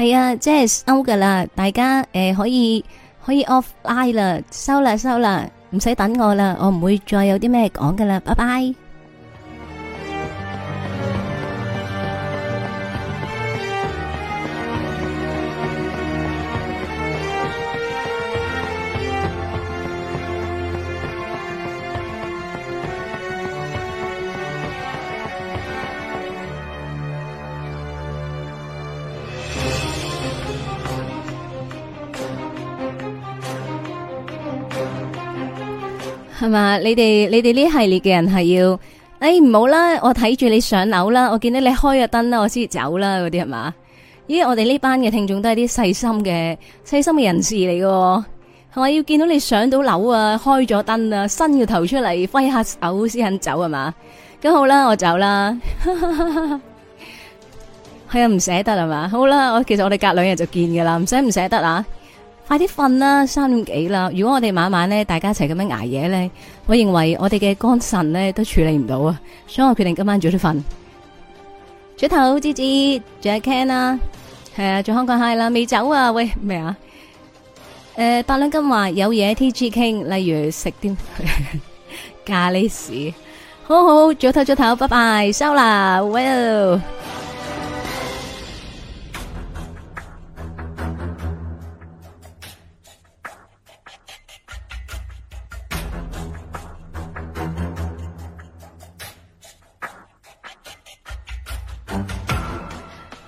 係啊，即係收噶啦，大家誒、呃、可以可以 off line 啦，收啦收啦，唔使等我啦，我唔會再有啲咩講噶啦，拜拜。係嘛？你哋你哋呢系列嘅人係要，哎唔好啦，我睇住你上樓啦，我見到你開咗燈啦，我先走啦，嗰啲係嘛？咦，我哋呢班嘅聽眾都係啲細心嘅細心嘅人士嚟喎、喔。係咪要見到你上到樓啊，開咗燈啊，伸個頭出嚟揮下手先肯走係嘛？咁好啦，我走啦，係 啊，唔捨得係嘛？好啦，我其實我哋隔兩日就見噶啦，唔使唔捨得啊！快啲瞓啦，三點幾啦。如果我哋晚晚咧，大家一齊咁樣挨夜咧，我認為我哋嘅肝腎咧都處理唔到啊。所以我決定今晚早啲瞓。早唞芝芝，仲有 Ken、啊啊、啦，係啊，仲香港 hi 啦，未走啊？喂，咩啊？誒、呃，八兩金話有嘢 T G 傾，例如食啲 咖喱屎。好好，早唞早唞，拜拜，收啦，well。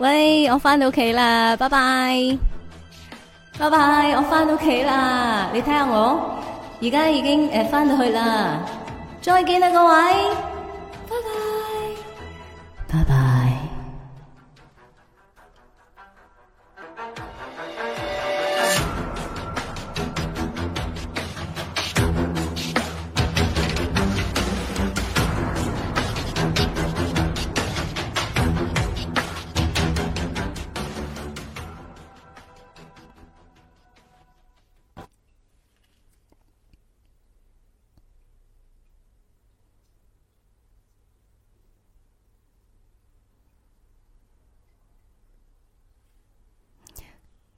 喂，我返到屋企啦，拜拜，拜拜，我返到屋企啦，你睇下我，而家已經誒返到去啦，再見啦各位，拜拜，拜拜。